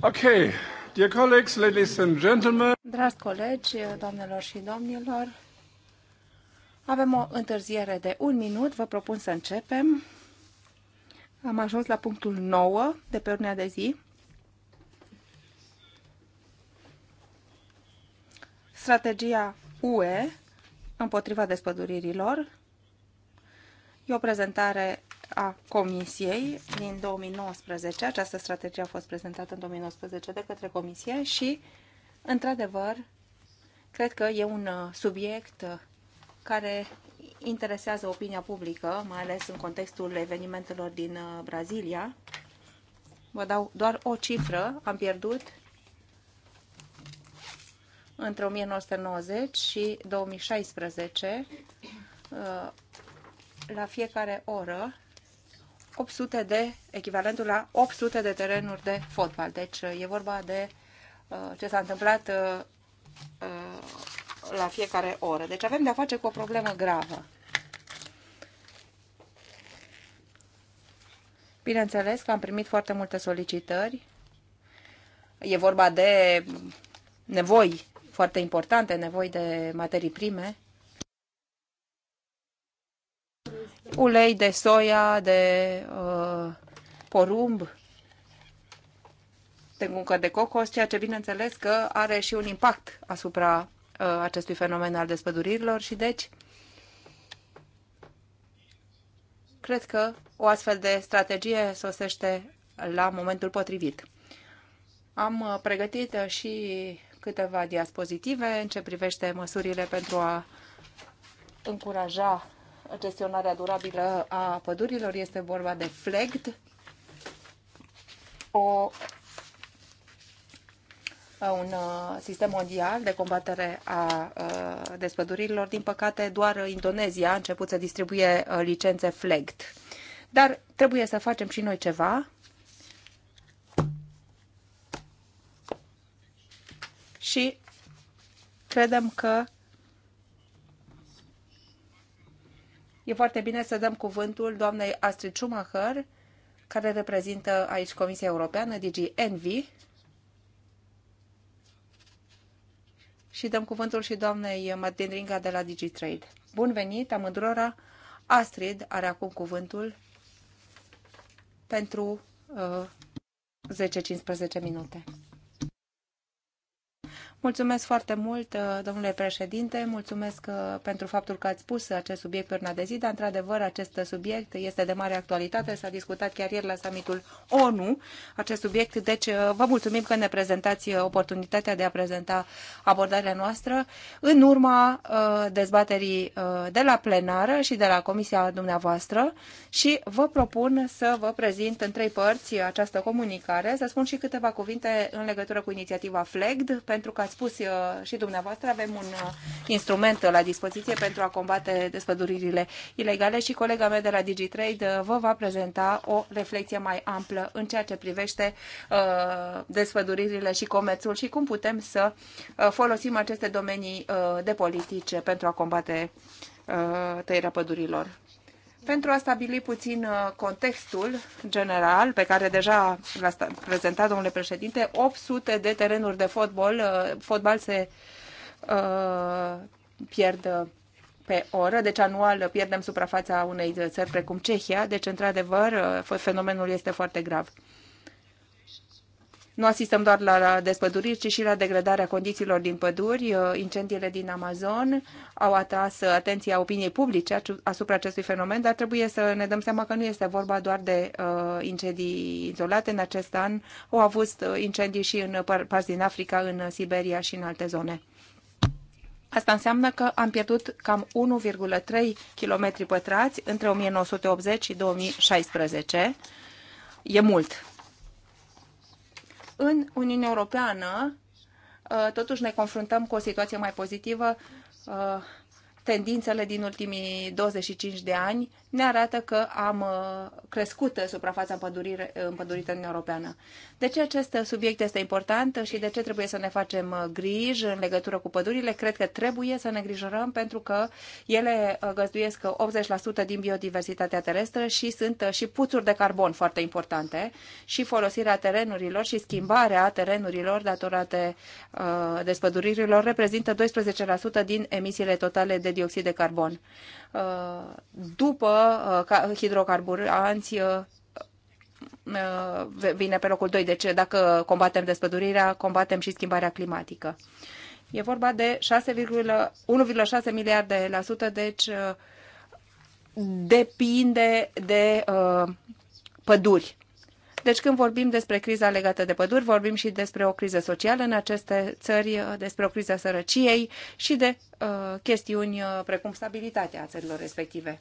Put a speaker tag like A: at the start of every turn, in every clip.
A: Okay, dear colleagues, ladies and gentlemen.
B: Dragi colegi, doamnelor și domnilor, avem o întârziere de un minut, vă propun să începem. Am ajuns la punctul 9 de pe urmea de zi. Strategia UE împotriva despăduririlor. E o prezentare a Comisiei din 2019. Această strategie a fost prezentată în 2019 de către Comisie și, într-adevăr, cred că e un uh, subiect uh, care interesează opinia publică, mai ales în contextul evenimentelor din uh, Brazilia. Vă dau doar o cifră. Am pierdut între 1990 și 2016 la fiecare oră 800 de, echivalentul la 800 de terenuri de fotbal. Deci uh, e vorba de uh, ce s-a întâmplat uh, la fiecare oră. Deci avem de-a face cu o problemă gravă. Bineînțeles că am primit foarte multe solicitări. E vorba de nevoi foarte importante, nevoi de materii prime. ulei de soia, de uh, porumb, de guncă de cocos, ceea ce bineînțeles că are și un impact asupra uh, acestui fenomen al despăduririlor și deci cred că o astfel de strategie sosește la momentul potrivit. Am uh, pregătit uh, și câteva diapozitive în ce privește măsurile pentru a încuraja gestionarea durabilă a pădurilor, este vorba de FLEGT, o, un uh, sistem mondial de combatere a uh, despădurilor. Din păcate, doar Indonezia a început să distribuie uh, licențe FLEGT. Dar trebuie să facem și noi ceva. Și credem că E foarte bine să dăm cuvântul doamnei Astrid Schumacher, care reprezintă aici Comisia Europeană, DG Envy. Și dăm cuvântul și doamnei Martin Ringa de la DigiTrade. Bun venit amândurora! Astrid are acum cuvântul pentru uh, 10-15 minute. Mulțumesc foarte mult, uh, domnule președinte, mulțumesc uh, pentru faptul că ați pus acest subiect pe urna de zi, dar într-adevăr acest subiect este de mare actualitate, s-a discutat chiar ieri la summitul ONU acest subiect, deci uh, vă mulțumim că ne prezentați oportunitatea de a prezenta abordarea noastră în urma dezbaterii de la plenară și de la comisia dumneavoastră și vă propun să vă prezint în trei părți această comunicare, să spun și câteva cuvinte în legătură cu inițiativa FLEGD, pentru că ați spus uh, și dumneavoastră, avem un uh, instrument la dispoziție pentru a combate despăduririle ilegale și colega mea de la DigiTrade uh, vă va prezenta o reflexie mai amplă în ceea ce privește despăduririle și comerțul și cum putem să folosim aceste domenii de politice pentru a combate tăierea pădurilor. Pentru a stabili puțin uh, contextul general, pe care deja l-a prezentat domnule președinte, 800 de terenuri de fotbal, uh, fotbal se uh, pierd uh, pe oră, deci anual pierdem suprafața unei țări precum Cehia, deci într-adevăr fenomenul este foarte grav. Nu asistăm doar la despăduriri, ci și la degradarea condițiilor din păduri. Uh, incendiile din Amazon au atras atenția opiniei publice asupra acestui fenomen, dar trebuie să ne dăm seama că nu este vorba doar de uh, incendii izolate. În acest an au avut uh, incendii și în parți din Africa, în Siberia și în alte zone. Asta înseamnă că am pierdut cam 1,3 km pătrați între 1980 și 2016. E mult în Uniunea Europeană uh, totuși ne confruntăm cu o situație mai pozitivă uh, tendințele din ultimii 25 de ani ne arată că am uh, crescut suprafața împădurită în Europeană. De ce acest subiect este important și de ce trebuie să ne facem uh, griji în legătură cu pădurile? Cred că trebuie să ne grijorăm pentru că ele uh, găzduiesc 80% din biodiversitatea terestră și sunt și puțuri de carbon foarte importante și folosirea terenurilor și schimbarea terenurilor datorate despăduririlor reprezintă 12% din emisiile totale de dioxid de carbon. Uh, după uh, hidrocarburanți uh, vine pe locul 2. Deci dacă combatem despădurirea, combatem și schimbarea climatică. E vorba de 1,6 miliarde la sută, deci depinde de uh, păduri deci când vorbim despre criza legată de păduri, vorbim și despre o criză socială în aceste țări, uh, despre o criză sărăciei și de uh, chestiuni uh, precum stabilitatea țărilor respective.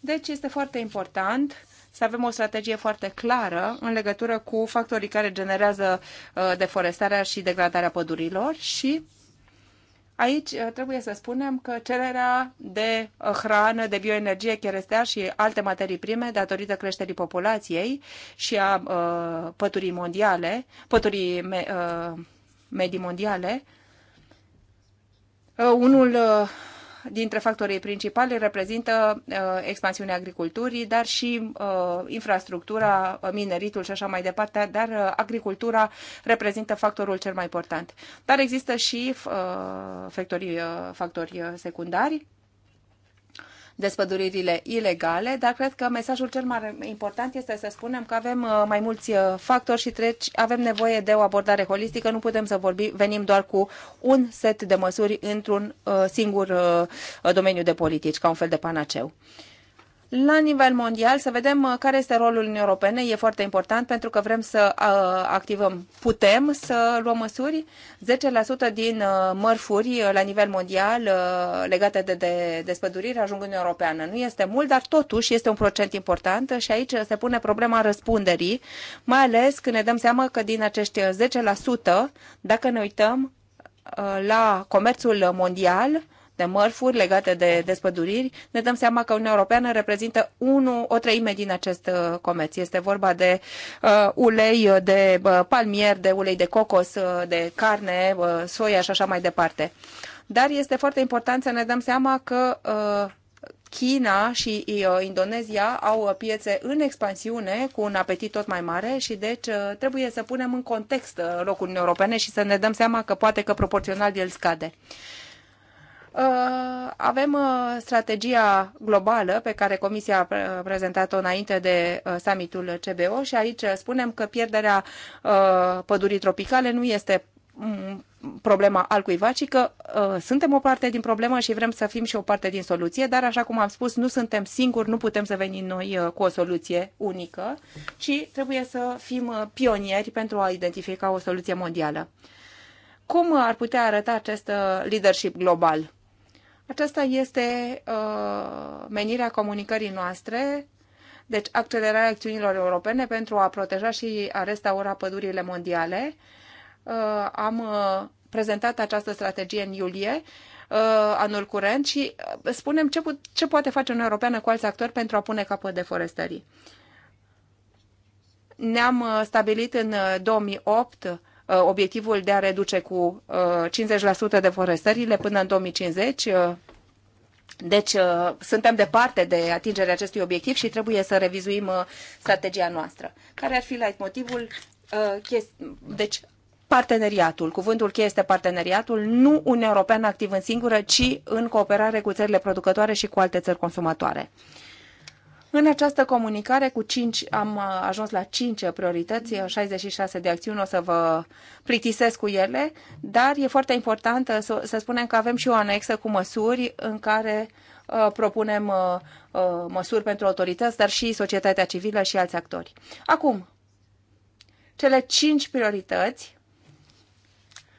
B: Deci este foarte important să avem o strategie foarte clară în legătură cu factorii care generează uh, deforestarea și degradarea pădurilor și Aici uh, trebuie să spunem că cererea de uh, hrană, de bioenergie, cherestea și alte materii prime, datorită creșterii populației și a uh, păturii mondiale, păturii me, uh, medii mondiale, uh, unul uh, dintre factorii principali reprezintă uh, expansiunea agriculturii, dar și uh, infrastructura, uh, mineritul și așa mai departe, dar agricultura reprezintă factorul cel mai important. Dar există și factorii, factorii secundari, despăduririle ilegale, dar cred că mesajul cel mai important este să spunem că avem uh, mai mulți uh, factori și treci, avem nevoie de o abordare holistică, nu putem să vorbi, venim doar cu un set de măsuri într-un uh, singur domeniu de politici, ca un fel de panaceu la nivel mondial, să vedem uh, care este rolul Uniunii Europene. E foarte important pentru că vrem să uh, activăm, putem să luăm măsuri. 10% din uh, mărfuri la nivel mondial legate de, de despădurire ajung în Uniunea Europeană. Nu este mult, dar totuși este un procent important și aici se pune problema răspunderii, mai ales când ne dăm seama că din acești 10%, dacă ne uităm la comerțul mondial, de mărfuri legate de despăduriri, ne dăm seama că Uniunea Europeană reprezintă unu, o treime din acest uh, comerț. Este vorba de uh, ulei uh, de uh, palmier, de ulei de cocos, de carne, uh, soia și așa mai departe. Dar este foarte important să ne dăm seama că uh, China și Indonezia au piețe în expansiune, cu un apetit tot mai mare și deci trebuie să punem în context locul Uniunii Europene și să ne dăm seama că poate că proporțional el scade. Uh, avem uh, strategia globală pe care Comisia a prezentat-o înainte de uh, summitul CBO și aici spunem că pierderea pădurii tropicale nu este mm, problema al cuiva, ci că uh, suntem o parte din problemă și vrem să fim și o parte din soluție, dar așa cum am spus, nu suntem singuri, nu putem să venim noi uh, cu o soluție unică, ci trebuie să fim uh, pionieri pentru a identifica o soluție mondială. Cum ar putea arăta acest uh, leadership global? Aceasta este uh, menirea comunicării noastre, deci accelerarea acțiunilor europene pentru a proteja și a restaura pădurile mondiale. Uh, am uh, prezentat această strategie în iulie uh, anul curent și uh, spunem ce, put- ce poate face Uniunea Europeană cu alți actori pentru a pune capăt deforestării. Ne-am uh, stabilit în 2008 uh, Uh, obiectivul de a reduce cu 50% uh, deforestările până în 2050. Uh, deci suntem departe de atingerea acestui obiectiv și trebuie să revizuim strategia noastră. Care ar fi like, motivul? Deci parteneriatul. Cuvântul cheie este parteneriatul, nu Uniunea Europeană activ în singură, ci în cooperare cu țările producătoare și cu alte țări consumatoare. În această comunicare cu 5, am uh, ajuns la 5 priorități, 66 uh, de acțiuni, o să vă plictisesc cu ele, dar e foarte important să, să spunem că avem și o anexă cu măsuri în care uh, propunem uh, uh măsuri pentru autorități, dar și societatea civilă și alți actori. Acum, cele 5 priorități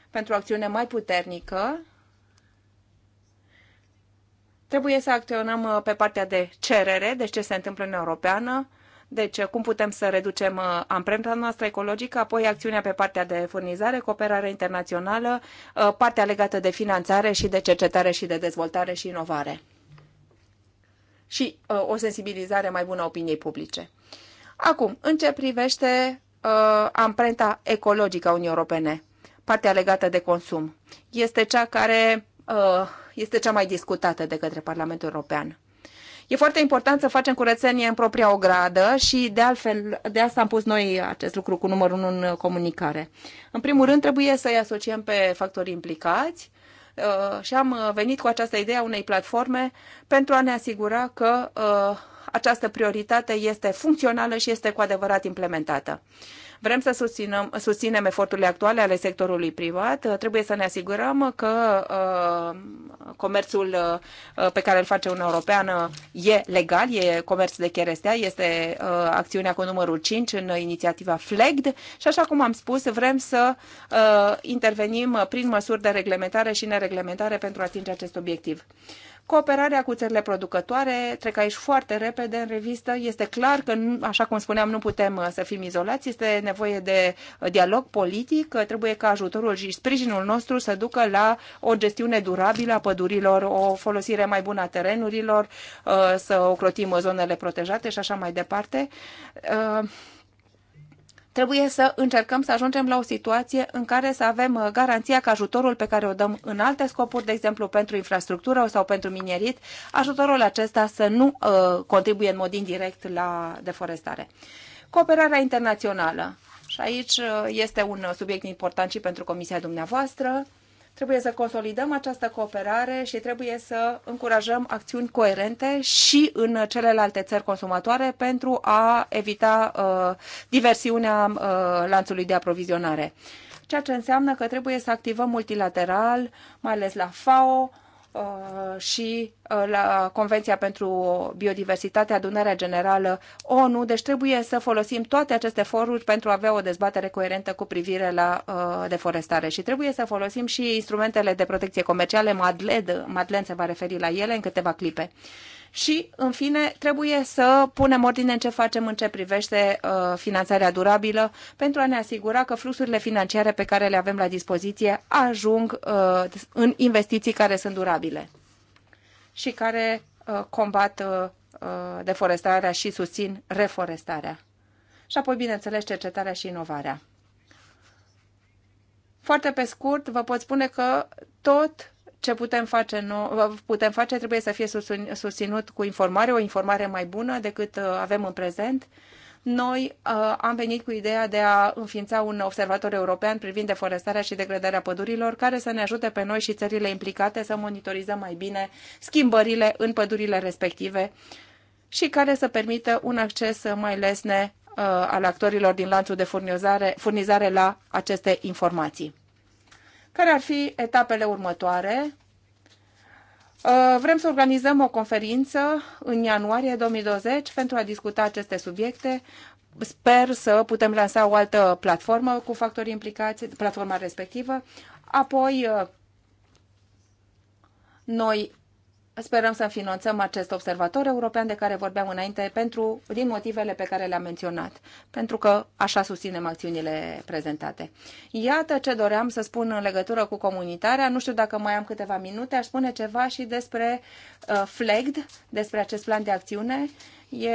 B: pentru o acțiune mai puternică Trebuie să acționăm uh, pe partea de cerere, deci ce se întâmplă în Europeană, deci uh, cum putem să reducem uh, amprenta noastră ecologică, apoi acțiunea pe partea de furnizare, cooperare internațională, partea legată de finanțare și de cercetare și de dezvoltare și inovare și o sensibilizare mai bună a opiniei publice. Acum, în ce privește amprenta ecologică a Uniunii Europene, partea legată de consum, este cea care este cea mai discutată de către Parlamentul European. E foarte important să facem curățenie în propria ogradă și de altfel de asta am pus noi acest lucru cu numărul 1 în comunicare. În primul rând trebuie să-i asociem pe factorii implicați uh, și am venit cu această idee a unei platforme pentru a ne asigura că uh, această prioritate este funcțională și este cu adevărat implementată. Vrem să susținem, susținem eforturile actuale ale sectorului privat. Trebuie să ne asigurăm că uh, comerțul uh, pe care îl face Uniunea Europeană e legal, e comerț de cherestea, este uh, acțiunea cu numărul 5 în inițiativa FLEGD și așa cum am spus, vrem să intervenim prin măsuri de reglementare și nereglementare pentru a atinge acest obiectiv. Cooperarea cu țările producătoare, trec aici foarte repede în revistă, este clar că, așa cum spuneam, nu putem uh, să fim izolați, este nevoie de uh, dialog politic, uh, trebuie ca ajutorul și sprijinul nostru să ducă la o gestiune durabilă a pădurilor, o folosire mai bună a terenurilor, să ocrotim zonele protejate și așa mai departe Trebuie să încercăm să ajungem la o situație în care să avem uh, garanția că ajutorul pe care o dăm în alte scopuri, de exemplu pentru infrastructură sau pentru minerit, ajutorul acesta să nu uh, contribuie în mod indirect la deforestare. Cooperarea internațională. Și aici uh, este un subiect important și pentru Comisia dumneavoastră. Trebuie să consolidăm această cooperare și trebuie să încurajăm acțiuni coerente și în celelalte țări consumatoare pentru a evita uh, diversiunea uh, lanțului de aprovizionare. Ceea ce înseamnă că trebuie să activăm multilateral, mai ales la FAO, Uh, și uh, la Convenția pentru Biodiversitate, adunarea generală ONU. Deci trebuie să folosim toate aceste foruri pentru a avea o dezbatere coerentă cu privire la uh, deforestare și trebuie să folosim și instrumentele de protecție comercială. Madlen se va referi la ele în câteva clipe. Uh, și, în fine, trebuie să punem ordine în ce facem în ce privește uh, finanțarea durabilă pentru a ne asigura că fluxurile financiare pe care le avem la dispoziție ajung uh, în investiții care sunt durabile și care uh, combat uh, uh deforestarea și susțin reforestarea. Și apoi, bineînțeles, cercetarea și inovarea. Foarte pe scurt, vă pot spune că tot ce putem face, no, putem face trebuie să fie susținut cu informare, o informare mai bună decât uh, avem în prezent. Noi uh, am venit cu ideea de a înființa un observator european privind deforestarea și degradarea pădurilor, care să ne ajute pe noi și țările implicate să monitorizăm mai bine schimbările în pădurile respective și care să permită un acces mai lesne uh, al actorilor din lanțul de furnizare, furnizare la aceste informații. Care ar fi etapele următoare? Uh, vrem să organizăm o conferință în ianuarie 2020 pentru a discuta aceste subiecte. Sper să putem lansa o altă platformă cu factorii implicați, platforma respectivă. Apoi, uh, noi Sperăm să finanțăm acest observator european de care vorbeam înainte pentru, din motivele pe care le-am menționat, pentru că așa susținem acțiunile prezentate. Iată ce doream să spun în legătură cu comunitarea. Nu știu dacă mai am câteva minute, aș spune ceva și despre uh, FLEGD, despre acest plan de acțiune. E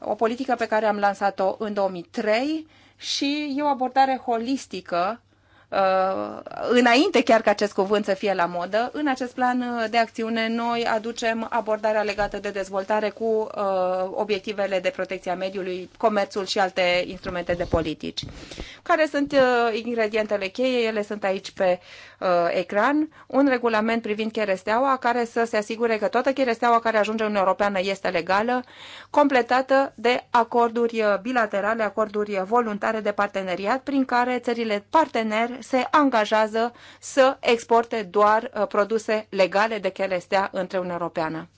B: o politică pe care am lansat-o în 2003 și e o abordare holistică Uh, înainte chiar ca acest cuvânt să fie la modă, în acest plan de acțiune noi aducem abordarea legată de dezvoltare cu uh, obiectivele de protecție a mediului, comerțul și alte instrumente de politici. Care sunt uh, ingredientele cheie? Ele sunt aici pe ecran. Un regulament privind cheresteaua care să se asigure că toată cheresteaua care ajunge în Europeană este legală, completată de acorduri bilaterale, acorduri voluntare de parteneriat, prin care țările parteneri se angajează să exporte doar uh, produse legale de chelestea între Uniunea Europeană.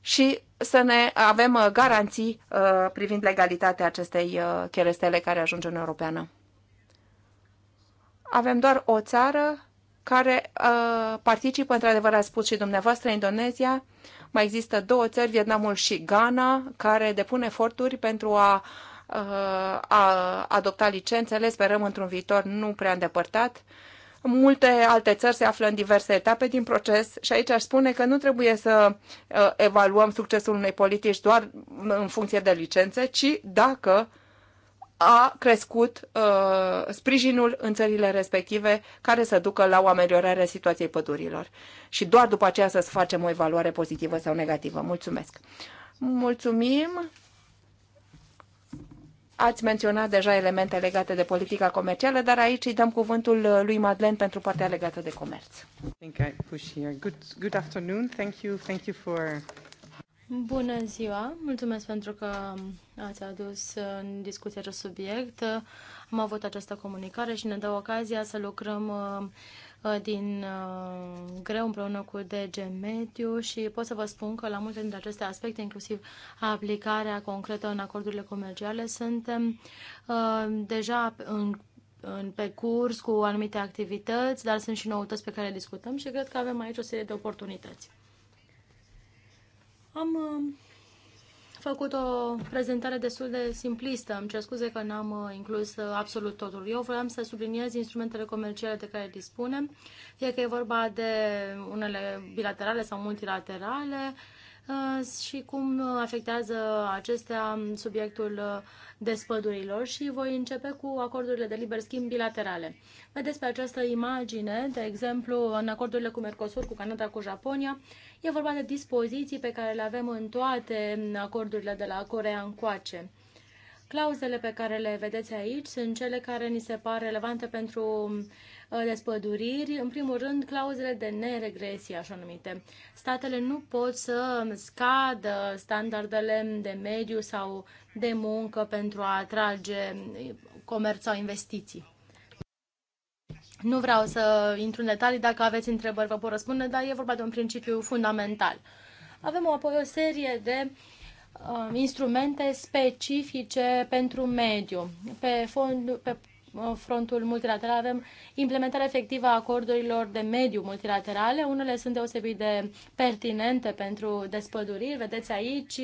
B: Și să ne avem uh, garanții uh, privind legalitatea acestei chelestele care ajunge în Europeană. Avem doar o țară care uh, participă, într-adevăr, a spus și dumneavoastră, Indonezia. Mai există două țări, Vietnamul și Ghana, care depun eforturi pentru a uh, a adopta licențele, sperăm într-un viitor nu prea îndepărtat. Multe alte țări se află în diverse etape din proces și aici aș spune că nu trebuie să uh, evaluăm succesul unei politici doar în funcție de licențe, ci dacă a crescut uh, sprijinul în țările respective care să ducă la o ameliorare a situației pădurilor. Și doar după aceea să facem o evaluare pozitivă sau negativă. Mulțumesc! Mulțumim! Ați menționat deja elemente legate de politica comercială, dar aici îi dăm cuvântul uh, lui Madlen pentru partea legată de comerț.
C: Bună ziua! Mulțumesc pentru că ați adus în discuție acest subiect. Am avut această comunicare și ne dă ocazia să lucrăm uh, Uh, din uh, greu împreună cu DG Mediu și pot să vă spun că la multe dintre aceste aspecte, inclusiv aplicarea concretă în acordurile comerciale, suntem uh, deja în în, pe curs cu anumite activități, dar sunt și noutăți pe care le discutăm și cred că avem aici o serie de oportunități. Am făcut o prezentare destul de simplistă. Îmi cer scuze că n-am uh, inclus uh, absolut totul. Eu vreau să subliniez instrumentele comerciale de care dispunem, fie că e vorba de unele bilaterale sau multilaterale, Uh, și cum afectează acestea subiectul uh, despădurilor și voi începe cu acordurile de liber schimb bilaterale. Vedeți pe această imagine, de exemplu, în acordurile cu Mercosur, cu Canada, cu Japonia, e vorba de dispoziții pe care le avem în toate acordurile de la Corea încoace. Clauzele pe care le vedeți aici sunt cele care ni se par relevante pentru uh, Uh, despăduriri, în primul rând, clauzele de neregresie, așa numite. Statele nu pot să scadă standardele de mediu sau de muncă pentru a atrage comerț sau investiții. Nu vreau să intru în detalii, dacă aveți întrebări vă pot răspunde, dar e vorba de un principiu fundamental. Avem apoi o serie de uh, instrumente specifice pentru mediu, pe, fond, pe frontul multilateral avem implementarea efectivă a acordurilor de mediu multilaterale. Unele sunt deosebit de pertinente pentru despăduriri. Vedeți aici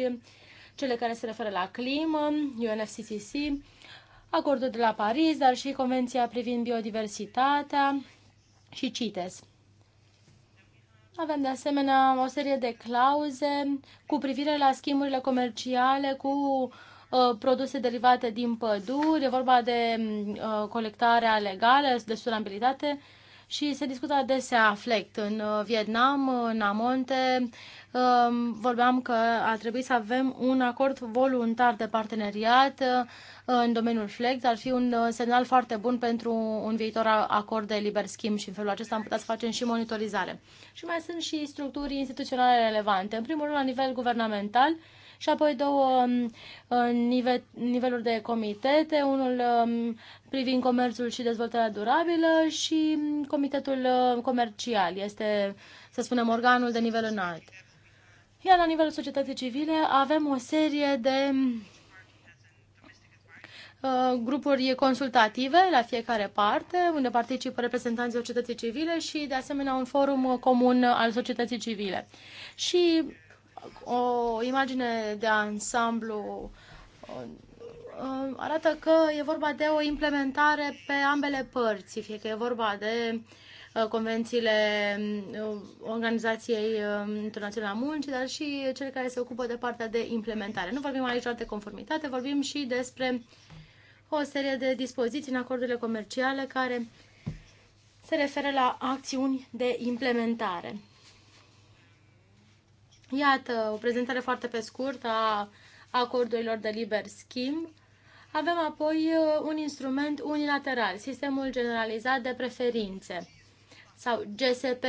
C: cele care se referă la climă, UNFCCC, acordul de la Paris, dar și Convenția privind biodiversitatea și CITES. Avem de asemenea o serie de clauze cu privire la schimburile comerciale cu uh, Uh, produse derivate din păduri, e vorba de mm, uh, colectarea legală, de sustenabilitate și se discută adesea FLECT în uh, Vietnam, în Amonte. Um, vorbeam că ar trebui să avem un acord voluntar de parteneriat în domeniul FLECT. Ar fi un semnal foarte bun pentru un viitor acord de liber schimb și în felul acesta am putea să facem și monitorizare. Și mai sunt și structuri instituționale relevante. În primul rând, la nivel guvernamental, și apoi două um, uh, nive niveluri de comitete, unul um, privind comerțul și dezvoltarea durabilă și um, comitetul uh, comercial, este, să spunem, organul de nivel înalt. Iar la nivelul societății civile avem o serie de uh, grupuri consultative la fiecare parte, unde participă reprezentanții societății civile și, de asemenea, un forum comun al societății civile. Și o imagine de ansamblu uh, arată că e vorba de o implementare pe ambele părți, fie că e vorba de uh, convențiile uh, Organizației Internaționale a Muncii, dar și cele care se ocupă de partea de implementare. Nu vorbim aici doar de conformitate, vorbim și despre o serie de dispoziții în acordurile comerciale care se referă la acțiuni de implementare. Iată, o prezentare foarte pe scurt a acordurilor de liber schimb. Avem apoi uh, un instrument unilateral, sistemul generalizat de preferințe sau GSP+,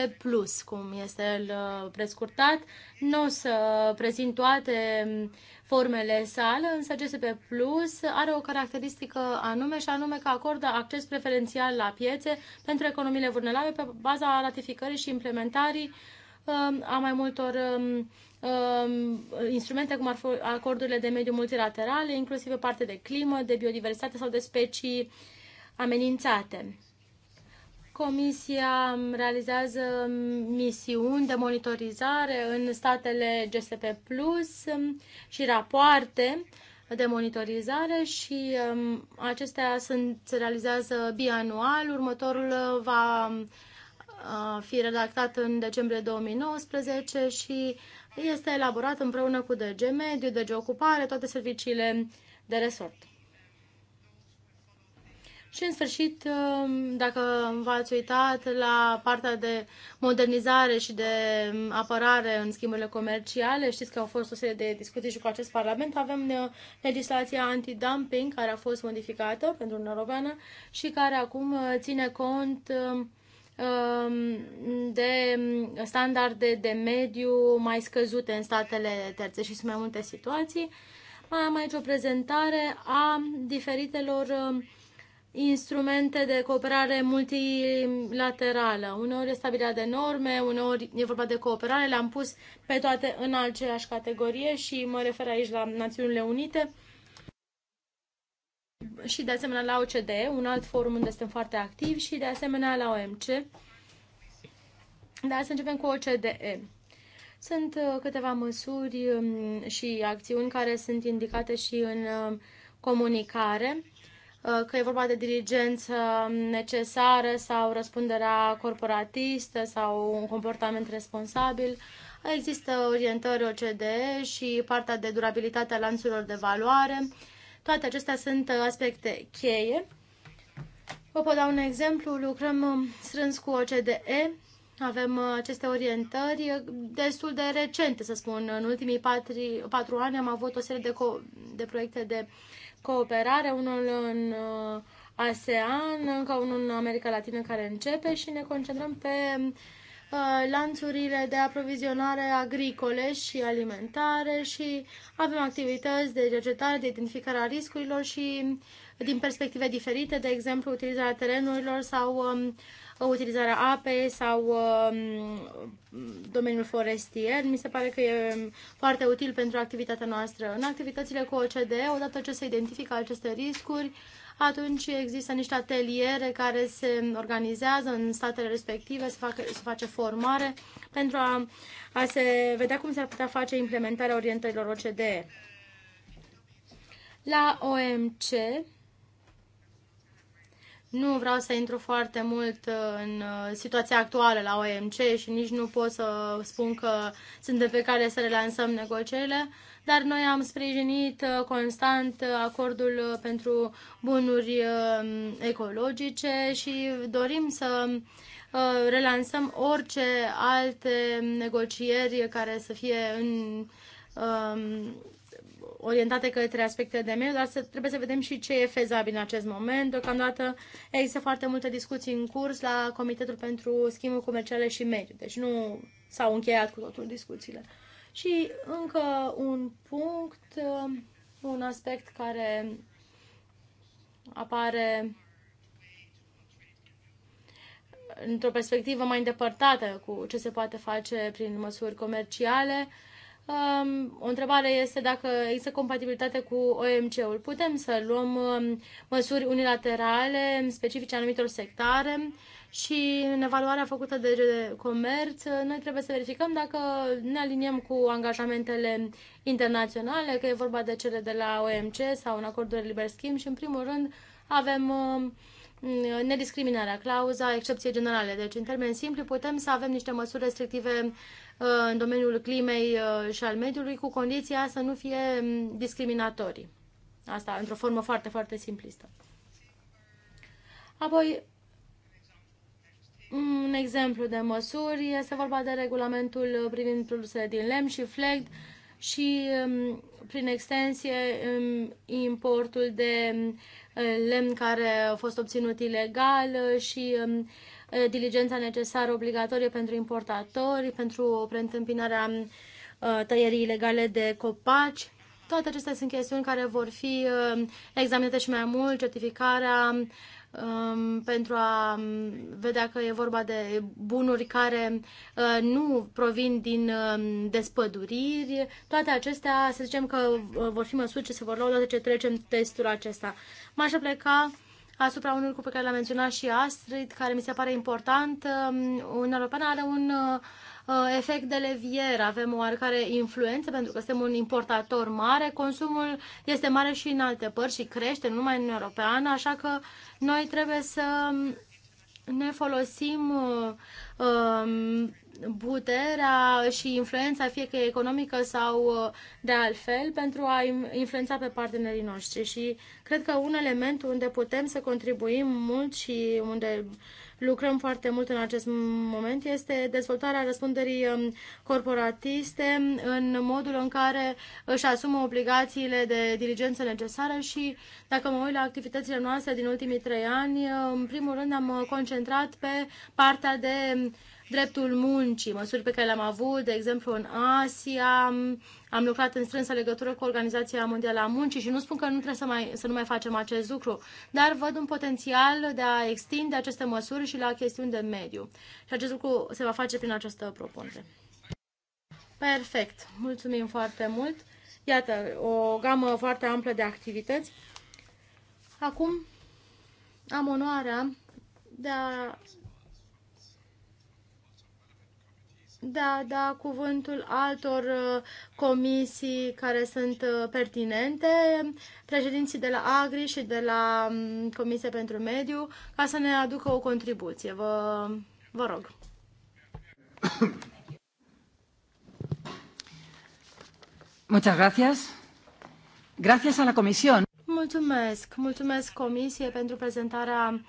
C: cum este el uh, prescurtat. Nu o să prezint toate um, formele sale, însă GSP Plus are o caracteristică anume și anume că acordă acces preferențial la piețe pentru economiile vulnerabile pe baza ratificării și implementării Um, a mai multor um, um, instrumente, cum ar fi acordurile de mediu multilaterale, inclusiv parte de climă, de biodiversitate sau de specii amenințate. Comisia realizează misiuni de monitorizare în statele GSP Plus și rapoarte de monitorizare și acestea sunt, se realizează bianual. Următorul uh, va fi redactat în decembrie 2019 și este elaborat împreună cu DG Mediu, DG Ocupare, toate serviciile de resort. Și, în sfârșit, um, dacă v-ați uitat la partea de modernizare și de um, apărare în schimburile comerciale, știți că au fost o serie de discuții și cu acest Parlament. Avem uh, legislația antidumping, care a fost modificată pentru Uniunea Europeană și care acum uh, ține cont um, Um, de standarde de mediu mai scăzute în statele terțe și sunt mai multe situații. Mai am aici o prezentare a diferitelor um, instrumente de cooperare multilaterală. Uneori e stabilirea de norme, uneori e vorba de cooperare, le-am pus pe toate în aceeași categorie și mă refer aici la Națiunile Unite și de asemenea la OCD, un alt forum unde suntem foarte activi și de asemenea la OMC. Dar să începem cu OCDE. Sunt uh, câteva măsuri um, și acțiuni care sunt indicate și în um, comunicare, uh, că e vorba de diligență necesară sau răspunderea corporatistă sau un comportament responsabil. Există orientări OCDE și partea de durabilitate a lanțurilor de valoare toate acestea sunt uh, aspecte cheie. Vă pot da un exemplu. Lucrăm um, strâns cu OCDE. Avem uh, aceste orientări uh, destul de recente, să spun. În ultimii patru, patru ani am avut o serie de, co- de proiecte de cooperare, unul în ASEAN, încă unul în America Latină care începe și ne concentrăm pe um, Uh, lanțurile de aprovizionare agricole și alimentare și avem activități de cercetare, de identificare a riscurilor și din perspective diferite, de exemplu utilizarea terenurilor sau um, utilizarea apei sau um, domeniul forestier. Mi se pare că e foarte util pentru activitatea noastră. În activitățile cu OCD, odată ce se identifică aceste riscuri, atunci există niște ateliere care se organizează în statele respective, se, fac, se face formare pentru a, a se vedea cum s-ar putea face implementarea orientărilor OCDE. La OMC nu vreau să intru foarte mult uh, în uh, situația actuală la OMC și nici nu pot să spun că sunt de pe care să relansăm negocierile, dar noi am sprijinit uh, constant acordul pentru bunuri um, ecologice și dorim să relansăm orice alte negocieri care să fie în um, orientate către aspecte de mediu, dar să, trebuie să vedem și ce e fezabil în acest moment. Deocamdată există foarte multe discuții în curs la Comitetul pentru Schimburi Comerciale și Mediu, deci nu s-au încheiat cu totul discuțiile. Și încă un punct, um, un aspect care apare într-o perspectivă mai îndepărtată cu ce se poate face prin măsuri comerciale, uh, o întrebare este dacă există compatibilitate cu OMC-ul. Putem să luăm um, măsuri unilaterale, specifice anumitor sectare și în evaluarea făcută de comerț, noi trebuie să verificăm dacă ne aliniem cu angajamentele internaționale, că e vorba de cele de la OMC sau un acord de liber schimb și, în primul rând, avem um, nediscriminarea, clauza excepție generale. Deci, în termeni simpli, putem să avem niște măsuri restrictive Uh, în domeniul climei uh, și al mediului, cu condiția să nu fie mm, discriminatorii. Asta într-o formă foarte, foarte simplistă. Apoi, mm, un exemplu de măsuri este vorba de regulamentul privind produsele din lemn și flect și, mm, prin extensie, importul de lemn care a fost obținut ilegal și Uh, diligența necesară obligatorie pentru importatori, pentru preîntâmpinarea uh, tăierii ilegale de copaci. Toate acestea sunt chestiuni care vor fi uh, examinate și mai mult, certificarea um, pentru a um, vedea că e vorba de bunuri care nu provin din um, despăduriri. Toate acestea, să zicem că vor fi măsuri ce se vor lua odată ce trecem testul acesta. M-aș pleca asupra unui lucru pe care l-a menționat și Astrid, care mi se pare important. Um, un european are un uh, efect de levier, avem o oarecare influență pentru că suntem un importator mare, consumul este mare și în alte părți și crește, nu numai în Uniunea Europeană, așa că noi trebuie să ne folosim uh, um, puterea și influența, fie că e economică sau uh, de altfel, pentru a influența pe partenerii noștri. Și cred că un element unde putem să contribuim mult și unde lucrăm foarte mult în acest moment este dezvoltarea răspunderii um, corporatiste în modul în care își asumă obligațiile de diligență necesară și dacă mă uit la activitățile noastre din ultimii trei ani, uh, în primul rând am uh, concentrat pe partea de dreptul muncii, măsuri pe care le-am avut, de exemplu, în Asia, am lucrat în strânsă legătură cu Organizația Mondială a Muncii și nu spun că nu trebuie să, mai, să nu mai facem acest lucru, dar văd un potențial de a extinde aceste măsuri și la chestiuni de mediu. Și acest lucru se va face prin această propunere. Perfect, mulțumim foarte mult. Iată, o gamă foarte amplă de activități. Acum am onoarea de a Da, da cuvântul altor uh, comisii care sunt uh, pertinente, președinții de la Agri și de la mm, Comisia pentru Mediu, ca să ne aducă o contribuție. Vă, vă rog. Muchas gracias. Gracias a la comisión. Mulțumesc. Mulțumesc comisie pentru prezentarea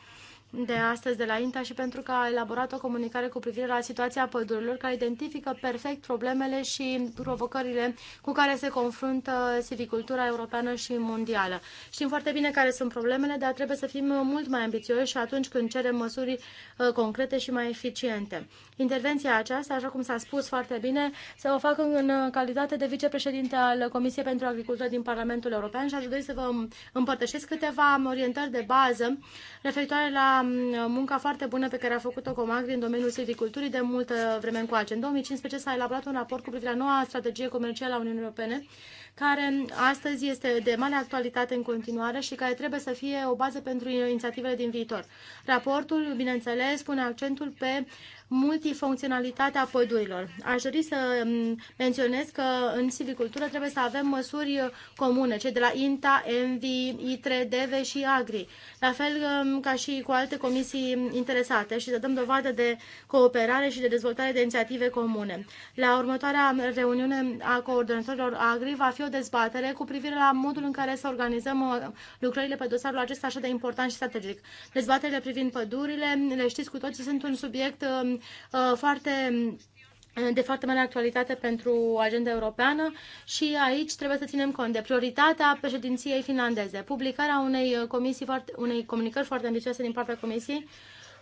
C: de astăzi de la INTA și pentru că a elaborat o comunicare cu privire la situația pădurilor care identifică perfect problemele și provocările cu care se confruntă silvicultura europeană și mondială. Știm foarte bine care sunt problemele, dar trebuie să fim mult mai ambițioși și atunci când cerem măsuri uh, concrete și mai eficiente. Intervenția aceasta, așa cum s-a spus foarte bine, se o fac în calitate de vicepreședinte al Comisiei pentru Agricultură din Parlamentul European și aș dori să vă împărtășesc câteva orientări de bază referitoare la Uh, munca foarte bună pe care a făcut-o Comagri în domeniul silviculturii de multă vreme încoace. În 2015 s-a elaborat un raport cu privire la noua strategie comercială a Uniunii Europene, care astăzi este de mare actualitate în continuare și care trebuie să fie o bază pentru inițiativele din viitor. Raportul, bineînțeles, pune accentul pe multifuncționalitatea pădurilor. Aș dori să mm, menționez că în silvicultură trebuie să avem măsuri comune, cei de la INTA, ENVI, ITRE, DEVE și AGRI, la fel mm, ca și cu alte comisii interesate și să dăm dovadă de cooperare și de dezvoltare de inițiative comune. La următoarea reuniune a coordonatorilor AGRI va fi o dezbatere cu privire la modul în care să organizăm uh, lucrările pe dosarul acesta așa de important și strategic. Dezbaterile privind pădurile, le știți cu toții, sunt un subiect uh, Uh, foarte uh, de foarte mare actualitate pentru agenda europeană și aici trebuie să ținem cont de prioritatea președinției finlandeze, publicarea unei, comisii foarte, unei comunicări foarte ambițioase din partea Comisiei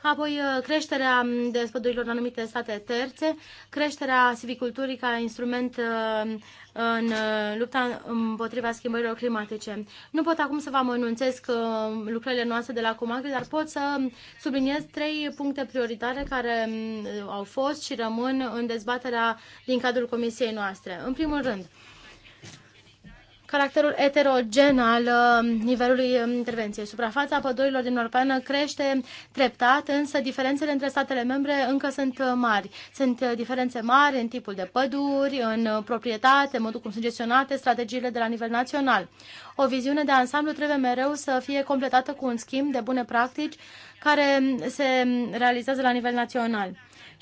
C: apoi uh, creșterea mm, despădurilor în anumite state terțe, creșterea siviculturii ca instrument uh, în uh, lupta împotriva schimbărilor climatice. Nu pot acum să vă anunțesc lucrările noastre de la Comagri, dar pot să subliniez trei puncte prioritare care mm, au fost și rămân în dezbaterea din cadrul comisiei noastre. În primul rând, caracterul eterogen al um, nivelului um, intervenției. Suprafața pădurilor din Europeană crește treptat, însă diferențele între statele membre încă sunt uh, mari. Sunt uh, diferențe mari în tipul de păduri, în uh, proprietate, modul cum sunt gestionate strategiile de la nivel național. O viziune de ansamblu trebuie mereu să fie completată cu un schimb de bune practici care um, se realizează la nivel național.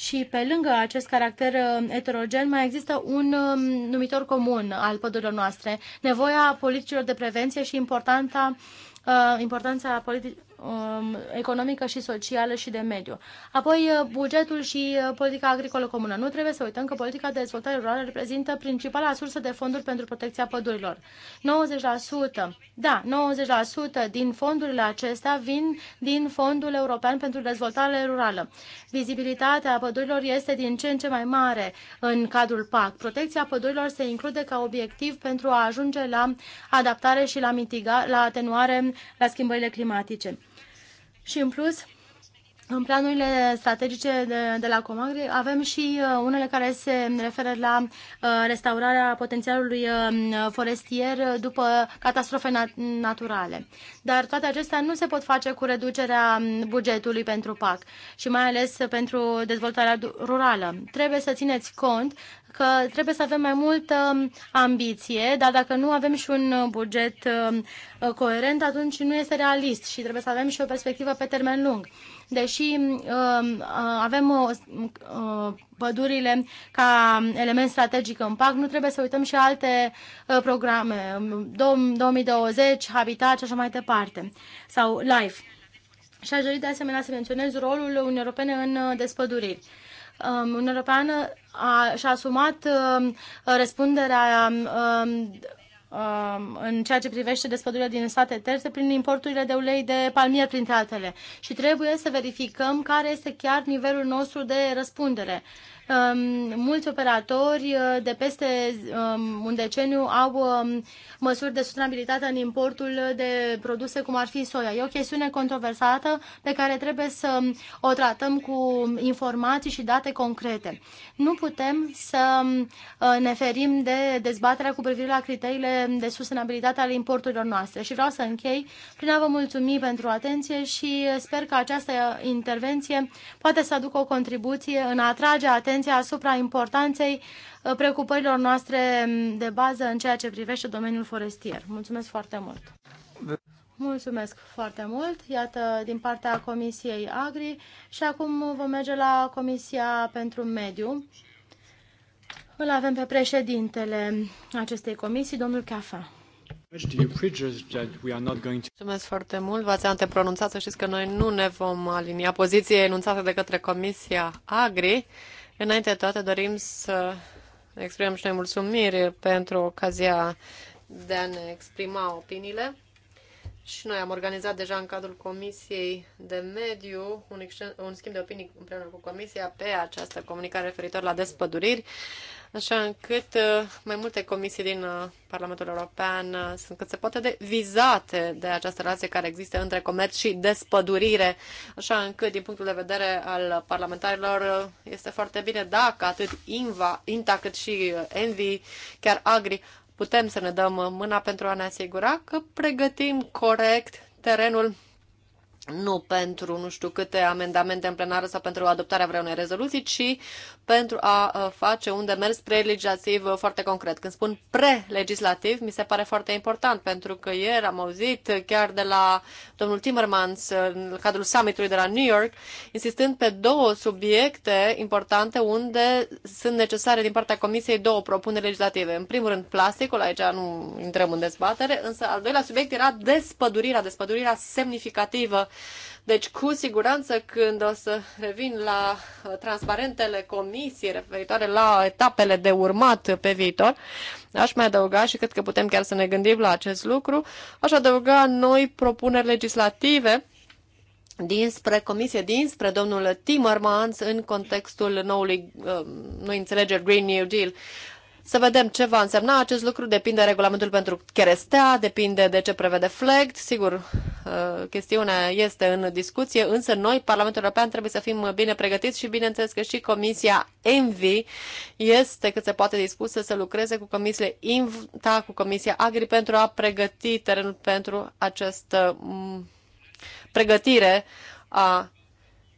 C: Și pe lângă acest caracter heterogen uh, mai există un uh, numitor comun al pădurilor noastre, nevoia politicilor de prevenție și uh, importanța importanța politicilor Um, economică și socială și de mediu. Apoi, uh, bugetul și uh, politica agricolă comună. Nu trebuie să uităm că politica de dezvoltare rurală reprezintă principala sursă de fonduri pentru protecția pădurilor. 90%, da, 90% din fondurile acestea vin din Fondul European pentru Dezvoltare Rurală. Vizibilitatea pădurilor este din ce în ce mai mare în cadrul PAC. Protecția pădurilor se include ca obiectiv pentru a ajunge la adaptare și la mitiga, la atenuare la schimbările climatice și în plus în planurile strategice de, de la Comagri avem și uh, unele care se referă la uh, restaurarea potențialului uh, forestier după catastrofe naturale. Dar toate acestea nu se pot face cu reducerea um, bugetului pentru PAC și mai ales pentru dezvoltarea rurală. Trebuie să țineți cont că trebuie să avem mai multă um, ambiție, dar dacă nu avem și un buget coerent, atunci nu este realist și trebuie să avem și o perspectivă pe termen lung deși um, avem uh, uh, pădurile ca element strategic în PAC, nu trebuie să uităm și alte uh, programe, 2020, um, Habitat și așa mai departe, sau LIFE. Și aș dori de asemenea să menționez rolul Uniunii Europene în despăduriri. Um, Uniunea Europeană și-a asumat răspunderea Um, în ceea ce privește despădurile din state terțe prin importurile de ulei de palmier, printre altele. Și trebuie să verificăm care este chiar nivelul nostru de răspundere. Um, mulți operatori uh, de peste um, un deceniu au um, măsuri de sustenabilitate în importul de produse cum ar fi soia. E o chestiune controversată pe care trebuie să o tratăm cu informații și date concrete. Nu putem să uh, ne ferim de dezbaterea cu privire la criteriile de sustenabilitate ale importurilor noastre. Și vreau să închei prin a vă mulțumi pentru atenție și sper că această intervenție poate să aducă o contribuție în a atrage atenție atenția asupra importanței uh, preocupărilor noastre de bază în ceea ce privește domeniul forestier. Mulțumesc foarte mult! Mulțumesc foarte mult, iată, din partea Comisiei Agri și acum vom merge la Comisia pentru Mediu. Îl avem pe președintele acestei comisii, domnul Cafa. Mulțumesc foarte mult, v-ați
A: antepronunțat să știți că noi nu ne vom alinia poziției enunțată de către Comisia Agri. Înainte de toate dorim să exprimăm și noi mulțumiri pentru ocazia de a ne exprima opiniile. Și noi am organizat deja în cadrul Comisiei de Mediu un, exchange, un schimb de opinii împreună cu Comisia pe această comunicare referitor la despăduriri, așa încât uh, mai multe comisii din uh, Parlamentul European uh, sunt cât se poate de vizate de această relație care există între comerț și despădurire, așa încât din punctul de vedere al parlamentarilor este foarte bine dacă atât INVA, INTA cât și ENVI, chiar AGRI putem să ne dăm mâna pentru a ne asigura că pregătim corect terenul nu pentru nu știu câte amendamente în plenară sau pentru adoptarea vreunei rezoluții, ci pentru a uh, face un demers prelegislativ uh, foarte concret. Când spun prelegislativ mi se pare foarte important, pentru că ieri am auzit uh, chiar de la domnul Timmermans în cadrul summitului de la New York, insistând pe două subiecte importante unde sunt necesare din partea Comisiei două propuneri legislative. În primul rând, plasticul, aici nu intrăm în dezbatere, însă al doilea subiect era despădurirea, despădurirea semnificativă deci, cu siguranță, când o să revin la uh, transparentele comisii referitoare la etapele de urmat pe viitor, aș mai adăuga și cred că putem chiar să ne gândim la acest lucru, aș adăuga noi propuneri legislative dinspre comisie, dinspre domnul Timmermans în contextul noului, uh, noi înțelegeri Green New Deal. Să vedem ce va însemna acest lucru. Depinde regulamentul pentru cherestea, depinde de ce prevede FLEGT. Sigur, uh, chestiunea este în discuție, însă noi, Parlamentul European, trebuie să fim bine pregătiți și bineînțeles că și Comisia ENVI este cât se poate dispusă să lucreze cu comisiile INVTA, cu Comisia AGRI pentru a pregăti terenul pentru această mm, pregătire a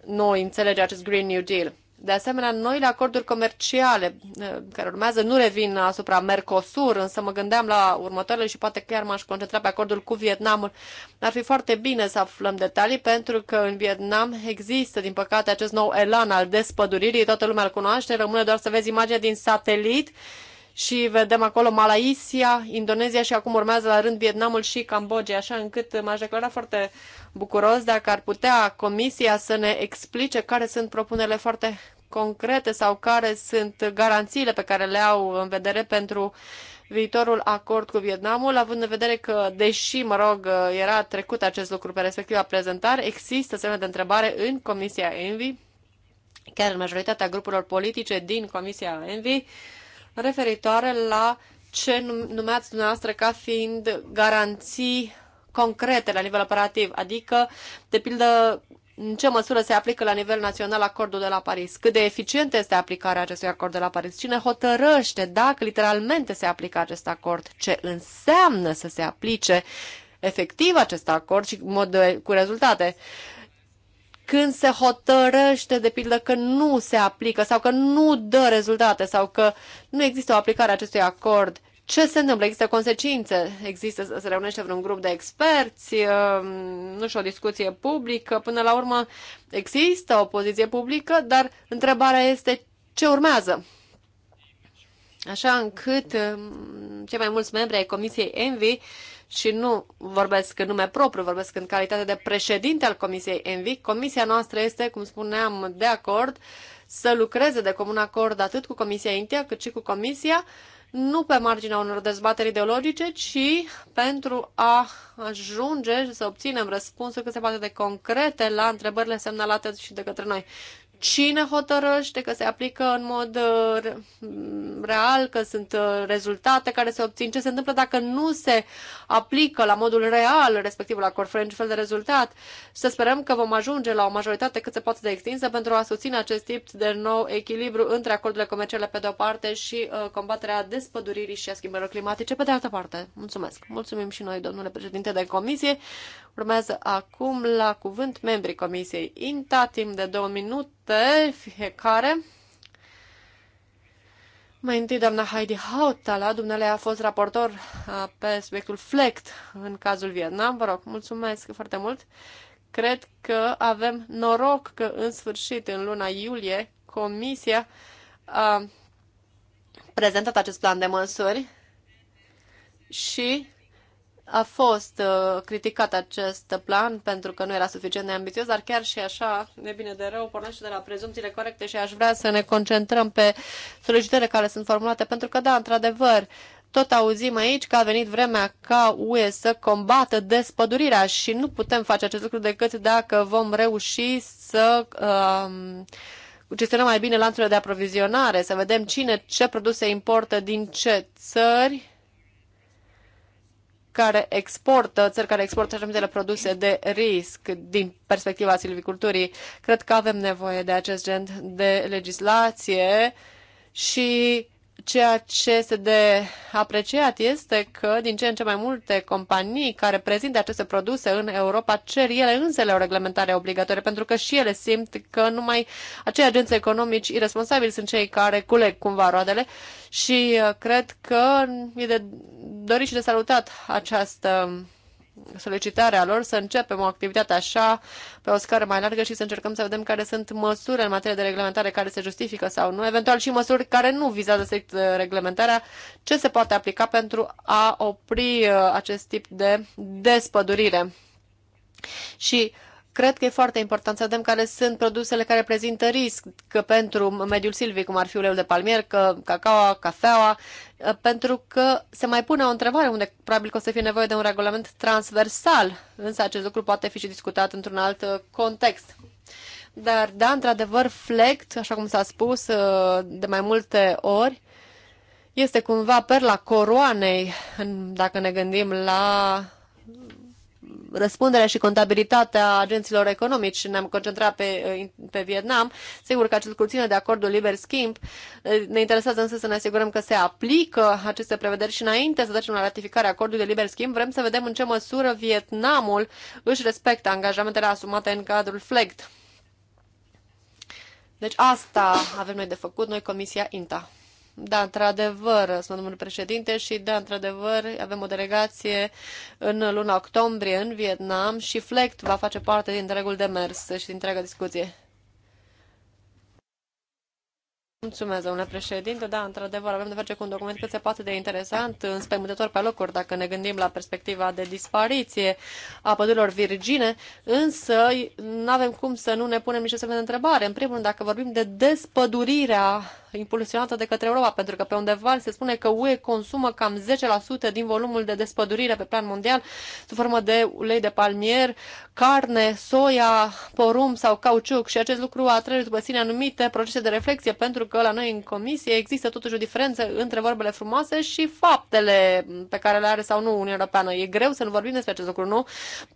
A: noi înțelege acest Green New Deal. De asemenea, noile acorduri comerciale eh, care urmează nu revin asupra Mercosur, însă mă gândeam la următoarele și poate chiar m-aș concentra pe acordul cu Vietnamul. Ar fi foarte bine să aflăm detalii pentru că în Vietnam există, din păcate, acest nou elan al despăduririi, toată lumea îl cunoaște, rămâne doar să vezi imaginea din satelit și vedem acolo Malaisia, Indonezia și acum urmează la rând Vietnamul și Cambodgia, așa încât m-aș declara foarte bucuros dacă ar putea Comisia să ne explice care sunt propunerile foarte concrete sau care sunt garanțiile pe care le au în vedere pentru viitorul acord cu Vietnamul, având în vedere că, deși, mă rog, era trecut acest lucru pe respectiva prezentare, există semne de întrebare în Comisia Envi, chiar în majoritatea grupurilor politice din Comisia Envi, referitoare la ce numeați dumneavoastră ca fiind garanții concrete la nivel operativ, adică, de pildă, în ce măsură se aplică la nivel național acordul de la Paris, cât de eficient este aplicarea acestui acord de la Paris, cine hotărăște dacă literalmente se aplică acest acord, ce înseamnă să se aplice efectiv acest acord și mod de, cu rezultate. Uh, când se hotărăște, de pildă, că nu se aplică sau că nu dă rezultate sau că nu există o aplicare a acestui acord ce se întâmplă? Există consecințe? Există, se reunește vreun grup de experți? Ehm, nu știu, o discuție publică? Până la urmă, există o poziție publică, dar întrebarea este ce urmează? Așa încât ehm, cei mai mulți membri ai Comisiei Envi și nu vorbesc în nume propriu, vorbesc în calitate de președinte al Comisiei Envi. Comisia noastră este, cum spuneam, de acord să lucreze de comun acord atât cu Comisia Intia cât și cu Comisia, nu pe marginea unor dezbateri ideologice, ci pentru a ajunge să obținem răspunsuri cât se poate de concrete la întrebările semnalate și de către noi cine hotărăște că se aplică în mod uh, mm, real, că sunt uh, rezultate care se obțin, ce se întâmplă dacă nu se aplică la modul real la acord fără niciun fel de rezultat. Să sperăm că vom ajunge la o majoritate cât se poate de extinsă pentru a susține acest tip de nou echilibru între acordurile comerciale pe de o parte și uh, combaterea despăduririi și a schimbărilor climatice pe de altă parte. Mulțumesc! Mulțumim și noi, domnule președinte de comisie. Urmează acum la cuvânt membrii Comisiei INTA, timp de două minute fiecare. Mai întâi, doamna Heidi Hautala, dumnealea a fost raportor pe subiectul FLECT în cazul Vietnam. Vă rog, mulțumesc foarte mult. Cred că avem noroc că în sfârșit, în luna iulie, Comisia a prezentat acest plan de măsuri și a fost uh, criticat acest plan pentru că nu era suficient de ambițios, dar chiar și așa, de bine de rău, pornește de la prezumțiile corecte și aș vrea să ne concentrăm pe solicitările care sunt formulate, pentru că, da, într-adevăr, tot auzim aici că a venit vremea ca UE să combată despădurirea și nu putem face acest lucru decât dacă vom reuși să um, gestionăm mai bine lanțurile de aprovizionare, să vedem cine ce produse importă din ce țări care exportă, țări care exportă așa de produse de risc din perspectiva silviculturii. Cred că avem nevoie de acest gen de legislație și Ceea ce este de apreciat este că din ce în ce mai multe companii care prezintă aceste produse în Europa cer ele însele o reglementare obligatorie, pentru că și ele simt că numai acei agenți economici irresponsabili sunt cei care culeg cumva roadele și uh, cred că e de dorit și de salutat această solicitarea lor să începem o activitate așa pe o scară mai largă și să încercăm să vedem care sunt măsuri în materie de reglementare care se justifică sau nu, eventual și măsuri care nu vizează strict uh, reglementarea, ce se poate aplica pentru a opri uh, acest tip de despădurire. Și Cred că e foarte important să vedem care sunt produsele care prezintă risc că pentru mediul silvic, cum ar fi uleiul de palmier, că cacaoa, cafeaua, eh, pentru că se mai pune o întrebare unde probabil că o să fie nevoie de un regulament transversal, însă acest lucru poate fi și discutat într-un alt eh, context. Dar, da, într-adevăr, FLECT, așa cum s-a spus eh, de mai multe ori, este cumva perla coroanei, dacă ne gândim la răspunderea și contabilitatea agenților economici și ne-am concentrat pe, uh, pe Vietnam, sigur că acest lucru ține de acordul liber schimb. Uh, ne interesează însă să ne asigurăm că se aplică aceste prevederi și înainte să trecem la ratificarea acordului de liber schimb, vrem să vedem în ce măsură Vietnamul își respectă angajamentele asumate în cadrul FLEGT. Deci asta avem noi de făcut, noi Comisia INTA. Da, într-adevăr, sunt domnul președinte și da, într-adevăr, avem o delegație în luna octombrie în Vietnam și FLECT va face parte din întregul demers și din întreaga discuție. Mulțumesc, domnule președinte. Da, într-adevăr, avem de face cu un document cât se poate de interesant, înspăimântător pe locuri, dacă ne gândim la perspectiva de dispariție a pădurilor virgine, însă nu avem cum să nu ne punem niște semne de întrebare. În primul rând, dacă vorbim de despădurirea impulsionată de către Europa, pentru că pe undeva se spune că UE consumă cam 10% din volumul de despădurire pe plan mondial sub formă de ulei de palmier, carne, soia, porumb sau cauciuc și acest lucru atrage după sine anumite procese de reflexie, pentru că la noi în comisie există totuși o diferență între vorbele frumoase și faptele pe care le are sau nu Uniunea Europeană. E greu să nu vorbim despre acest lucru, nu?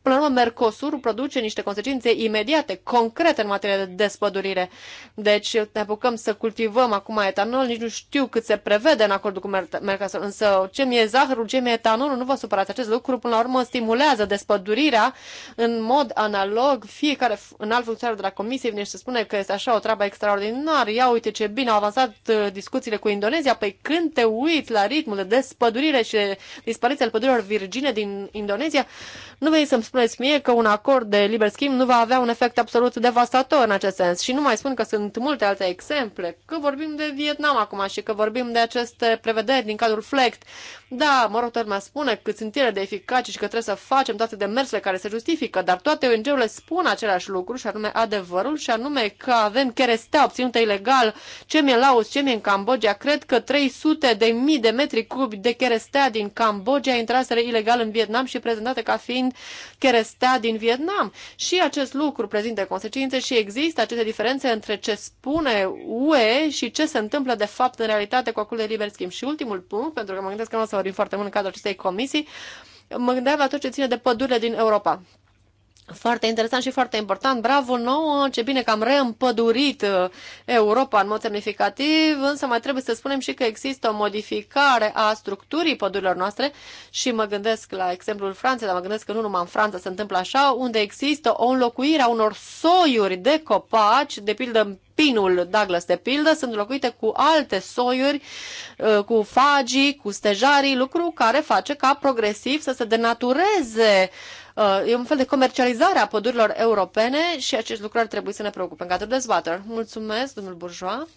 A: Până la urmă, Mercosur produce niște consecințe imediate, concrete în materie de despădurire. Deci ne apucăm să cultivăm acum acum etanol, nici nu știu cât se prevede în acordul cu Mercosur, însă ce mi-e zahărul, ce mi-e etanolul, nu vă supărați, acest lucru până la urmă stimulează despădurirea în mod analog, fiecare în alt funcționar de la comisie vine și se spune că este așa o treabă extraordinară, ia uite ce bine au avansat uh, discuțiile cu Indonezia, păi când te uiți la ritmul de despădurire și dispariția al pădurilor virgine din Indonezia, nu vei să-mi spuneți mie că un acord de liber schimb nu va avea un efect absolut devastator în acest sens. Și nu mai spun că sunt multe alte exemple, că vorbim de Vietnam acum și că vorbim de aceste prevederi din cadrul FLECT, da, mă rog, toată lumea spune că sunt ele de eficace și că trebuie să facem toate demersurile care se justifică, dar toate ONG-urile spun același lucru și anume adevărul și anume că avem cherestea obținută ilegal, ce mi-e Laos, ce mi-e în Cambodgia. Cred că 300 de mii de metri cubi de cherestea din Cambodgia intraseră ilegal în Vietnam și prezentate ca fiind cherestea din Vietnam. Și acest lucru prezintă consecințe și există aceste diferențe între ce spune UE și ce se întâmplă de fapt în realitate cu acul de liber schimb. Și ultimul punct, pentru că mă gândesc că nu o să săurim foarte mult în cadrul acestei comisii, mă gândeam la tot ce ține de pădurile din Europa. Foarte interesant și foarte important. Bravo nouă, ce bine că am reîmpădurit uh, Europa în mod semnificativ, însă mai trebuie să spunem și că există o modificare a structurii pădurilor noastre și mă gândesc la exemplul Franței, dar mă gândesc că nu numai în Franța se întâmplă așa, unde există o înlocuire a unor soiuri de copaci, de pildă pinul Douglas de pildă, sunt locuite cu alte soiuri, uh, cu fagii, cu stejarii, lucru care face ca progresiv să se denatureze Uh, e un fel de comercializare a pădurilor europene și acest lucru ar trebui să ne preocupe în cadrul dezbaterilor. Mulțumesc, domnul Bourgeois.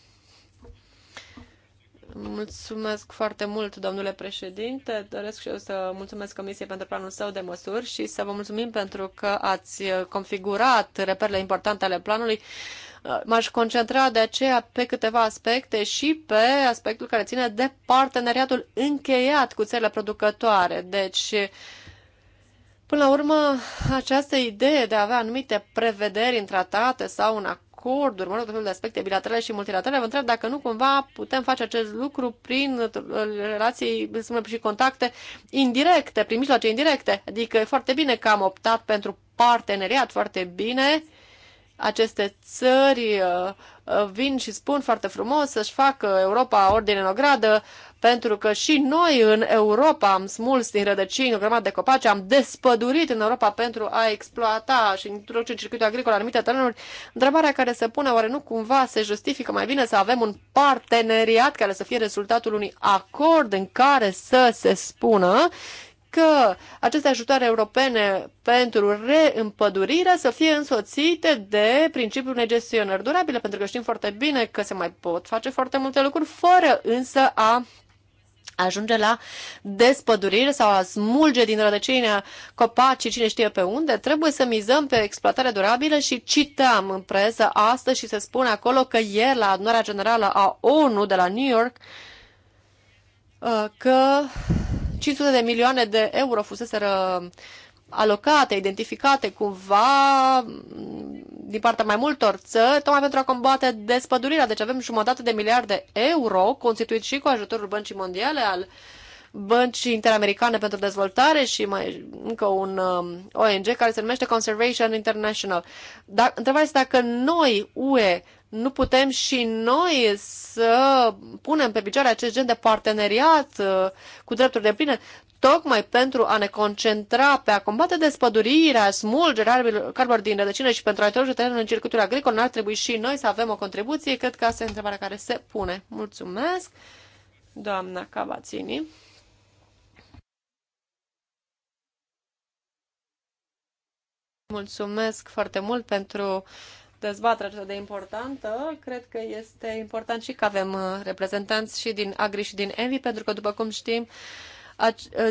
A: Mulțumesc foarte mult, domnule președinte. Doresc și eu să mulțumesc Comisiei pentru planul său de măsuri și să vă mulțumim pentru că ați configurat reperele importante ale planului. Uh, m-aș concentra de aceea pe câteva aspecte și pe aspectul care ține de parteneriatul încheiat cu țările producătoare. Deci, Până la urmă, această idee de a avea anumite prevederi în tratate sau în acorduri, mă rog, de aspecte bilaterale și multilaterale, vă întreb dacă nu cumva putem face acest lucru prin relații și contacte indirecte, prin mijloace indirecte. Adică e foarte bine că am optat pentru parteneriat, foarte bine aceste țări Uh, vin și spun foarte frumos să-și facă Europa ordine în ogradă, pentru că și noi în Europa am smuls din rădăcini o grămadă de copaci, am despădurit în Europa pentru a exploata și introduce în circuitul agricol anumite terenuri. Întrebarea care se pune, oare nu cumva se justifică mai bine să avem un parteneriat care să fie rezultatul unui acord în care să se spună că aceste ajutoare europene pentru reîmpădurire să fie însoțite de principiul unei gestionări durabile, pentru că știm foarte bine că se mai pot face foarte multe lucruri, fără însă a ajunge la despădurire sau a smulge din rădăcinea copacii cine știe pe unde, trebuie să mizăm pe exploatare durabilă și cităm în presă astăzi și se spune acolo că ieri la adunarea generală a ONU de la New York uh, că 500 de milioane de euro fuseseră alocate, identificate cumva mm, din partea mai multor țări, tocmai pentru a combate despădurirea. Deci avem jumătate de miliarde euro, constituit și cu ajutorul Băncii Mondiale al Băncii Interamericane pentru Dezvoltare și mai încă un um, ONG care se numește Conservation International. Dar întrebarea este dacă noi, UE, nu putem și noi să punem pe picioare acest gen de parteneriat uh, cu drepturi de pline, tocmai pentru a ne concentra pe a combate despădurirea, smulgerea arborilor din rădăcină și pentru a introduce terenul în circuitul agricol, n-ar trebui și noi să avem o contribuție. Cred că asta e întrebarea care se pune. Mulțumesc, doamna Cavațini. Mulțumesc foarte mult pentru dezbatere atât de importantă, cred că este important și că avem uh, reprezentanți și din Agri și din Envi, pentru că, după cum știm, uh,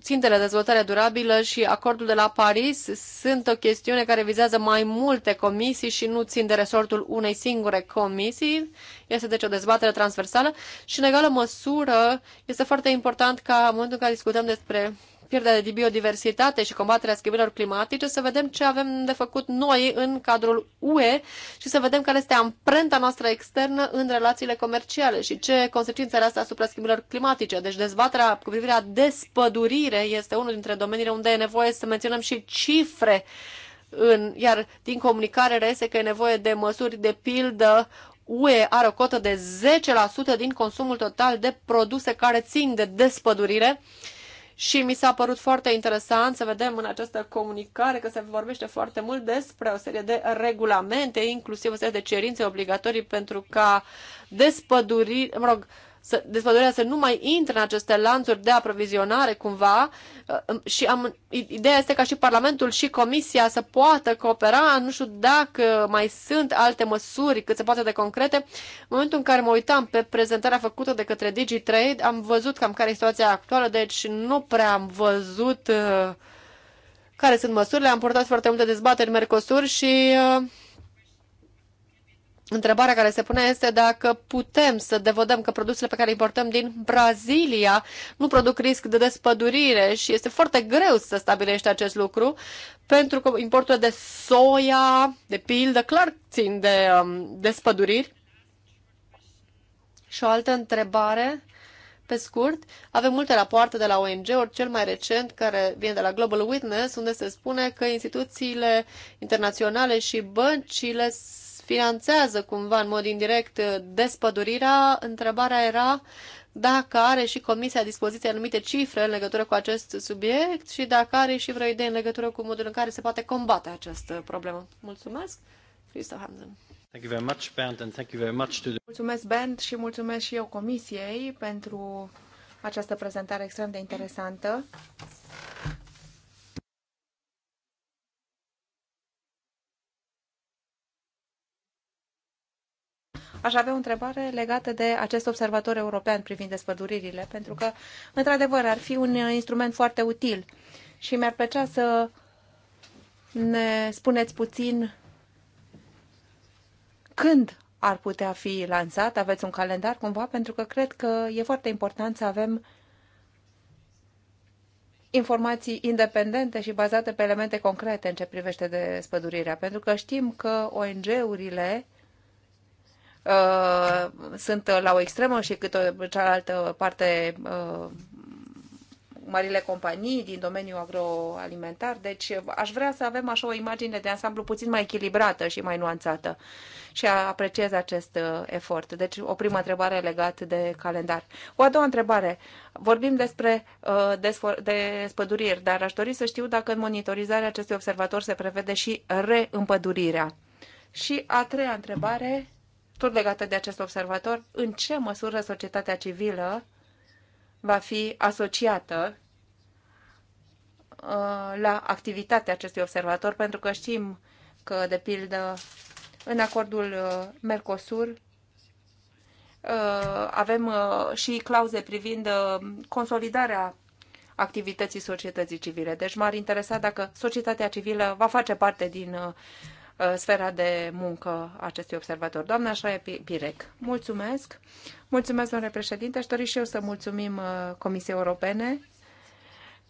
A: țintele de dezvoltare durabilă și acordul de la Paris sunt o chestiune care vizează mai multe comisii și nu țin de resortul unei singure comisii. Este deci o dezbatere transversală și, în egală măsură, este foarte important ca în momentul în care discutăm despre pierderea de biodiversitate și combaterea schimbărilor climatice, să vedem ce avem de făcut noi în cadrul UE și să vedem care este amprenta noastră externă în relațiile comerciale și ce consecințe are asta asupra schimbărilor climatice. Deci dezbaterea cu privirea despădurire este unul dintre domeniile unde e nevoie să menționăm și cifre în, iar din comunicare reiese că e nevoie de măsuri de pildă UE are o cotă de 10% din consumul total de produse care țin de despădurire și mi s-a părut foarte interesant să vedem în această comunicare că se vorbește foarte mult despre o serie de regulamente, inclusiv o serie de cerințe obligatorii pentru ca despăduri, mă rog, să, dezvăluirea să nu mai intre în aceste lanțuri de aprovizionare cumva uh, um, și am, ideea este ca și Parlamentul și Comisia să poată coopera, nu știu dacă mai sunt alte măsuri cât se poate de concrete. În momentul în care mă uitam pe prezentarea făcută de către DigiTrade, am văzut cam care e situația actuală, deci nu prea am văzut uh, care sunt măsurile. Am purtat foarte multe dezbateri în Mercosur și uh, Întrebarea care se pune este dacă putem să devodăm că produsele pe care importăm din Brazilia nu produc risc de despădurire și este foarte greu să stabilești acest lucru, pentru că importurile de soia, de pildă, clar țin de um, despăduriri. Și o altă întrebare, pe scurt, avem multe rapoarte de la ONG-uri, cel mai recent, care vine de la Global Witness, unde se spune că instituțiile internaționale și băncile finanțează cumva în mod indirect uh, despădurirea, întrebarea era dacă are și Comisia dispoziție anumite cifre în legătură cu acest subiect și dacă are și vreo idee în legătură cu modul în care se poate combate această problemă. Mulțumesc! Christoph Hansen. Thank you very much, Bernd, and thank you very much to the... Mulțumesc, Bernd,
B: și mulțumesc și eu Comisiei pentru această prezentare extrem de interesantă. Aș avea o întrebare legată de acest observator european privind despăduririle, pentru că, într-adevăr, ar fi un instrument foarte util și mi-ar plăcea să ne spuneți puțin când ar putea fi lansat? Aveți un calendar cumva? Pentru că cred că e foarte important să avem informații independente și bazate pe elemente concrete în ce privește spădurirea. Pentru că știm că ONG-urile uh, Uh, sunt la o extremă și cât o, cealaltă parte uh, marile companii din domeniul agroalimentar. Deci aș vrea să avem așa o imagine de ansamblu puțin mai echilibrată și mai nuanțată și apreciez acest uh, efort. Deci o primă întrebare legată de calendar. O a doua întrebare. Vorbim despre uh, despăduriri, dar aș dori să știu dacă în monitorizarea acestui observator se prevede și reîmpădurirea. Și a treia întrebare tot legată de acest observator, în ce măsură societatea civilă va fi asociată uh, la activitatea acestui observator, pentru că știm că, de pildă, în acordul uh, Mercosur uh, avem și clauze privind consolidarea activității societății civile. Deci m-ar interesa dacă societatea civilă va face parte din Uh, sfera de muncă acestui observator. Doamna Șoaie Pirec, mulțumesc. Mulțumesc, domnule președinte. Aș dori și eu să mulțumim uh, Comisiei Europene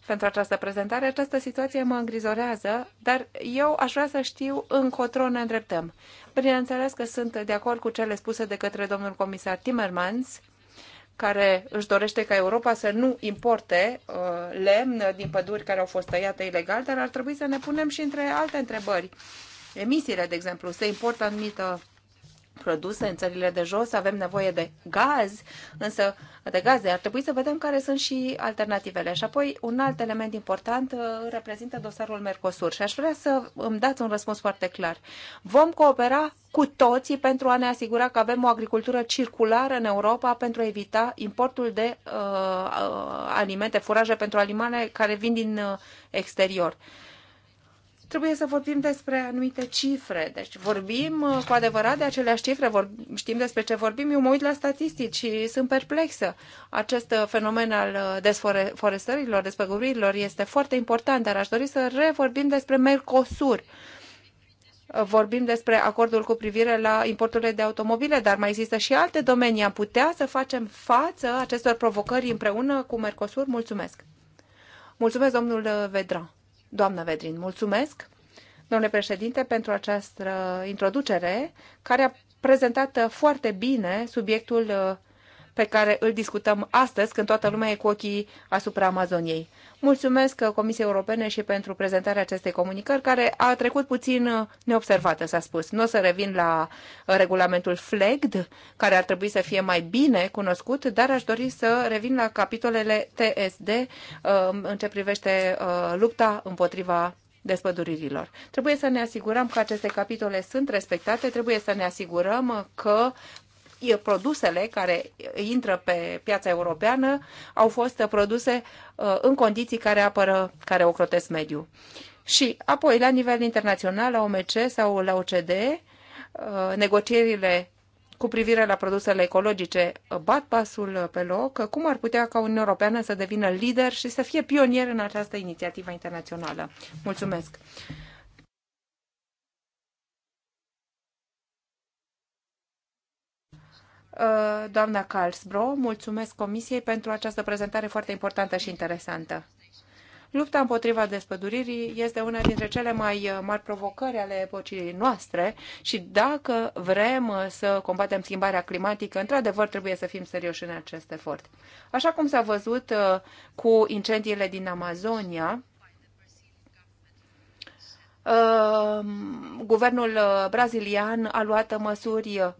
B: pentru această prezentare. Această situație mă îngrizorează, dar eu aș vrea să știu încotro ne îndreptăm. Bineînțeles că sunt de acord cu cele spuse de către domnul comisar Timmermans, care își dorește ca Europa să nu importe uh, lemn din păduri care au fost tăiate ilegal, dar ar trebui să ne punem și între alte întrebări. Uh, emisiile, de exemplu. Se importă anumită produse în țările de jos, avem nevoie de gaz, însă de gaze ar trebui să vedem care sunt și alternativele. Și apoi un alt element important uh, reprezintă dosarul Mercosur și aș vrea să îmi dați un răspuns foarte clar. Vom coopera cu toții pentru a ne asigura că avem o agricultură circulară în Europa pentru a evita importul de uh, uh alimente, furaje pentru animale care vin din uh, exterior. Uh, trebuie să vorbim despre anumite cifre. Deci vorbim uh, cu adevărat de aceleași cifre, vorbim, știm despre ce vorbim. Eu mă uit la statistici și sunt perplexă. Acest uh, fenomen al uh, desforestărilor, despăgurilor este foarte important, dar aș dori să revorbim despre Mercosur. Vorbim despre acordul cu privire la importurile de automobile, dar mai există și alte domenii. Am putea să facem față acestor provocări împreună cu Mercosur? Mulțumesc! Mulțumesc, domnul Vedran. Doamnă Vedrin, mulțumesc, domnule președinte, pentru această introducere care a prezentat foarte bine subiectul uh, pe care îl discutăm astăzi, când toată lumea e cu ochii asupra Amazoniei. Mulțumesc Comisiei Europene și pentru prezentarea acestei comunicări, care a trecut puțin neobservată, s-a spus. Nu o să revin la regulamentul FLEGD, care ar trebui să fie mai bine cunoscut, dar aș dori să revin la capitolele TSD um, în ce privește uh, lupta împotriva despăduririlor. Trebuie să ne asigurăm că aceste capitole sunt respectate, trebuie să ne asigurăm că produsele care intră pe piața europeană au fost produse uh, în condiții care apără, care ocrotesc mediul. Și apoi, la nivel internațional, la OMC sau la OCDE, uh, negocierile cu privire la produsele ecologice uh, bat pasul pe loc, cum ar putea ca Uniunea Europeană să devină lider și să fie pionier în această inițiativă internațională? Mulțumesc! Uh, doamna Carlsbro, mulțumesc Comisiei pentru această prezentare foarte importantă și interesantă. Lupta împotriva despăduririi este una dintre cele mai uh, mari provocări ale epocii noastre și dacă vrem uh, să combatem schimbarea climatică, într-adevăr trebuie să fim serioși în acest efort. Așa cum s-a văzut cu incendiile din Amazonia, guvernul brazilian a luat măsuri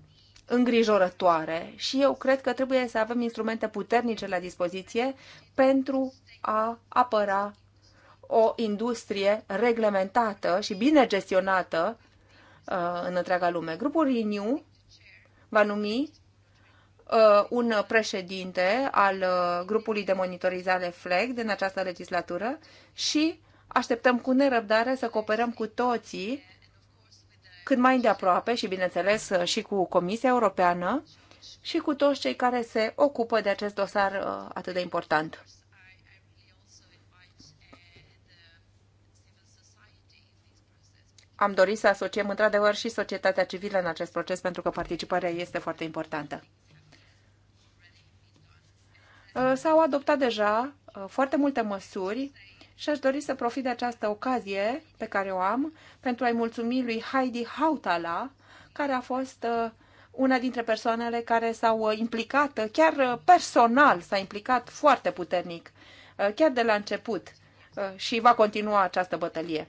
B: îngrijorătoare și eu cred că trebuie să avem instrumente puternice la dispoziție pentru a apăra o industrie reglementată și bine gestionată uh, în întreaga lume. Grupul Renew va numi uh, un președinte al uh, grupului de monitorizare FLEG din această legislatură și așteptăm cu nerăbdare să cooperăm cu toții cât mai îndeaproape și, bineînțeles, și cu Comisia Europeană și cu toți cei care se ocupă de acest dosar uh, atât de important. Am dorit să asociem într-adevăr și societatea civilă în acest proces pentru că participarea este foarte importantă. Uh, s-au adoptat deja uh, foarte multe măsuri și aș dori să profit de această ocazie pe care o am pentru a-i mulțumi lui Heidi Hautala, care a fost uh, una dintre persoanele care s-au uh, implicat, uh, chiar personal s-a implicat foarte puternic, chiar de la început și va continua această bătălie.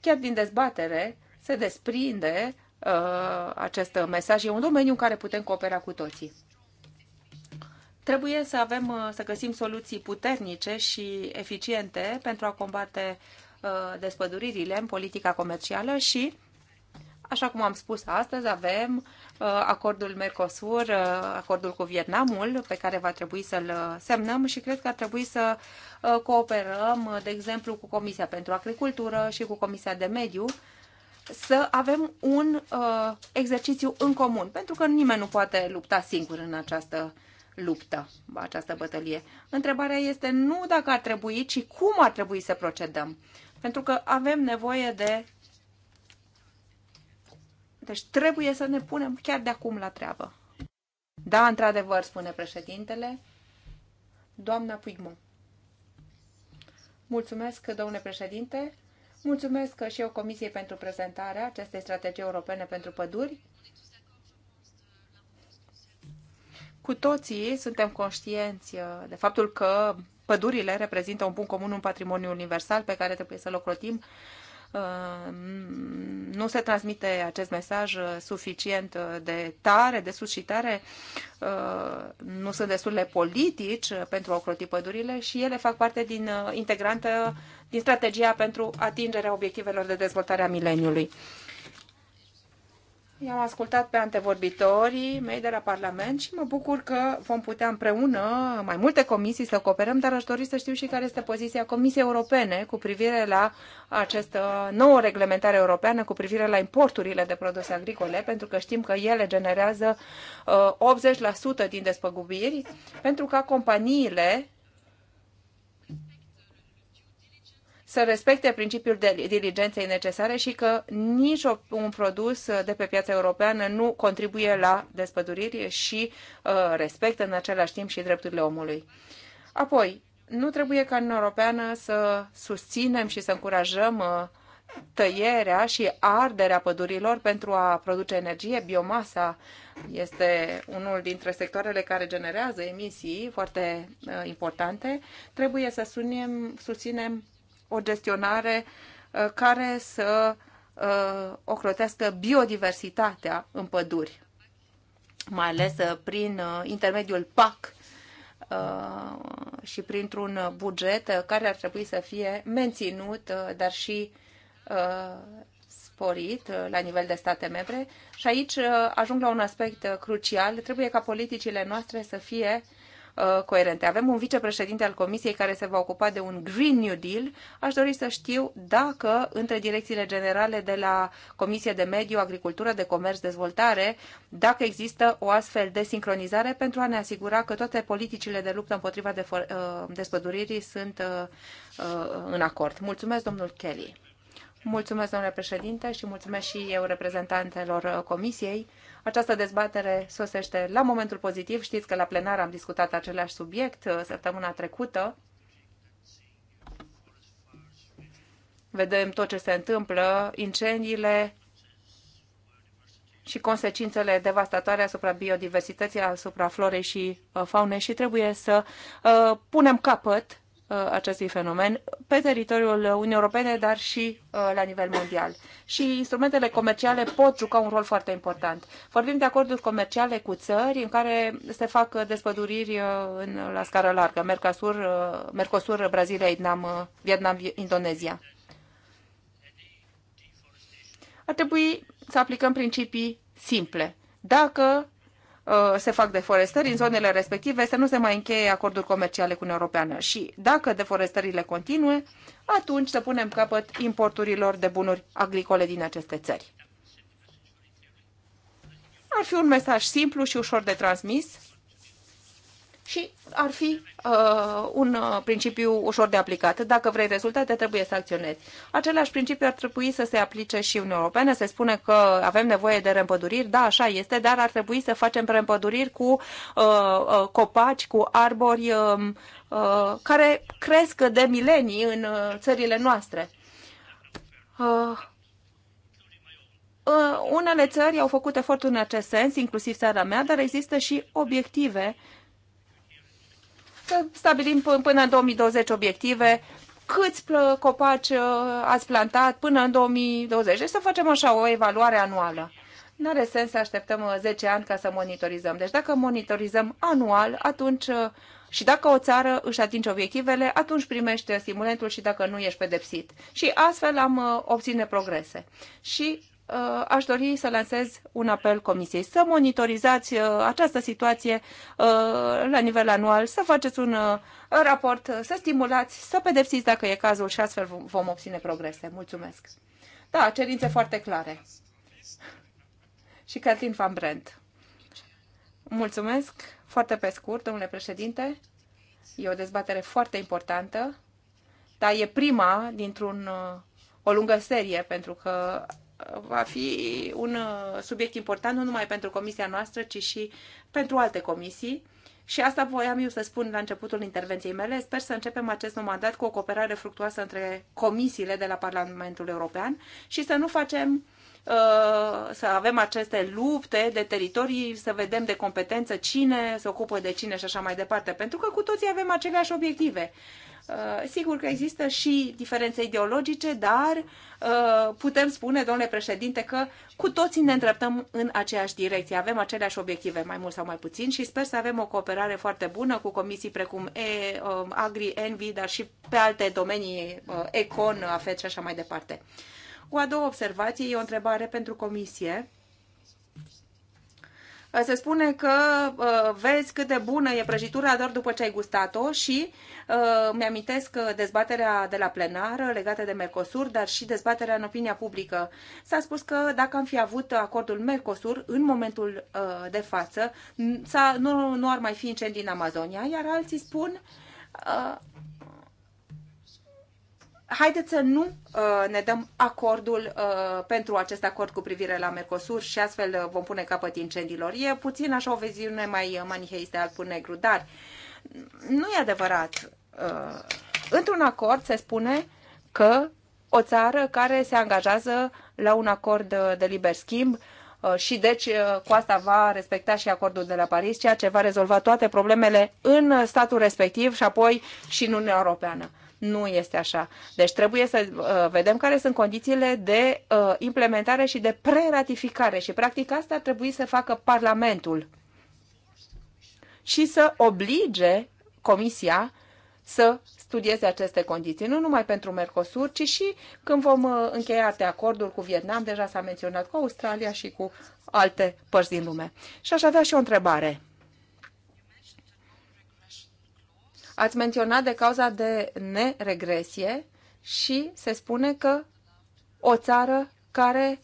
B: Chiar din dezbatere se desprinde acest mesaj. E un domeniu în care putem coopera cu toții. Trebuie să avem, uh, să găsim soluții puternice și eficiente pentru a combate uh, despăduririle în politica comercială și, așa cum am spus astăzi, avem uh, acordul Mercosur, acordul cu Vietnamul, pe care va trebui să-l semnăm și cred că ar trebui să cooperăm, de exemplu, cu Comisia pentru Agricultură și cu Comisia de Mediu, să avem un exercițiu în comun, pentru că nimeni nu poate lupta singur în această luptă, această bătălie. Întrebarea este nu dacă ar trebui, ci cum ar trebui să procedăm. Pentru că avem nevoie de. Deci trebuie să ne punem chiar de acum la treabă. Da, într-adevăr, spune președintele, doamna Puigmont. Mulțumesc, domnule președinte. Mulțumesc și eu Comisiei pentru prezentarea acestei strategii europene pentru păduri. Cu toții suntem conștienți uh, de faptul că pădurile reprezintă un bun comun, un patrimoniu universal pe care trebuie să-l ocrotim. Uh, nu se transmite acest mesaj uh, suficient de tare, de sus și tare. Nu sunt de politici pentru a ocroti pădurile și ele fac parte din integrantă din strategia pentru atingerea obiectivelor de dezvoltare a mileniului. I-am ascultat pe antevorbitorii mei de la Parlament și mă bucur că vom putea împreună, mai multe comisii, să cooperăm, dar aș dori să știu și care este poziția Comisiei Europene cu privire la această nouă reglementare europeană cu privire la importurile de produse agricole, pentru că știm că ele generează 80% uh, din despăgubiri, pentru ca companiile să respecte principiul de diligenței necesare și că nici un produs de pe piața europeană nu contribuie la despăduriri și uh, respectă în același timp și drepturile omului. Apoi, nu trebuie ca în Europeană să susținem și să încurajăm uh, tăierea și arderea pădurilor pentru a produce energie. Biomasa este unul dintre sectoarele care generează emisii foarte uh, importante. Trebuie să sunem, susținem o gestionare uh, care să uh, ocrotească biodiversitatea în păduri, mai ales uh, prin intermediul PAC și printr-un buget care ar trebui să fie menținut, dar și sporit la nivel de state membre. Și aici ajung la un aspect crucial. Trebuie ca politicile noastre să fie uh, Uh, coerente. Avem un vicepreședinte al Comisiei care se va ocupa de un Green New Deal. Aș dori să știu dacă între direcțiile generale de la Comisie de Mediu, Agricultură, de Comerț, Dezvoltare, dacă există o astfel de sincronizare pentru a ne asigura că toate politicile de luptă împotriva uh, despăduririi sunt uh, în acord. Mulțumesc, domnul Kelly. Mulțumesc, domnule președinte, și mulțumesc și eu reprezentantelor Comisiei această dezbatere sosește la momentul pozitiv. Știți că la plenar am discutat același subiect uh, săptămâna trecută. Vedem tot ce se întâmplă, incendiile și consecințele devastatoare asupra biodiversității, asupra florei și uh, faunei și trebuie să uh, punem capăt Uh, acestui fenomen pe teritoriul Uniunii Europene, dar și uh, la nivel mondial. Și instrumentele comerciale pot juca un rol foarte important. Vorbim de acorduri comerciale cu țări în care se fac uh, despăduriri în, la scară largă, Mercosur, Mercosur Brazilia, Vietnam, Vietnam, Indonezia. Ar trebui să aplicăm principii simple. Dacă Uh, se fac deforestări în zonele respective, să nu se mai încheie acorduri comerciale cu Uniunea Europeană. Și dacă deforestările continue, atunci să punem capăt importurilor de bunuri agricole din aceste țări. Ar fi un mesaj simplu și ușor de transmis și ar fi uh, un uh, principiu ușor de aplicat. Dacă vrei rezultate, trebuie să acționezi. Același principiu ar trebui să se aplice și Uniunea Europeană. Se spune că avem nevoie de reîmpăduriri, da, așa este, dar ar trebui să facem reîmpăduriri cu uh, uh, copaci, cu arbori uh, uh, care cresc de milenii în uh, țările noastre. Uh, uh, unele țări au făcut eforturi în acest sens, inclusiv țara mea, dar există și obiective uh, stabilim până în 2020 obiective, câți copaci uh, ați plantat până în 2020. Deci să facem așa o evaluare anuală. Nu are sens să așteptăm 10 uh, ani ca să monitorizăm. Deci dacă monitorizăm anual, atunci uh, și dacă o țară își atinge obiectivele, atunci primește stimulentul și dacă nu ești pedepsit. Și astfel am obține progrese. Și Uh, aș dori să lansez un apel Comisiei să monitorizați uh, această situație uh, la nivel anual, să faceți un raport, să stimulați, să pedepsiți dacă e cazul și astfel vom obține progrese. Mulțumesc! Da, cerințe foarte clare. Și Catlin Van Brent. Mulțumesc, foarte pe scurt, domnule președinte. E o dezbatere foarte importantă, dar e prima dintr-un o lungă serie, pentru că va fi un uh, subiect important nu numai pentru comisia noastră, ci și pentru alte comisii. Și asta voiam eu să spun la începutul intervenției mele. Sper să începem acest nou mandat cu o cooperare fructuoasă între comisiile de la Parlamentul European și să nu facem uh, să avem aceste lupte de teritorii, să vedem de competență cine se ocupă de cine și așa mai departe, pentru că cu toții avem aceleași obiective. Uh, sigur că există și diferențe ideologice, dar uh, putem spune, domnule președinte, că cu toții ne îndreptăm în aceeași direcție. Avem aceleași obiective, mai mult sau mai puțin, și sper să avem o cooperare foarte bună cu comisii precum e, um, Agri, Envi, dar și pe alte domenii, uh, Econ, AFET și așa mai departe. O a doua observație e o întrebare pentru comisie se spune că uh, vezi cât de bună e prăjitura doar după ce ai gustat-o și uh, mi-amintesc uh, dezbaterea de la plenară legată de Mercosur, dar și dezbaterea în opinia publică. S-a spus că dacă am fi avut acordul Mercosur în momentul de față, nu, nu ar mai fi incendii în Amazonia, iar alții spun haideți să nu uh, ne dăm acordul uh, pentru acest acord cu privire la Mercosur și astfel uh, vom pune capăt incendiilor. E puțin așa o viziune mai uh, maniheistă al pur negru, dar nu e adevărat. Uh, într-un acord se spune că o țară care se angajează la un acord uh, de liber schimb și deci cu asta va respecta și acordul de la Paris, ceea ce va rezolva toate problemele în statul respectiv și apoi și în Uniunea Europeană. Nu este așa. Deci trebuie să uh, vedem care sunt condițiile de uh, implementare și de preratificare și practic asta trebuie să facă Parlamentul și să oblige Comisia să studieze aceste condiții, nu numai pentru Mercosur, ci și când vom uh, încheia de acorduri cu Vietnam, deja s-a menționat cu Australia și cu alte părți din lume. Și aș avea și o întrebare. Ați menționat de cauza de neregresie și se spune că o țară care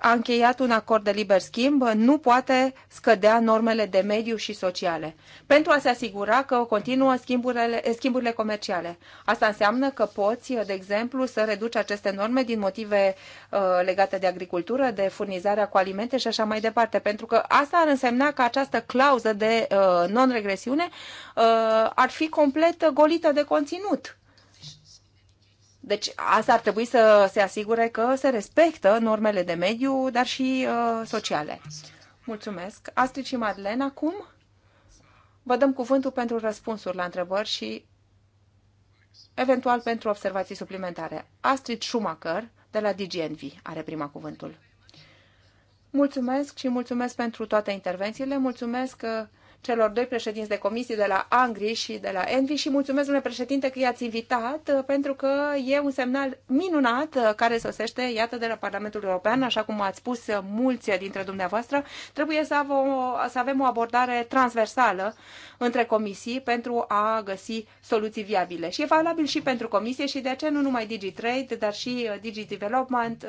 B: a încheiat un acord de liber schimb nu poate scădea normele de mediu și sociale, pentru a se asigura că continuă schimburile, schimburile comerciale. Asta înseamnă că poți, de exemplu, să reduci aceste norme din motive uh, legate de agricultură, de furnizarea cu alimente și așa mai departe, pentru că asta ar însemna că această clauză de uh, non-regresiune uh, ar fi complet golită de conținut deci asta ar trebui să se asigure că se respectă normele de mediu, dar și uh, sociale. Mulțumesc. Astrid și Madlen, acum vă dăm cuvântul pentru răspunsuri la întrebări și eventual pentru observații suplimentare. Astrid Schumacher de la DGNV are prima cuvântul. Mulțumesc și mulțumesc pentru toate intervențiile. Mulțumesc uh, celor doi președinți de comisii de la Angri și de la Envi și mulțumesc, domnule președinte, că i-ați invitat, uh, pentru că e un semnal minunat uh, care sosește, iată, de la Parlamentul European, așa cum ați spus uh, mulți dintre dumneavoastră, trebuie să, o, să avem o abordare transversală între comisii pentru a găsi soluții viabile. Și e valabil și pentru comisie și de aceea nu numai DigiTrade, dar și DigiDevelopment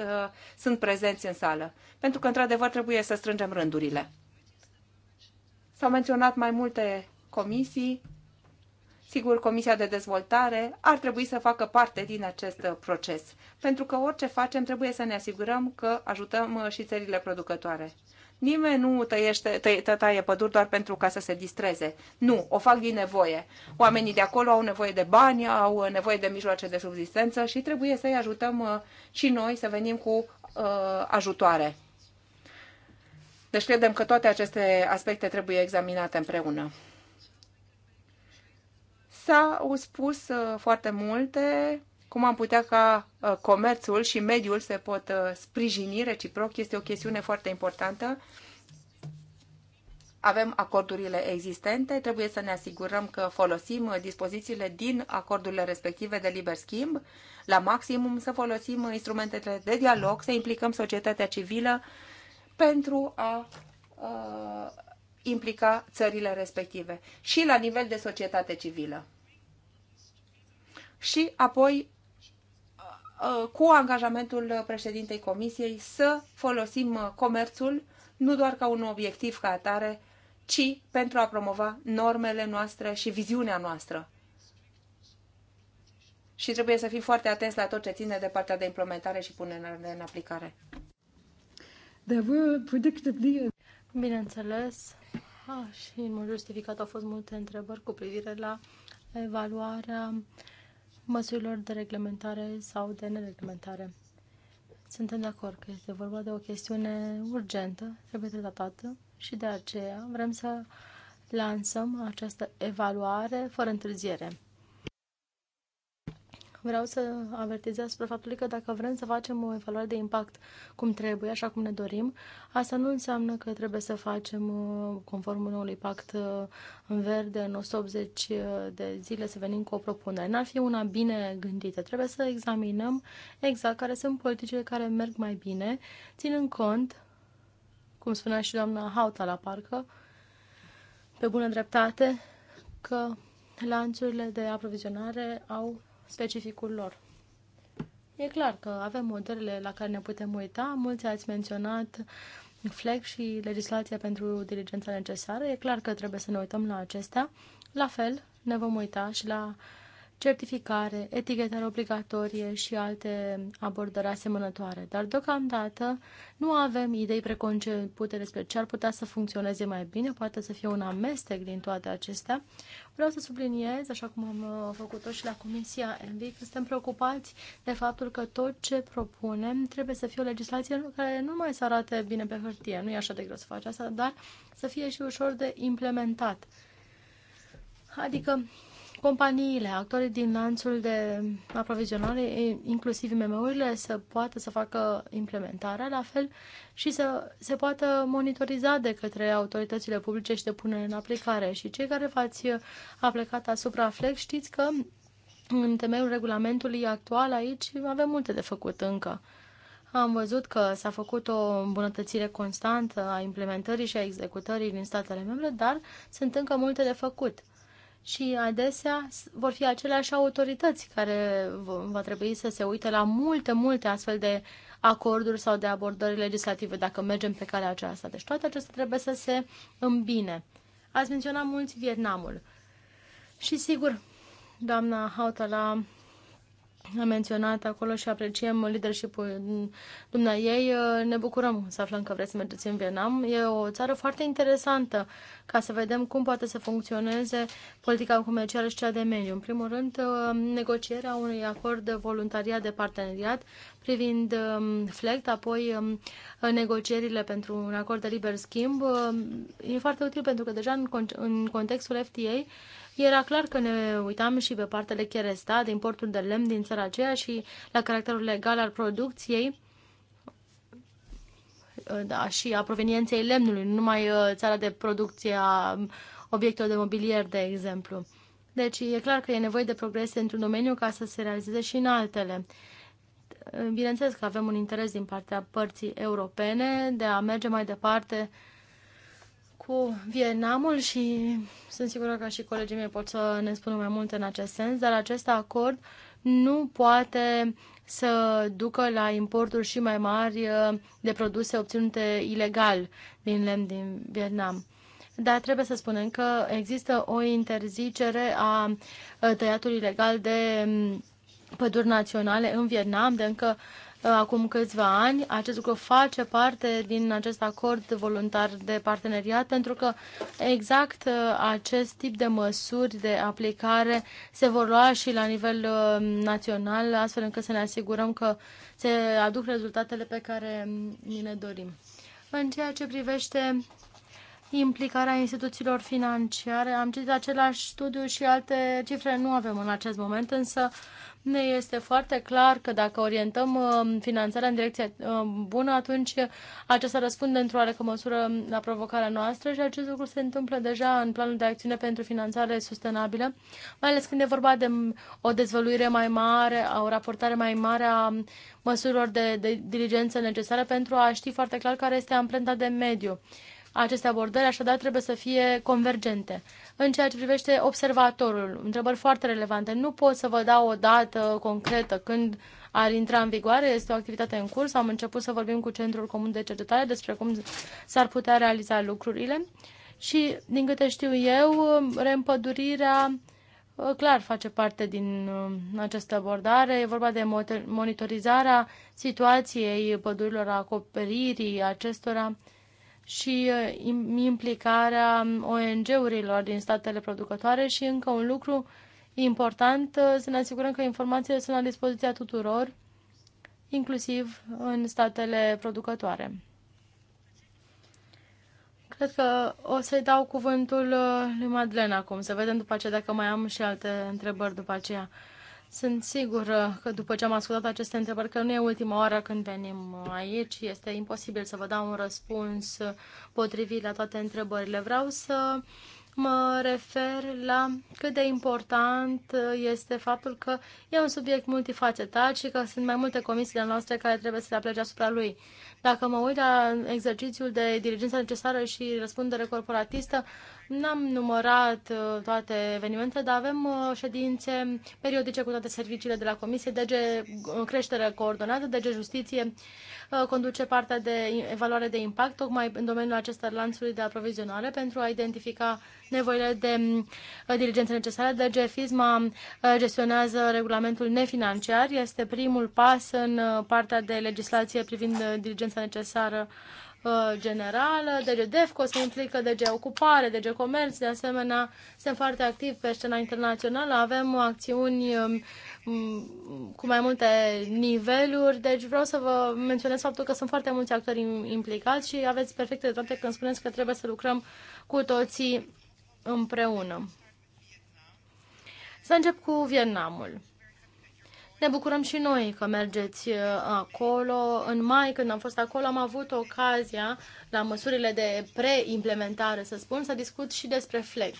B: sunt prezenți în sală. Pentru că, într-adevăr, trebuie să strângem rândurile. S-au menționat mai multe comisii. Sigur, Comisia de Dezvoltare ar trebui să facă parte din acest proces, pentru că orice facem trebuie să ne asigurăm că ajutăm uh, și țările producătoare. Nimeni nu tăiește, tă, taie păduri doar pentru ca să se distreze. Nu, o fac din nevoie. Oamenii de acolo au nevoie de bani, au uh, nevoie de mijloace de subsistență și trebuie să-i ajutăm uh, și noi să venim cu uh, ajutoare. Deci credem că toate aceste aspecte trebuie examinate împreună. S-au spus uh, foarte multe cum am putea ca uh, comerțul și mediul se pot uh, sprijini reciproc. Este o chestiune foarte importantă. Avem acordurile existente, trebuie să ne asigurăm că folosim dispozițiile din acordurile respective de liber schimb, la maximum să folosim instrumentele de dialog, să implicăm societatea civilă pentru a uh, implica țările respective și la nivel de societate civilă. Și apoi uh, cu angajamentul președintei Comisiei să folosim comerțul nu doar ca un obiectiv ca atare, ci pentru a promova normele noastre și viziunea noastră și trebuie să fim foarte atenți la tot ce ține de partea de implementare și punere
C: în aplicare. There were predictably... Uh, Bineînțeles, a, și în mod justificat au fost multe întrebări cu privire la evaluarea măsurilor de reglementare sau de nereglementare. Suntem de acord că este vorba de o chestiune urgentă, trebuie tratată și de aceea vrem să lansăm această evaluare fără întârziere vreau să avertizez asupra faptului că dacă vrem să facem o evaluare de impact cum trebuie, așa cum ne dorim, asta nu înseamnă că trebuie să facem, uh, conform unui pact uh, în verde, în 180 uh, de zile să venim cu o propunere. N-ar fi una bine gândită. Trebuie să examinăm exact care sunt politicile care merg mai bine, ținând cont, cum spunea și doamna Hauta la parcă, pe bună dreptate, că lanțurile de aprovizionare au specificul lor. E clar că avem modelele la care ne putem uita. Mulți ați menționat FLEC și legislația pentru diligența necesară. E clar că trebuie să ne uităm la acestea. La fel, ne vom uita și la uh, certificare, etichetare obligatorie și alte abordări asemănătoare. Dar deocamdată nu avem idei preconcepute despre ce ar putea să funcționeze mai bine, poate să fie un amestec din toate acestea. Vreau să subliniez, așa cum am uh, făcut-o și la Comisia ENVI, că suntem preocupați de faptul că tot ce propunem trebuie să fie o legislație care nu mai să arate bine pe hârtie, nu e așa de greu să faci asta, dar să fie și ușor de implementat. Adică companiile, actorii din lanțul de aprovizionare, inclusiv mmo urile să poată să facă implementarea la fel și să se poată monitoriza de către autoritățile publice și de pune în aplicare. Și cei care v-ați aplicat asupra FLEX știți că în temeiul regulamentului actual aici avem multe de făcut încă. Am văzut că s-a făcut o îmbunătățire constantă a implementării și a executării din statele membre, dar sunt încă multe de făcut și adesea vor fi aceleași autorități care va trebui să se uite la multe, multe astfel de acorduri sau de abordări legislative dacă mergem pe calea aceasta. Deci toate acestea trebuie să se îmbine. Ați menționat mulți Vietnamul. Și sigur, doamna Hautala a menționat acolo și apreciem leadership-ul dumnea ei. Ne bucurăm să aflăm că vreți să mergeți în Vietnam. E o țară foarte interesantă ca să vedem cum poate să funcționeze politica comercială și cea de mediu. În primul rând, uh, negocierea unui acord de voluntariat de parteneriat privind um, FLECT, apoi um, negocierile pentru un acord de liber schimb. Uh, e foarte util pentru că deja în contextul FTA era clar că ne uitam și pe partele cheresta de importul de lemn din țara aceea și la caracterul legal al producției da, și a provenienței lemnului, nu numai uh, țara de producție a um, obiectelor de mobilier, de exemplu. Deci e clar că e nevoie de progrese într-un domeniu ca să se realizeze și în altele. Bineînțeles că avem un interes din partea părții europene de a merge mai departe uh, cu Vietnamul și sunt sigură că și colegii mei pot să ne spună mai multe în acest sens, dar acest acord nu poate să ducă la importuri și mai mari uh, de produse obținute ilegal din lemn din Vietnam. Dar trebuie să spunem că există o interzicere a uh, tăiatului ilegal de mm, păduri naționale în Vietnam de încă Uh, acum câțiva ani. Acest lucru face parte din acest acord voluntar de parteneriat pentru că exact uh, acest tip de măsuri de aplicare se vor lua și la nivel uh, național, astfel încât să ne asigurăm că se aduc rezultatele pe care mm, ni le dorim. În ceea ce privește implicarea instituțiilor financiare. Am citit același studiu și alte cifre nu avem în acest moment, însă ne este foarte clar că dacă orientăm um, finanțarea în direcția um, bună, atunci aceasta răspunde într-o oarecă măsură la provocarea noastră și acest lucru se întâmplă deja în planul de acțiune pentru finanțare sustenabilă, mai ales când e vorba de um, o dezvăluire mai mare, o raportare mai mare a măsurilor de, de diligență necesare pentru a ști foarte clar care este amprenta de mediu. Aceste abordări așadar trebuie să fie convergente. În ceea ce privește observatorul, întrebări foarte relevante. Nu pot să vă dau o dată concretă când ar intra în vigoare, este o activitate în curs. Am început să vorbim cu Centrul Comun de Cercetare despre cum s-ar putea realiza lucrurile și, din câte știu eu, reîmpădurirea ă, clar face parte din ă, această abordare. E vorba de monitorizarea situației pădurilor, acoperirii acestora și uh, implicarea ONG-urilor din statele producătoare și încă un lucru important, uh, să ne asigurăm că informațiile sunt la dispoziția tuturor, inclusiv în statele producătoare. Cred că o să-i dau cuvântul uh, lui Madlen acum, să vedem după aceea dacă mai am și alte întrebări după aceea. Sunt sigură că după ce am ascultat aceste întrebări, că nu e ultima oară când venim aici, este imposibil să vă dau un răspuns potrivit la toate întrebările. Vreau să mă refer la cât de important este faptul că e un subiect multifacetat și că sunt mai multe comisiile noastre care trebuie să le aplece asupra lui. Dacă mă uit la exercițiul de dirigență necesară și răspundere corporatistă, N-am numărat uh, toate evenimentele, dar avem uh, ședințe periodice cu toate serviciile de la Comisie, DG uh, Creștere Coordonată, DG Justiție, conduce partea de evaluare de impact, tocmai în domeniul acesta lanțului de aprovizionare, pentru a identifica nevoile de diligență necesare. DG FISMA gestionează regulamentul nefinanciar, este primul pas în partea de legislație privind diligența necesară Uh, generală, DG DEFCO se implică, DG Ocupare, DG Comerț, de asemenea, sunt foarte activ pe scena internațională, avem acțiuni um, um, cu mai multe niveluri, deci vreau să vă menționez faptul că sunt foarte mulți actori implicați și aveți perfecte dreptate când spuneți că trebuie să lucrăm cu toții împreună. Să încep cu Vietnamul. Ne bucurăm și noi că mergeți uh, acolo. În mai, când am fost acolo, am avut ocazia, la măsurile de preimplementare, să spun, să discut și despre FLEC.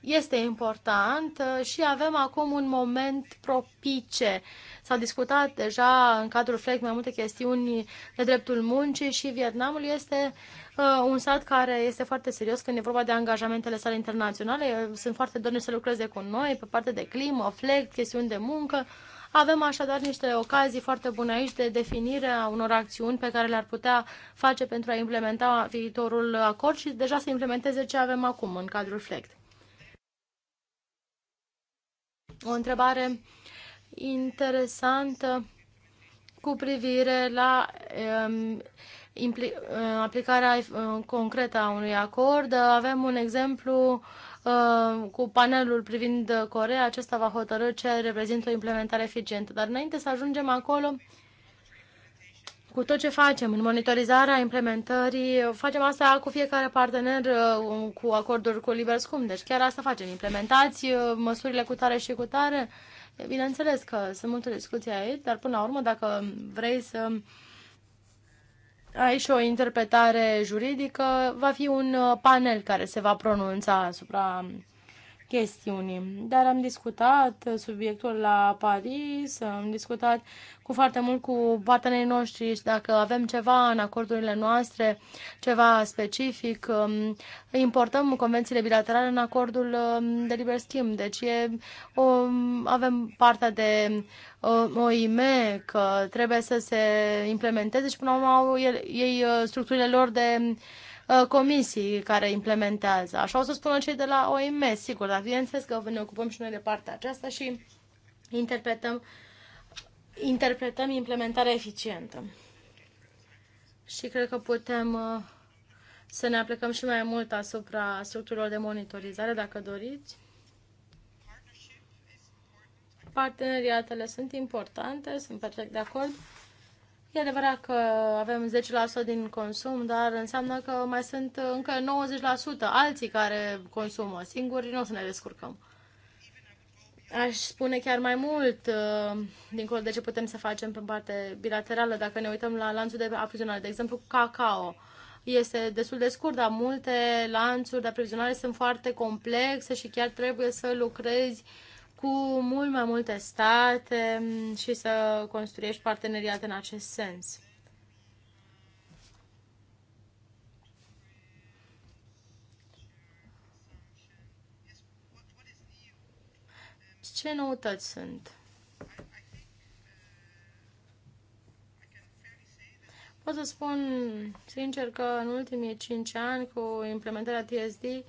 C: Este important uh, și avem acum un moment propice. S-a discutat deja în cadrul FLEC mai multe chestiuni de dreptul muncii și Vietnamul este uh, un stat care este foarte serios când e vorba de angajamentele sale internaționale. Sunt foarte dorni să lucreze cu noi pe partea de climă, FLEC chestiuni de muncă. Avem așadar niște ocazii foarte bune aici de definire a unor acțiuni pe care le-ar putea face pentru a implementa viitorul acord și deja să implementeze ce avem acum în cadrul FLECT. O întrebare interesantă cu privire la um, aplicarea uh, concretă a unui acord. Avem un exemplu Uh, cu panelul privind Corea, acesta va hotărâ ce reprezintă o implementare eficientă. Dar înainte să ajungem acolo, cu tot ce facem în monitorizarea implementării, facem asta cu fiecare partener uh, cu acorduri cu liber scump. Deci chiar asta facem. Implementați uh, măsurile cu tare și cu tare. Bineînțeles că sunt multe discuții aici, dar până la urmă, dacă vrei să aici o interpretare juridică, va fi un uh, panel care se va pronunța asupra um, chestiuni. Dar am discutat subiectul la Paris, am discutat cu foarte mult cu partenerii noștri și dacă avem ceva în acordurile noastre, ceva specific, um, importăm convențiile bilaterale în acordul um, de liber schimb. Deci e, o, um, avem partea de OIM, că trebuie să se implementeze și până la urmă ei uh, structurile lor de Uh, comisii care implementează. Așa o să spună cei de la OMS, sigur, dar bineînțeles că ne ocupăm și noi de partea aceasta și interpretăm, interpretăm implementarea eficientă. Și cred că putem uh, să ne aplicăm și mai mult asupra structurilor de monitorizare, dacă doriți. Parteneriatele sunt importante, sunt perfect de acord. E adevărat că avem 10% din consum, dar înseamnă că mai sunt încă 90% alții care consumă. Singuri nu o să ne descurcăm. Aș spune chiar mai mult, uh, dincolo de ce putem să facem pe parte bilaterală, dacă ne uităm la lanțul de aprovizionare, de exemplu cacao. Este destul de scurt, dar multe lanțuri de aprovizionare sunt foarte complexe și chiar trebuie să lucrezi cu mult mai multe state și să construiești parteneriate în acest sens. Ce noutăți sunt? Pot să spun sincer că în ultimii 5 ani cu implementarea TSD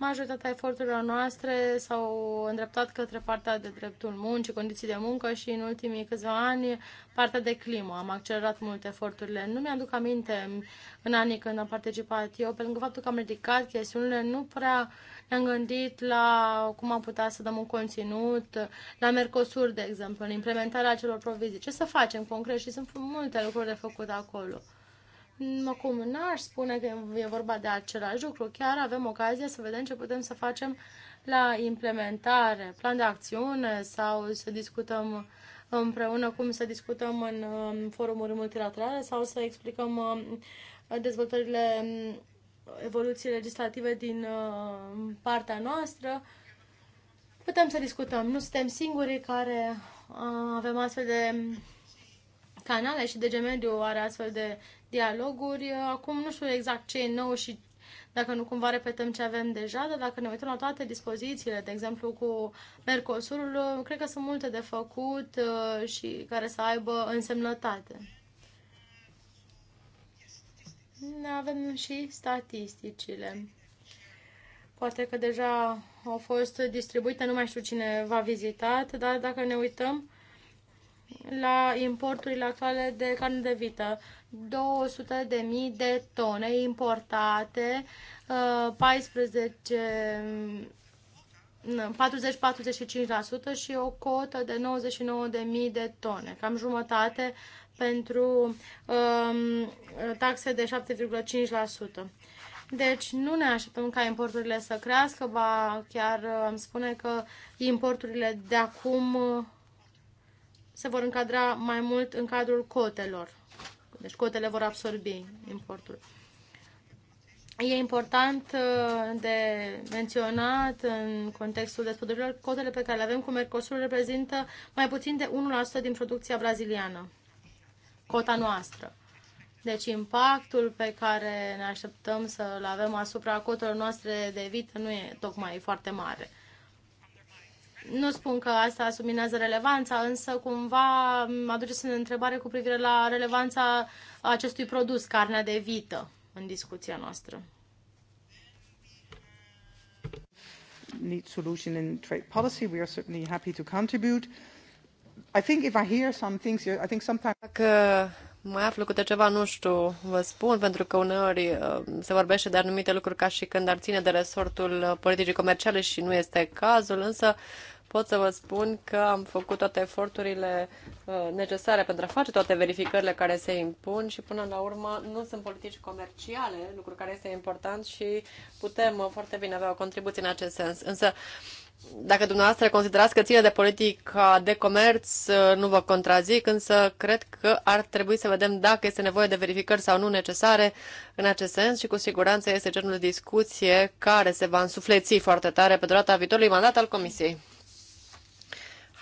C: Majoritatea eforturilor noastre s-au îndreptat către partea de dreptul muncii, condiții de muncă și în ultimii câțiva ani partea de climă. Am accelerat mult eforturile. Nu mi-aduc aminte în anii când am participat eu, pentru că faptul că am ridicat chestiunile nu prea ne-am gândit la cum am putea să dăm un conținut, la Mercosur, de exemplu, în implementarea acelor provizii. Ce să facem concret? Și sunt multe lucruri de făcut acolo. Acum n-aș spune că e vorba de același lucru, chiar avem ocazia să vedem ce putem să facem la implementare, plan de acțiune sau să discutăm împreună cum să discutăm în forumuri multilaterale sau să explicăm uh, dezvoltările, uh, evoluții legislative din uh, partea noastră. Putem să discutăm, nu suntem singurii care avem astfel de canale și de Mediu are astfel de dialoguri. Uh, acum nu știu exact ce e nou și dacă nu cumva repetăm ce avem deja, dar dacă ne uităm la toate dispozițiile, de exemplu cu Mercosurul, uh, cred că sunt multe de făcut uh, și care să aibă însemnătate. Ne Avem și statisticile. Poate că deja au fost distribuite, nu mai știu cine va vizitat, dar dacă ne uităm, la importurile actuale de carne de vită. 200 de mii de tone importate, 14 uh, 40-45% mm, și o cotă de 99.000 de tone, cam jumătate pentru um, taxe de 7,5%. Deci nu ne așteptăm ca importurile să crească, ba chiar am uh, spune că importurile de acum se vor încadra mai mult în cadrul cotelor. Deci cotele vor absorbi importul. E important uh, de menționat în contextul despădurilor, cotele pe care le avem cu Mercosur reprezintă mai puțin de 1% din producția braziliană, cota noastră. Deci impactul pe care ne așteptăm să-l avem asupra cotelor noastre de vită nu e tocmai foarte mare. Nu spun că asta subminează relevanța, însă cumva mă aduceți în întrebare cu privire la relevanța acestui produs, carnea de vită, în discuția noastră.
B: Need solution in trade policy. We are certainly happy to contribute.
A: I think if I hear some things, I think sometimes... Dacă mai aflu câte ceva, nu știu, vă spun, pentru că uneori uh, se vorbește de anumite lucruri ca și când ar ține de resortul uh, politicii comerciale și nu este cazul, însă pot să vă spun că am făcut toate eforturile uh, necesare pentru a face toate verificările care se impun și până la urmă nu sunt politici comerciale, lucru care este important și putem uh, foarte bine avea o contribuție în acest sens. Însă, dacă dumneavoastră considerați că ține de politica de comerț, uh, nu vă contrazic, însă cred că ar trebui să vedem dacă este nevoie de verificări sau nu necesare în acest sens și cu siguranță este genul de discuție care se va însufleți foarte tare pe durata viitorului mandat al Comisiei.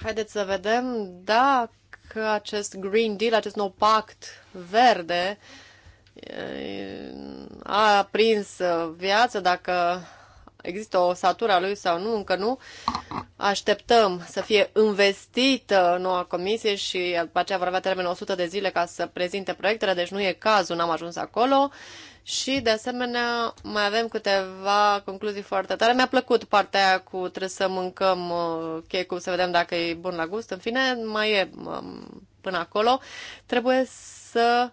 A: Haideți să vedem dacă acest Green Deal, acest nou pact verde a prins viață, dacă există o satura lui sau nu, încă nu. Așteptăm să fie investită noua comisie și după aceea vor avea termen 100 de zile ca să prezinte proiectele, deci nu e cazul, n-am ajuns acolo. Și, de asemenea, mai avem câteva concluzii foarte tare. Mi-a plăcut partea aia cu trebuie să mâncăm uh, checul, să vedem dacă e bun la gust. În fine, mai e um, până acolo. Trebuie să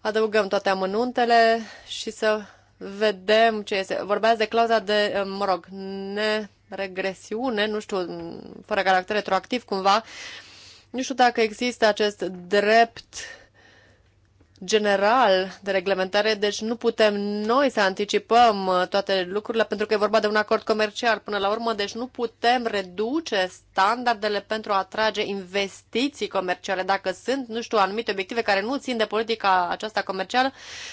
A: adăugăm toate amănuntele și să vedem ce este. Vorbeați de clauza de, uh, mă rog, neregresiune, nu știu, fără caracter retroactiv cumva. Nu știu dacă există acest drept general de reglementare, deci nu putem noi să anticipăm uh, toate lucrurile, pentru că e vorba de un acord comercial până la urmă, deci nu putem reduce standardele pentru a atrage investiții comerciale. Dacă sunt, nu știu, anumite obiective care nu țin de politica aceasta comercială,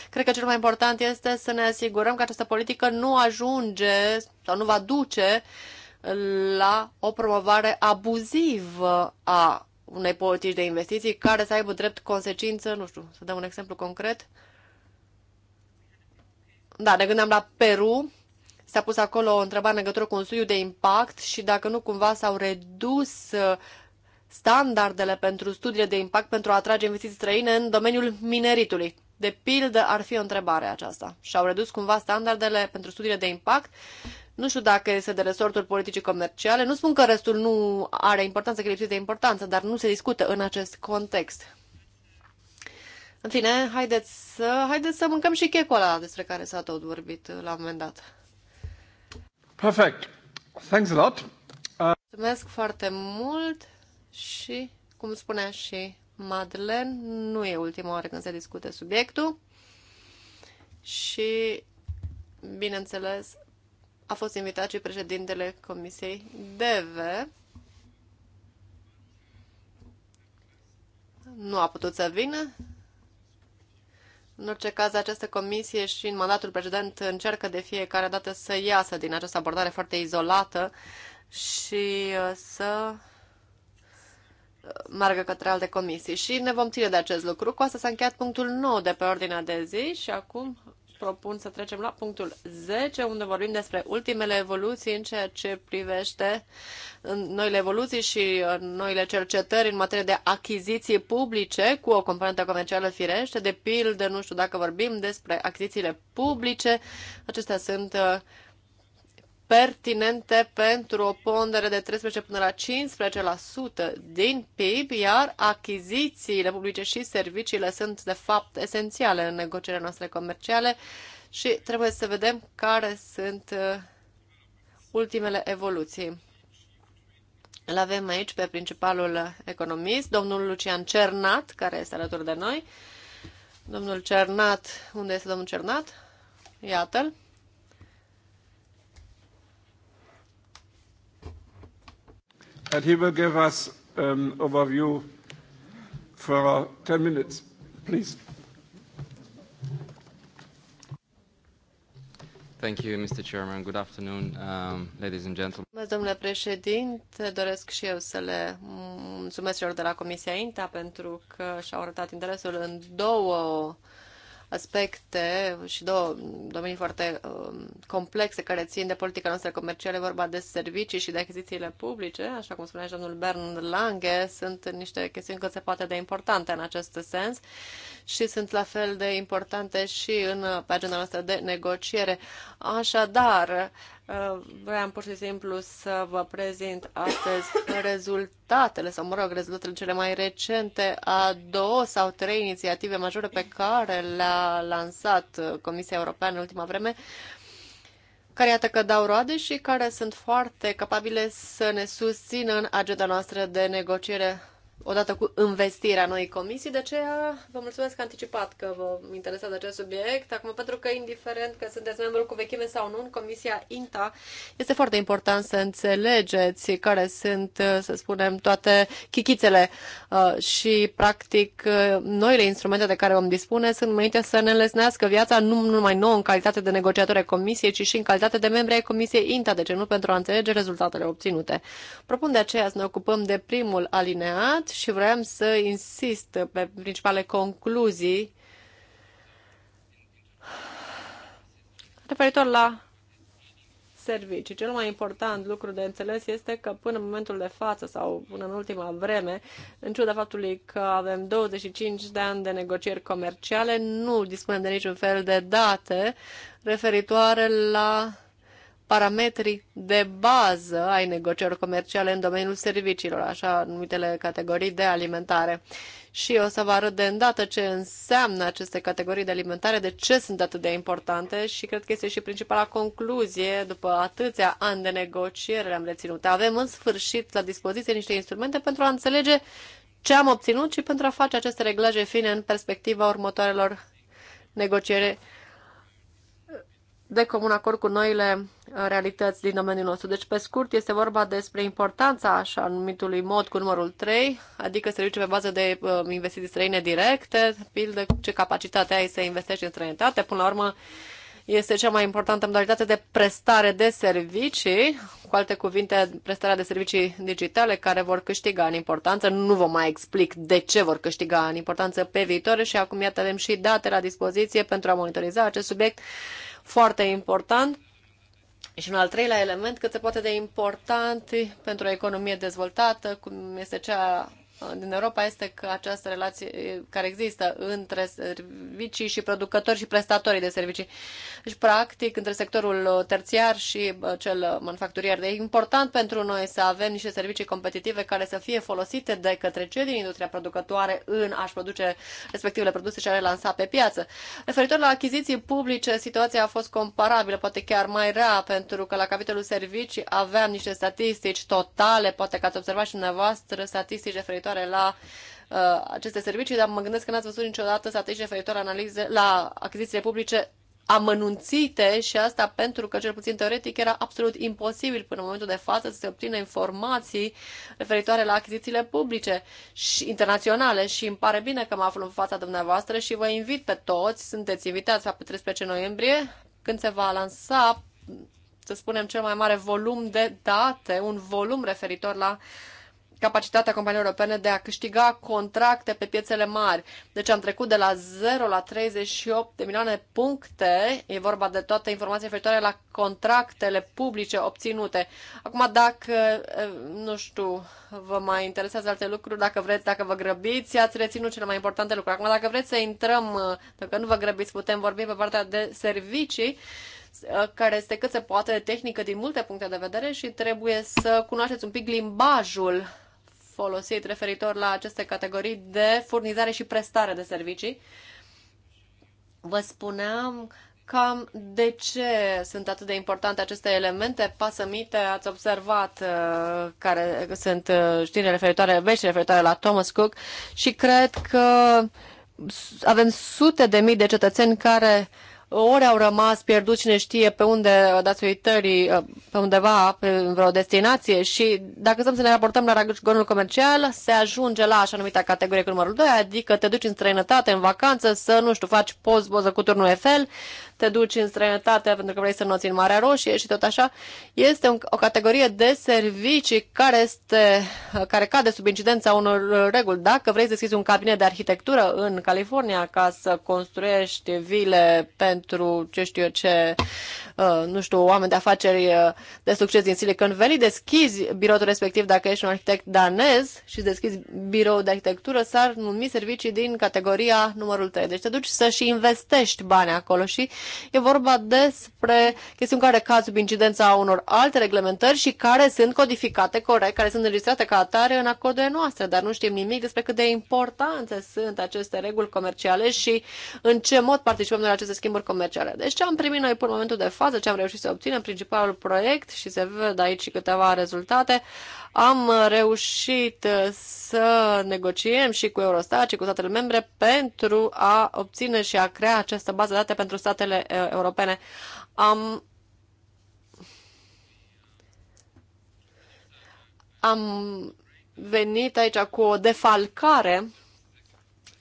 A: cred că cel mai important este să ne asigurăm că această politică nu ajunge sau nu va duce la o promovare abuzivă a unei politici de investiții care să aibă drept consecință, nu știu, să dăm un exemplu concret. Da, ne gândeam la Peru. S-a pus acolo o întrebare în legătură cu un studiu de impact și dacă nu cumva s-au redus uh, standardele pentru studiile de impact pentru a atrage investiții străine în domeniul mineritului. De pildă ar fi o întrebare aceasta. Și-au redus cumva standardele pentru studiile de impact nu știu dacă este de resortul politicii comerciale. Nu spun că restul nu are importanță, că lipsit de importanță, dar nu se discută în acest context. În fine, haideți să, haideți să mâncăm și ăla despre care s-a tot vorbit la un moment dat. Perfect. Thanks a lot. Uh... Mulțumesc foarte mult și, cum spunea și Madeleine, nu e ultima oară când se discute subiectul și, bineînțeles, a fost invitat și președintele Comisiei DEVE. Nu a putut să vină. În orice caz, această comisie și în mandatul precedent încearcă de fiecare dată să iasă din această abordare foarte izolată și uh, să uh, meargă către alte comisii. Și ne vom ține de acest lucru. Cu asta s-a încheiat punctul 9 de pe ordinea de zi și acum propun să trecem la punctul 10, unde vorbim despre ultimele evoluții în ceea ce privește noile evoluții și uh, noile cercetări în materie de achiziții publice cu o componentă comercială firește. De pildă, nu știu dacă vorbim despre achizițiile publice, acestea sunt uh, pertinente pentru o pondere de 13 până la 15% din PIB, iar achizițiile publice și serviciile sunt de fapt esențiale în negocierile noastre comerciale și trebuie să vedem care sunt uh, ultimele evoluții. Îl avem aici pe principalul economist, domnul Lucian Cernat, care este alături de noi. Domnul Cernat, unde este domnul Cernat? Iată-l. And he will give us an um, overview for 10 uh, minutes, please.
C: Thank you, Mr.
A: Chairman. Good afternoon, um, ladies and gentlemen. Domnule președinte, doresc și eu să le mulțumesc celor de la Comisia INTA pentru că și-au arătat interesul în două uh, aspecte și două domenii foarte um, complexe care țin de politica noastră comercială, vorba de servicii și de achizițiile publice, așa cum spunea domnul Bern Lange, sunt niște chestiuni cât se poate de importante în acest sens și sunt la fel de importante și în agenda noastră de negociere. Așadar, Uh, vreau pur și simplu să vă prezint astăzi rezultatele, sau mă rog, rezultatele cele mai recente a două sau trei inițiative majore pe care le-a lansat Comisia Europeană în ultima vreme, care iată că dau roade și care sunt foarte capabile să ne susțină în agenda noastră de negociere odată cu investirea noii comisii, de aceea vă mulțumesc anticipat că vă de acest subiect. Acum, pentru că, indiferent că sunteți membru cu vechime sau nu în Comisia INTA, este foarte important să înțelegeți care sunt, să spunem, toate chichițele uh, și, practic, uh, noile instrumente de care vom dispune sunt menite să ne lesnească viața nu numai nouă în calitate de negociatore Comisiei, ci și în calitate de membri ai Comisiei INTA, de ce nu pentru a înțelege rezultatele obținute. Propun de aceea să ne ocupăm de primul alineat și vreau să insist pe principale concluzii referitor la servicii. Cel mai important lucru de înțeles este că până în momentul de față sau până în ultima vreme, în ciuda faptului că avem 25 de ani de negocieri comerciale, nu dispunem de niciun fel de date referitoare la parametrii de bază ai negocierilor comerciale în domeniul serviciilor, așa numitele categorii de alimentare. Și o să vă arăt de îndată ce înseamnă aceste categorii de alimentare, de ce sunt atât de importante și cred că este și principala concluzie după atâția ani de negociere le-am reținut. Avem în sfârșit la dispoziție niște instrumente pentru a înțelege ce am obținut și pentru a face aceste reglaje fine în perspectiva următoarelor negociere de comun acord cu noile uh, realități din domeniul nostru. Deci, pe scurt, este vorba despre importanța așa numitului mod cu numărul 3, adică servicii pe bază de uh, investiții străine directe, pildă ce capacitate ai să investești în străinătate. Până la urmă, este cea mai importantă modalitate de prestare de servicii, cu alte cuvinte, prestarea de servicii digitale care vor câștiga în importanță. Nu vă mai explic de ce vor câștiga în importanță pe viitor și acum iată avem și date la dispoziție pentru a monitoriza acest subiect foarte important. Și un al treilea element cât se poate de important pentru o economie dezvoltată, cum este cea Uh, din Europa este că această relație uh, care există între servicii și producători și prestatorii de servicii. Deci, practic, între sectorul uh, terțiar și cel manufacturier. Deci, e important pentru noi să avem niște servicii competitive care să fie folosite de către cei din industria producătoare în a-și produce respectivele produse și a relansa pe piață. Referitor la achiziții publice, situația a fost comparabilă, poate chiar mai rea, pentru că la capitolul servicii aveam niște statistici totale, poate că ați observat și dumneavoastră statistici referitor referitoare la uh, aceste servicii, dar mă gândesc că n-ați văzut niciodată strategii referitoare analize, la achizițiile publice amănunțite și asta pentru că, cel puțin teoretic, era absolut imposibil până în momentul de față să se obțină informații referitoare la achizițiile publice și internaționale și îmi pare bine că mă aflu în fața dumneavoastră și vă invit pe toți, sunteți invitați pe 13 noiembrie, când se va lansa, să spunem, cel mai mare volum de date, un volum referitor la capacitatea companiilor europene de a câștiga contracte pe piețele mari. Deci am trecut de la 0 la 38 de milioane de puncte, e vorba de toate informații referitoare la contractele publice obținute. Acum, dacă, eh, nu știu, vă mai interesează alte lucruri, dacă vreți, dacă vă grăbiți, ați reținut cele mai importante lucruri. Acum, dacă vreți să intrăm, eh, dacă nu vă grăbiți, putem vorbi pe partea de servicii eh, care este cât se poate de tehnică din multe puncte de vedere și trebuie să cunoașteți un pic limbajul folosit referitor la aceste categorii de furnizare și prestare de servicii. Vă spuneam cam de ce sunt atât de importante aceste elemente. Pasămite, ați observat uh, care sunt uh, știri referitoare, vești referitoare la Thomas Cook și cred că avem sute de mii de cetățeni care uh, ori au rămas pierduți cine știe pe unde dați uitării, uh, pe undeva, pe vreo destinație și dacă să ne raportăm la ragonul comercial, se ajunge la așa numita categorie cu numărul 2, adică te duci în străinătate, în vacanță, să, nu știu, faci poz, poză cu turnul Eiffel, te duci în străinătate pentru că vrei să noți în Marea Roșie și tot așa. Este un, o categorie de servicii care, este, care cade sub incidența unor reguli. Dacă vrei să deschizi un cabinet de arhitectură în California ca să construiești vile pentru ce știu eu ce Uh, nu știu, oameni de afaceri uh, de succes din Silicon Valley, deschizi biroul respectiv dacă ești un arhitect danez și deschizi birou de arhitectură, s-ar numi servicii din categoria numărul 3. Deci te duci să și investești bani acolo și e vorba despre chestiuni care cad sub incidența unor alte reglementări și care sunt codificate corect, care sunt înregistrate ca atare în acordurile noastre, dar nu știm nimic despre cât de importante sunt aceste reguli comerciale și în ce mod participăm noi la aceste schimburi comerciale. Deci ce am primit noi până în momentul de față fază, ce am reușit să obținem, principalul proiect și se văd aici și câteva rezultate. Am reușit să negociem și cu Eurostat și cu statele membre pentru a obține și a crea această bază de date pentru statele uh, europene. Am am venit aici cu o defalcare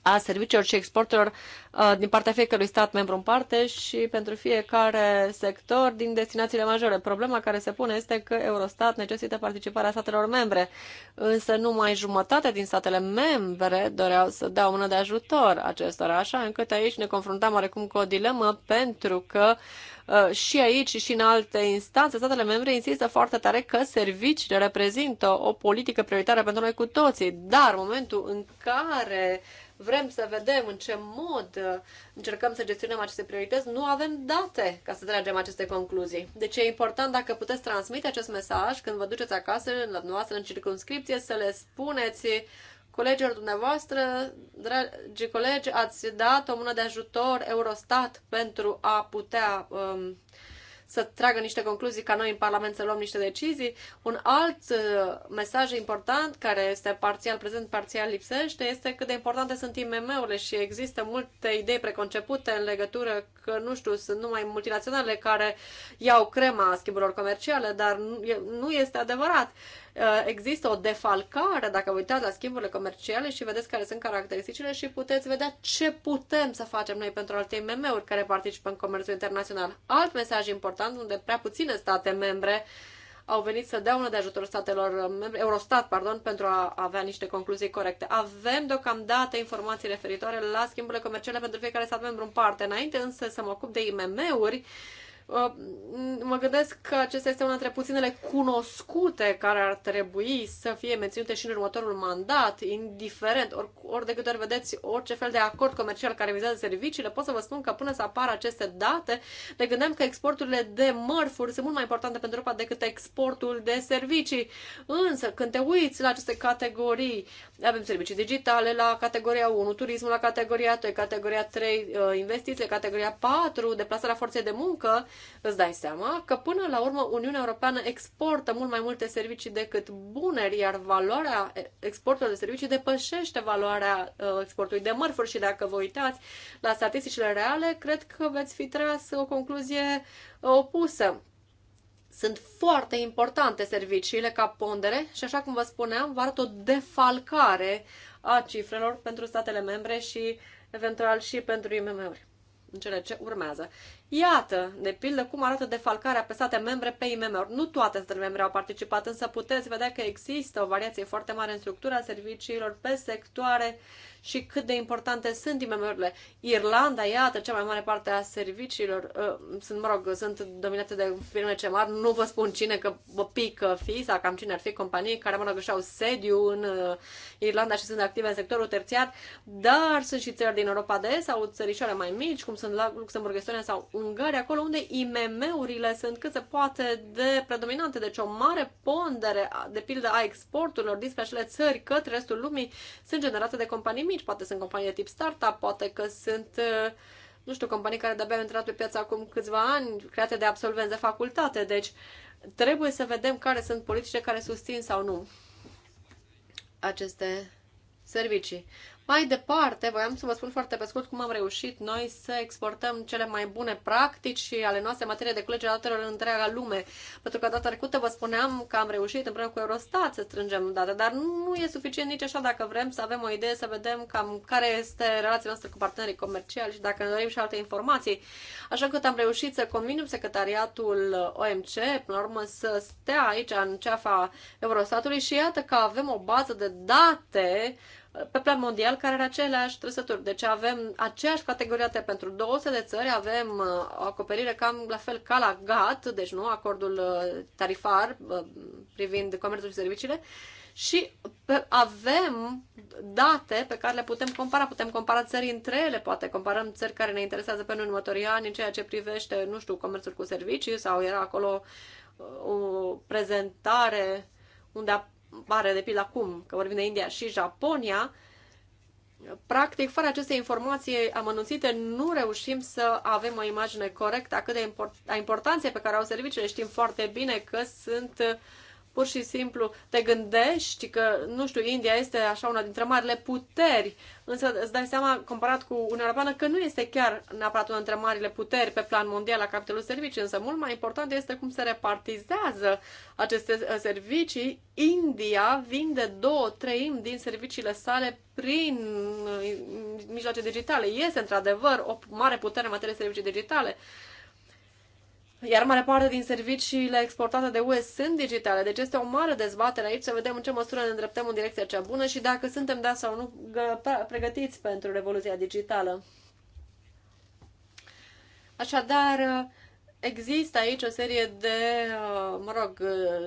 A: a serviciilor și exporturilor uh, din partea fiecărui stat membru în parte și pentru fiecare sector din destinațiile majore. Problema care se pune este că Eurostat necesită participarea statelor membre, însă numai jumătate din statele membre doreau să dea o mână de ajutor acestora, așa încât aici ne confruntam oarecum cu o dilemă pentru că uh, și aici și în alte instanțe, statele membre insistă foarte tare că serviciile reprezintă o politică prioritară pentru noi cu toții, dar momentul în care vrem să vedem în ce mod uh, încercăm să gestionăm aceste priorități, nu avem date ca să tragem aceste concluzii. Deci e important dacă puteți transmite acest mesaj când vă duceți acasă, la noastră, în circunscripție, să le spuneți colegilor dumneavoastră, dragi colegi, ați dat o mână de ajutor Eurostat pentru a putea um, să tragă niște concluzii ca noi în Parlament să luăm niște decizii. Un alt uh, mesaj important care este parțial prezent, parțial lipsește, este cât de importante sunt IMM-urile și există multe idei preconcepute în legătură că, nu știu, sunt numai multinaționale care iau crema schimburilor comerciale, dar nu este adevărat. Uh, există o defalcare, dacă vă uitați la schimburile comerciale și vedeți care sunt caracteristicile și puteți vedea ce putem să facem noi pentru alte IMM-uri care participă în comerțul internațional. Alt mesaj important, unde prea puține state membre au venit să dea una de ajutor statelor membre, Eurostat, pardon, pentru a avea niște concluzii corecte. Avem deocamdată informații referitoare la schimburile comerciale pentru fiecare stat membru în parte. Înainte însă să mă ocup de IMM-uri, uh, Uh, mă gândesc că acesta este una dintre puținele cunoscute care ar trebui să fie menținute și în următorul mandat, indiferent, ori, ori de câte ori vedeți orice fel de acord comercial care vizează serviciile, pot să vă spun că până să apară aceste date, ne gândeam că exporturile de mărfuri sunt mult mai importante pentru Europa decât exportul de servicii. Însă, când te uiți la aceste categorii, avem servicii digitale la categoria 1, turismul la categoria 2, categoria 3, uh, investiții, categoria 4, deplasarea forței de muncă, îți dai seama că până la urmă Uniunea Europeană exportă mult mai multe servicii decât buneri, iar valoarea exportului de servicii depășește valoarea uh, exportului de mărfuri și dacă vă uitați la statisticile reale, cred că veți fi tras o concluzie uh, opusă. Sunt foarte importante serviciile ca pondere și așa cum vă spuneam, vă arăt o defalcare a cifrelor pentru statele membre și eventual și pentru IMM-uri în cele ce urmează. Iată, de pildă, cum arată defalcarea pe state membre pe IMM-uri. Nu toate statele membre au participat, însă puteți vedea că există o variație foarte mare în structura serviciilor pe sectoare și cât de importante sunt IMM-urile. Irlanda, iată, cea mai mare parte a serviciilor uh, sunt, mă rog, sunt dominate de firme ce mari. Nu vă spun cine că vă pică fisa, cam cine ar fi companii care, mă rog, își au sediu în uh, Irlanda și sunt active în sectorul terțiar, dar sunt și țări din Europa de Est sau țărișoare mai mici, cum sunt Luxemburg, Estonia sau Ungaria, acolo unde IMM-urile sunt cât se poate de predominante, deci o mare pondere, de pildă, a exporturilor dinspre acele țări către restul lumii sunt generate de companii mici, poate sunt companii de tip startup, poate că sunt, uh, nu știu, companii care de-abia au intrat pe piață acum câțiva ani, create de absolvenți de facultate, deci trebuie să vedem care sunt politicile care susțin sau nu aceste servicii. Mai departe, voiam să vă spun foarte pe scurt cum am reușit noi să exportăm cele mai bune practici și ale noastre materie de culegere datelor în întreaga lume. Pentru că data trecută vă spuneam că am reușit împreună cu Eurostat să strângem date, dar nu e suficient nici așa dacă vrem să avem o idee, să vedem cam care este relația noastră cu partenerii comerciali și dacă ne dorim și alte informații. Așa că am reușit să convinem secretariatul OMC, până la urmă să stea aici în ceafa Eurostatului și iată că avem o bază de date pe plan mondial care are aceleași trăsături. Deci avem aceeași categoriate pentru 200 de țări, avem uh, o acoperire cam la fel ca la GATT, deci nu acordul uh, tarifar uh, privind comerțul și serviciile, și avem date pe care le putem compara. Putem compara țări între ele, poate comparăm țări care ne interesează pe noi în următorii ani în ceea ce privește, nu știu, comerțul cu servicii sau era acolo o prezentare unde a pare de pildă acum, că vorbim de India și Japonia, practic, fără aceste informații amănunțite, nu reușim să avem o imagine corectă a cât de import- a importanței pe care au serviciile. Știm foarte bine că sunt pur și simplu te gândești că, nu știu, India este așa una dintre marile puteri, însă îți dai seama, comparat cu Uniunea Europeană, că nu este chiar neapărat una dintre marile puteri pe plan mondial la capitolul servicii, însă mult mai important este cum se repartizează aceste uh, servicii. India vinde două treimi din serviciile sale prin uh, mijloace digitale. Este, într-adevăr, o mare putere în materie de servicii digitale. Iar mare parte din serviciile exportate de UE sunt digitale, deci este o mare dezbatere aici să vedem în ce măsură ne îndreptăm în direcția cea bună și dacă suntem da sau nu pregătiți pentru revoluția digitală. Așadar, există aici o serie de, mă rog,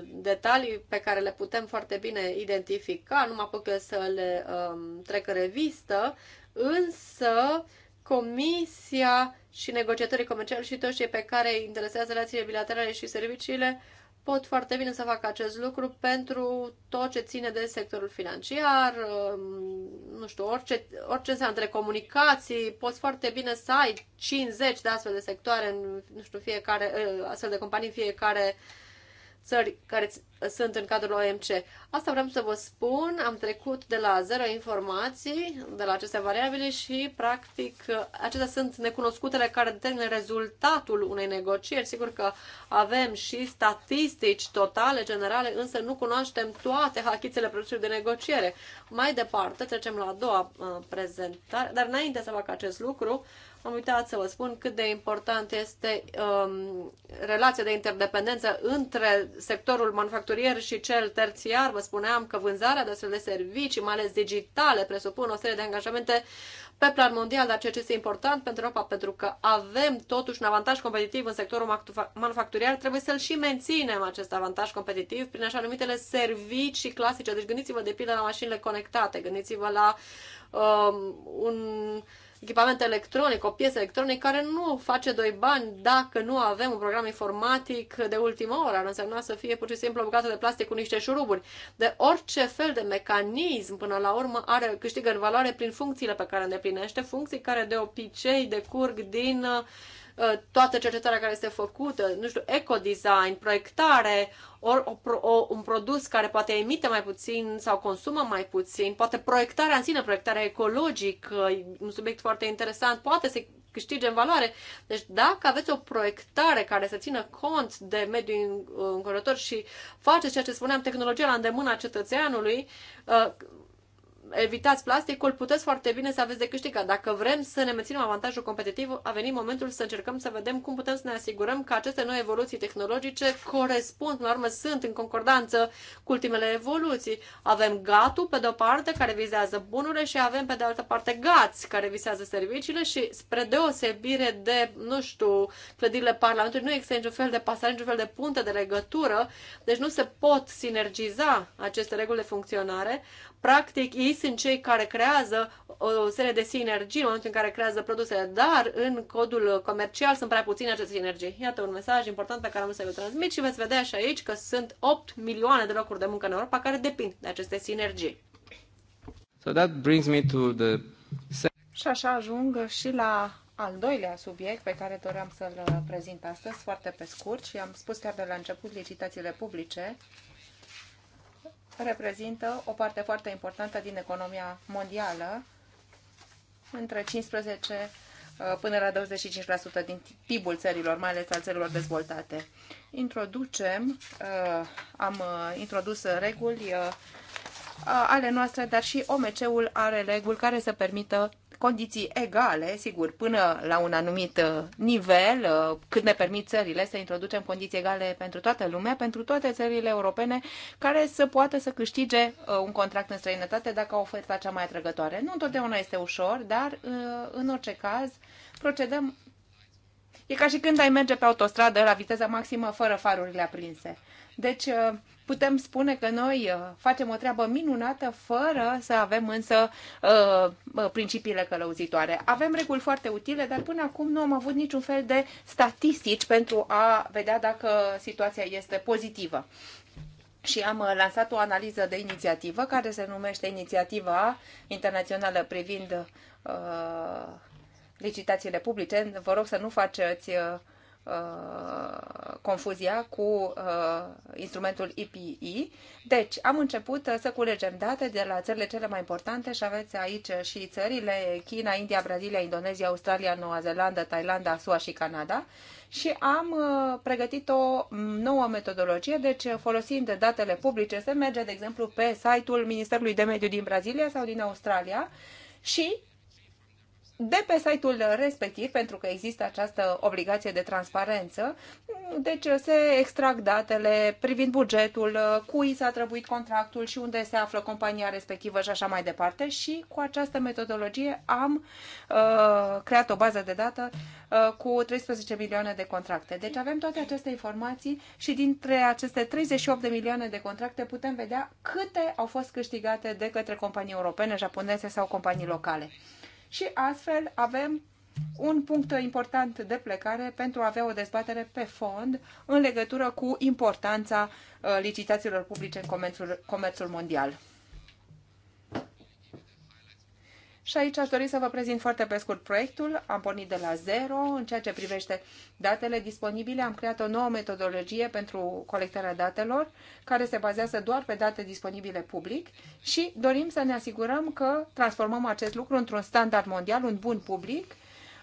A: detalii pe care le putem foarte bine identifica, nu mă apucă să le um, trec revistă, însă Comisia și negociatorii comerciali și toți cei pe care îi interesează relațiile bilaterale și serviciile pot foarte bine să facă acest lucru pentru tot ce ține de sectorul financiar, um, nu știu, orice, orice înseamnă între comunicații, poți foarte bine să ai 50 de astfel de sectoare în, nu știu, fiecare, uh, astfel de companii în fiecare uh, țări care sunt în cadrul OMC. Asta vreau să vă spun, am trecut de la zero informații, de la aceste variabile și, practic, acestea sunt necunoscutele care determină rezultatul unei negocieri. Sigur că avem și statistici totale, generale, însă nu cunoaștem toate hachițele procesului de negociere. Mai departe, trecem la a doua uh, prezentare, dar înainte să fac acest lucru, am uitat să vă spun cât de important este um, relația de interdependență între sectorul manufacturier și cel terțiar. Vă spuneam că vânzarea de astfel de servicii, mai ales digitale, presupun o serie de angajamente pe plan mondial, dar ceea ce este important pentru Europa, pentru că avem totuși un avantaj competitiv în sectorul manufacturier, trebuie să-l și menținem acest avantaj competitiv prin așa numitele servicii clasice. Deci gândiți-vă de pildă la mașinile conectate, gândiți-vă la um, un echipament electronic, o piesă electronică care nu face doi bani dacă nu avem un program informatic de ultimă oră. Ar însemna să fie pur și simplu o bucată de plastic cu niște șuruburi. De orice fel de mecanism, până la urmă, are, câștigă în valoare prin funcțiile pe care îndeplinește, funcții care de obicei decurg din uh, Uh, toată cercetarea care este făcută, nu știu, ecodesign, proiectare, ori o, o, un produs care poate emite mai puțin sau consumă mai puțin, poate proiectarea în sine, proiectarea ecologică, uh, un subiect foarte interesant, poate se câștige în valoare. Deci dacă aveți o proiectare care să țină cont de mediul înconjurător și faceți ceea ce spuneam, tehnologia la îndemâna cetățeanului, uh, evitați plasticul, puteți foarte bine să aveți de câștigat. Dacă vrem să ne menținem avantajul competitiv, a venit momentul să încercăm să vedem cum putem să ne asigurăm că aceste noi evoluții tehnologice corespund, în urmă, sunt în concordanță cu ultimele evoluții. Avem gatu pe de-o parte, care vizează bunurile și avem, pe de altă parte, gați, care visează serviciile și, spre deosebire de, nu știu, clădirile Parlamentului, nu există niciun fel de pasare, niciun fel de punte de legătură, deci nu se pot sinergiza aceste reguli de funcționare practic ei sunt cei care creează o serie de sinergii în momentul în care creează produsele, dar în codul comercial sunt prea puține aceste sinergii. Iată un mesaj important pe care am să l transmit și veți vedea și aici că sunt 8 milioane de locuri de muncă în Europa care depind de aceste sinergii.
C: So that brings me to the...
A: Și așa ajung și la
B: al doilea subiect pe care doream să-l prezint astăzi, foarte pe scurt, și am spus chiar de la început licitațiile publice reprezintă o parte foarte importantă din economia mondială, între 15 uh, până la 25% din PIB-ul țărilor, mai ales al țărilor dezvoltate. Introducem, uh, am uh, introdus reguli ale noastre, dar și OMC-ul are reguli care să permită condiții egale, sigur, până la un anumit uh, nivel, uh, cât ne permit țările să introducem condiții egale pentru toată lumea, pentru toate țările europene care să poată să câștige uh, un contract în străinătate dacă au oferta cea mai atrăgătoare. Nu întotdeauna este ușor, dar în orice caz procedăm E ca și când ai merge pe autostradă la viteză maximă fără farurile aprinse. Deci putem spune că noi uh, facem o treabă minunată fără să avem însă uh, uh, principiile călăuzitoare. Avem reguli foarte utile, dar până acum nu am avut niciun fel de statistici pentru a vedea dacă situația este pozitivă și am lansat o analiză de inițiativă care se numește Inițiativa Internațională privind uh, licitațiile publice. Vă rog să nu faceți uh, Uh, confuzia cu uh, instrumentul IPI. Deci, am început uh, să culegem date de la țările cele mai importante și aveți aici și țările China, India, Brazilia, Indonezia, Australia, Noua Zeelandă, Thailanda, SUA și Canada și am pregătit o nouă metodologie, deci folosind datele publice, se merge, de exemplu, pe site-ul Ministerului de Mediu din Brazilia sau din Australia și de pe site-ul respectiv, pentru că există această obligație de transparență, deci se extrag datele privind bugetul, cui s-a trebuit contractul și unde se află compania respectivă și așa mai departe și cu această metodologie am uh, creat o bază de dată uh, cu 13 milioane de contracte. Deci avem toate aceste informații și dintre aceste 38 de milioane de contracte putem vedea câte au fost câștigate de către companii europene, japoneze sau companii locale și astfel avem un punct important de plecare pentru a avea o dezbatere pe fond în legătură cu importanța uh, licitațiilor publice în comerțul, comerțul mondial. Și aici aș dori să vă prezint foarte pe scurt proiectul. Am pornit de la zero în ceea ce privește datele disponibile. Am creat o nouă metodologie pentru colectarea datelor, care se bazează doar pe date disponibile public și dorim să ne asigurăm că transformăm acest lucru într-un standard mondial, un bun public,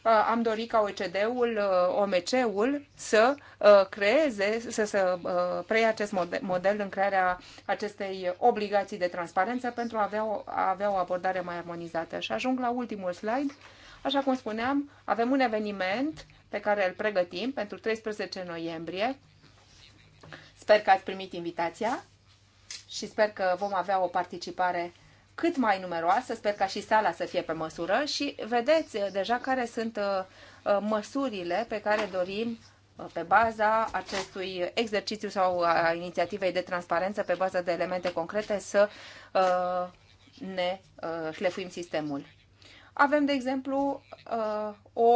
B: Uh, am dorit ca OECD-ul, uh, OMC-ul să uh, creeze, să, să preia acest model, model în crearea acestei obligații de transparență pentru a avea, o, a avea o abordare mai armonizată. Și ajung la ultimul slide. Așa cum spuneam, avem un eveniment pe care îl pregătim pentru 13 noiembrie. Sper că ați primit invitația și sper că vom avea o participare cât mai numeroasă, sper ca și sala să fie pe măsură și vedeți deja care sunt uh, uh, măsurile pe care dorim uh, pe baza acestui exercițiu sau a inițiativei de transparență, pe baza de elemente concrete, să ne șlefuim sistemul. Avem, de exemplu, o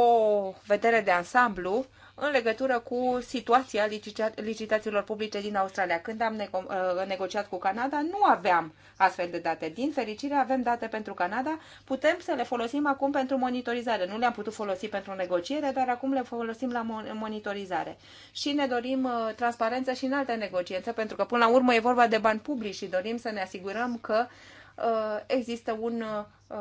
B: vedere de ansamblu în legătură cu situația licita licitațiilor publice din Australia. Când am nego uh, negociat cu Canada, nu aveam astfel de date. Din fericire, avem date pentru Canada. Putem să le folosim acum pentru monitorizare. Nu le-am putut folosi pentru negociere, dar acum le folosim la monitorizare. Și ne dorim uh, transparență și în alte negocieri, pentru că până la urmă e vorba de bani publici și dorim să ne asigurăm că uh, Uh, există un, uh,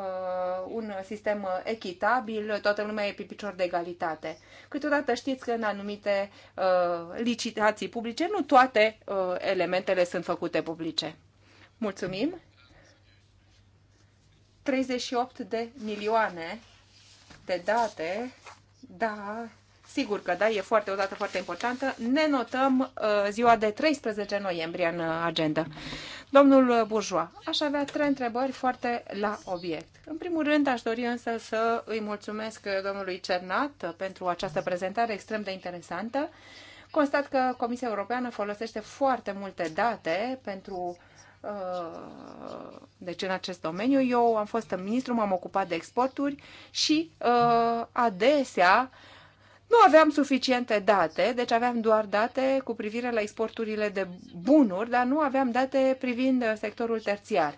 B: un sistem echitabil, toată lumea e pe picior de egalitate. Câteodată știți că în anumite uh, licitații publice nu toate elementele sunt făcute publice. Mulțumim! 38 de milioane de date, da, Sigur că da, e foarte o dată foarte importantă. Ne notăm uh, ziua de 13 noiembrie în uh, agenda. Domnul uh, Burjoa, aș avea trei întrebări foarte la obiect. În primul rând, aș dori însă să îi mulțumesc uh, domnului Cernat pentru această prezentare extrem de interesantă. Constat că Comisia Europeană folosește foarte multe date pentru deci în acest domeniu. Eu am fost ministru, m-am ocupat de exporturi și adesea uh, nu aveam suficiente date, deci aveam doar date cu privire la exporturile de bunuri, dar nu aveam date privind sectorul terțiar.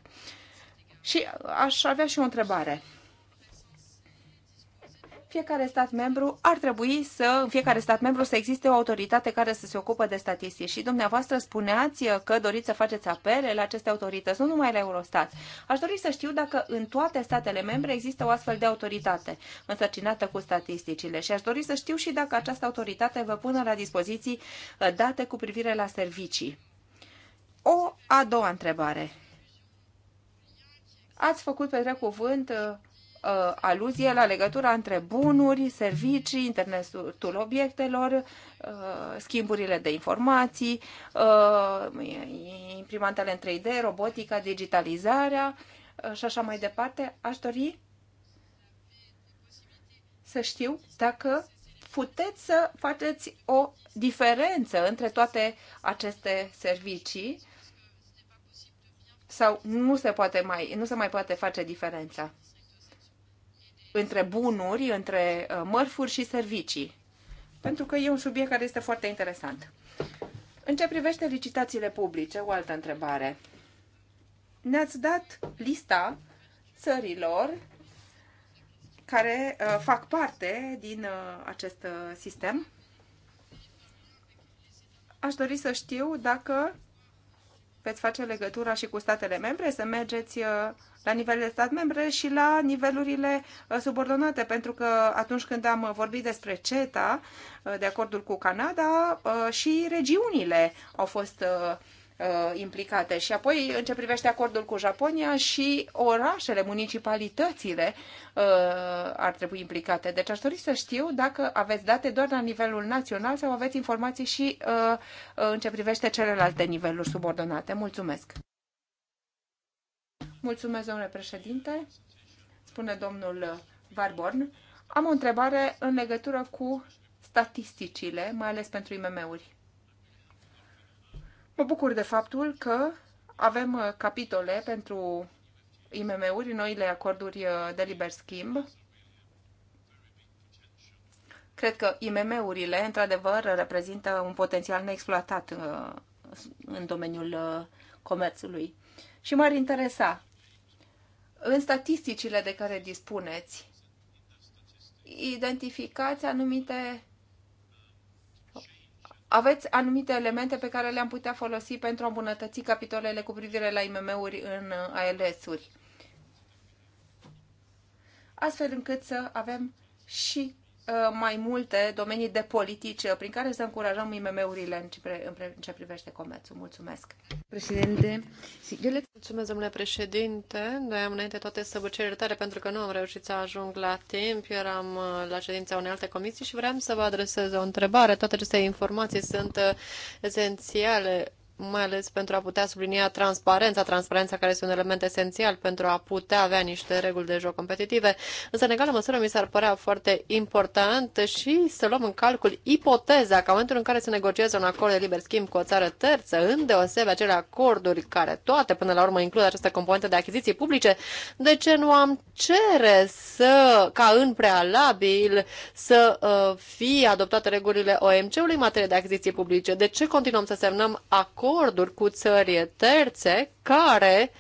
B: Și aș avea și o întrebare fiecare stat membru ar trebui să, în fiecare stat membru să existe o autoritate care să se ocupe de statistici. Și dumneavoastră spuneați că doriți să faceți apele la aceste autorități, nu numai la Eurostat. Aș dori să știu dacă în toate statele membre există o astfel de autoritate însărcinată cu statisticile și aș dori să știu și dacă această autoritate vă pune la dispoziții uh, date cu privire la servicii. O a doua întrebare. Ați făcut pe drept cuvânt uh, uh, aluzie la legătura între bunuri, servicii, internetul obiectelor, uh, schimburile de informații, uh, imprimantele în 3D, robotica, digitalizarea uh, și așa mai departe. Aș dori să știu dacă puteți să faceți o diferență între toate aceste servicii sau nu se, poate mai, nu se mai poate face diferența între bunuri, între uh, mărfuri și servicii. Pentru că e un subiect care este foarte interesant. În ce privește licitațiile publice, o altă întrebare. Ne-ați dat lista țărilor care uh, fac parte din uh, acest sistem. Aș dori să știu dacă veți face legătura și cu statele membre, să mergeți uh, la nivel de stat membre și la nivelurile uh, subordonate, pentru că atunci când am vorbit despre CETA, uh, de acordul cu Canada, și regiunile au fost Uh, implicate. Și apoi, în ce privește acordul cu Japonia, și orașele, municipalitățile uh, ar trebui implicate. Deci aș dori să știu dacă aveți date doar la nivelul național sau aveți informații și uh, în ce privește celelalte niveluri subordonate. Mulțumesc! Mulțumesc, domnule președinte, spune domnul Varborn. Am o întrebare în legătură cu statisticile, mai ales pentru IMM-uri. Mă bucur de faptul că avem uh, capitole pentru IMM-uri, noile acorduri uh, de liber schimb. Cred că IMM-urile, într-adevăr, reprezintă un potențial neexploatat uh, în domeniul comerțului. Și m-ar interesa, în statisticile de care dispuneți, identificați anumite aveți anumite elemente pe care le-am putea folosi pentru a îmbunătăți capitolele cu privire la IMM-uri în uh, ALS-uri, astfel încât să avem și Uh, mai multe domenii de politici uh, prin care să încurajăm IMM-urile în ce, în ce
A: privește comerțul. Mulțumesc! Președinte, eu le mulțumesc, domnule președinte. Noi am înainte toate să vă cer iertare pentru că nu am reușit să ajung la timp. Eu eram uh, la ședința unei alte comisii și vreau să vă adresez o întrebare. Toate aceste informații sunt esențiale mai ales pentru a putea sublinia transparența, transparența care este un element esențial pentru a putea avea niște reguli de joc competitive. Însă, în egală măsură, mi s-ar părea foarte important și să luăm în calcul ipoteza că în momentul în care se negociază un acord de liber schimb cu o țară terță, îndeosebe acele acorduri care toate, până la urmă, includ această componentă de achiziții publice, de ce nu am cere să, ca în prealabil, să uh, fie adoptate regulile OMC-ului în materie de achiziții publice? De ce continuăm să semnăm acorduri acorduri cu țări terțe care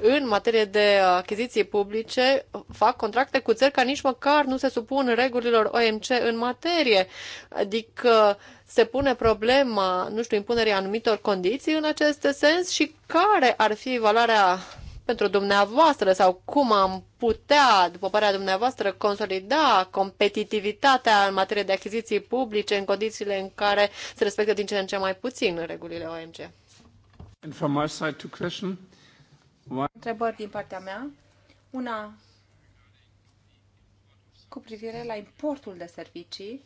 A: în materie de achiziții publice fac contracte cu țări care nici măcar nu se supun regulilor OMC în materie. Adică se pune problema, nu știu, impunerii anumitor condiții în acest sens și care ar fi valoarea pentru dumneavoastră sau cum am putea, după părerea dumneavoastră, consolida competitivitatea în materie de achiziții publice în condițiile în care se respectă din ce în ce mai puțin regulile OMC? Întrebări din partea
B: mea. Una cu privire la importul de servicii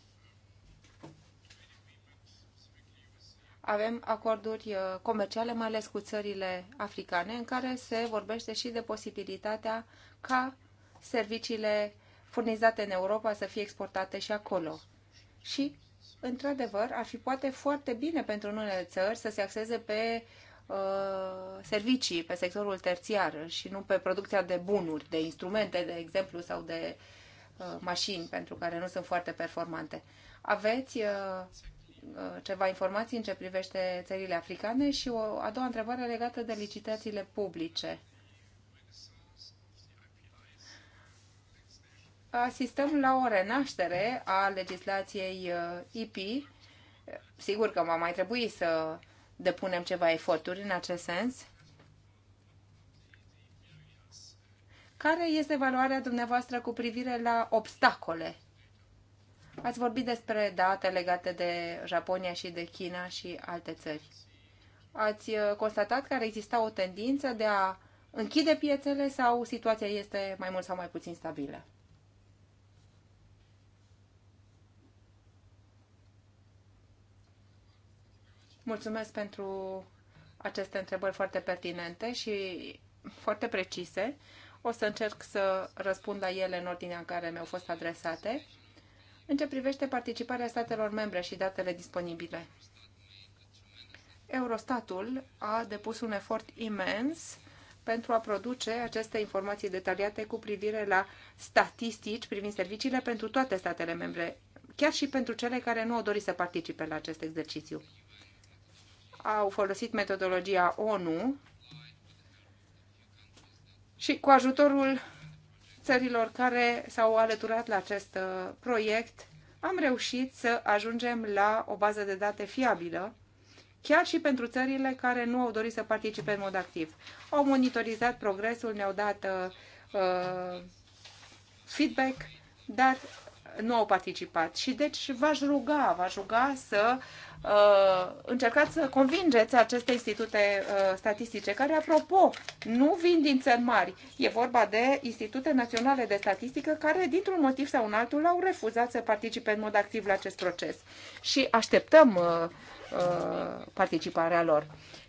B: avem acorduri uh, comerciale, mai ales cu țările africane, în care se vorbește și de posibilitatea ca serviciile furnizate în Europa să fie exportate și acolo. Și, într-adevăr, ar fi poate foarte bine pentru unele țări să se axeze pe uh, servicii, pe sectorul terțiar și nu pe producția de bunuri, de instrumente, de exemplu, sau de uh, mașini, pentru care nu sunt foarte performante. Aveți uh, Uh, ceva informații în ce privește țările africane și o a doua întrebare legată de licitațiile publice. Asistăm la o renaștere a legislației uh, IP. Sigur că va mai trebui să depunem ceva eforturi în acest sens. Care este valoarea dumneavoastră cu privire la obstacole Ați vorbit despre date legate de Japonia și de China și alte țări. Ați uh, constatat că ar exista o tendință de a închide piețele sau situația este mai mult sau mai puțin stabilă? Mulțumesc pentru aceste întrebări foarte pertinente și foarte precise. O să încerc să răspund la ele în ordinea în care mi-au fost adresate. În ce privește participarea statelor membre și datele disponibile, Eurostatul a depus un efort imens pentru a produce aceste informații detaliate cu privire la statistici privind serviciile pentru toate statele membre, chiar și pentru cele care nu au dorit să participe la acest exercițiu. Au folosit metodologia ONU și cu ajutorul țărilor care s-au alăturat la acest uh, proiect, am reușit să ajungem la o bază de date fiabilă, chiar și pentru țările care nu au dorit să participe în mod activ. Au monitorizat progresul, ne-au dat uh, uh feedback, dar nu au participat. Și deci v-aș ruga, v-aș ruga să uh, încercați să convingeți aceste institute uh, statistice, care, apropo, nu vin din țări mari. E vorba de institute naționale de statistică care, dintr-un motiv sau un altul, au refuzat să participe în mod activ la acest proces. Și așteptăm uh, uh, participarea lor.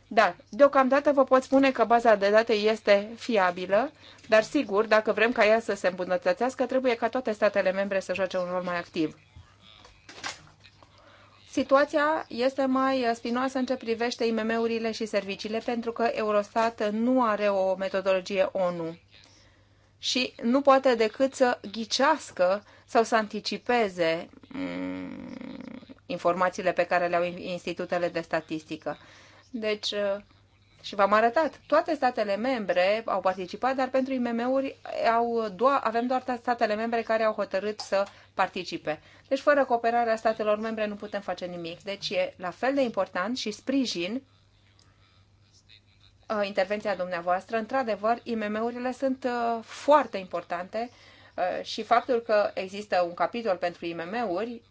B: Dar, deocamdată vă pot spune că baza de date este fiabilă, dar sigur, dacă vrem ca ea să se îmbunătățească, trebuie ca toate statele membre să joace un rol mai activ. Situația este mai spinoasă în ce privește IMM-urile și serviciile, pentru că Eurostat nu are o metodologie ONU și nu poate decât să ghicească sau să anticipeze mm, informațiile pe care le au institutele de statistică. Deci, uh, și v-am arătat, toate statele membre au participat, dar pentru IMM-uri au doar, avem doar statele membre care au hotărât să participe. Deci, fără cooperarea statelor membre nu putem face nimic. Deci, e la fel de important și sprijin uh, intervenția dumneavoastră. Într-adevăr, IMM-urile sunt uh, foarte importante și faptul că există un capitol pentru IMM-uri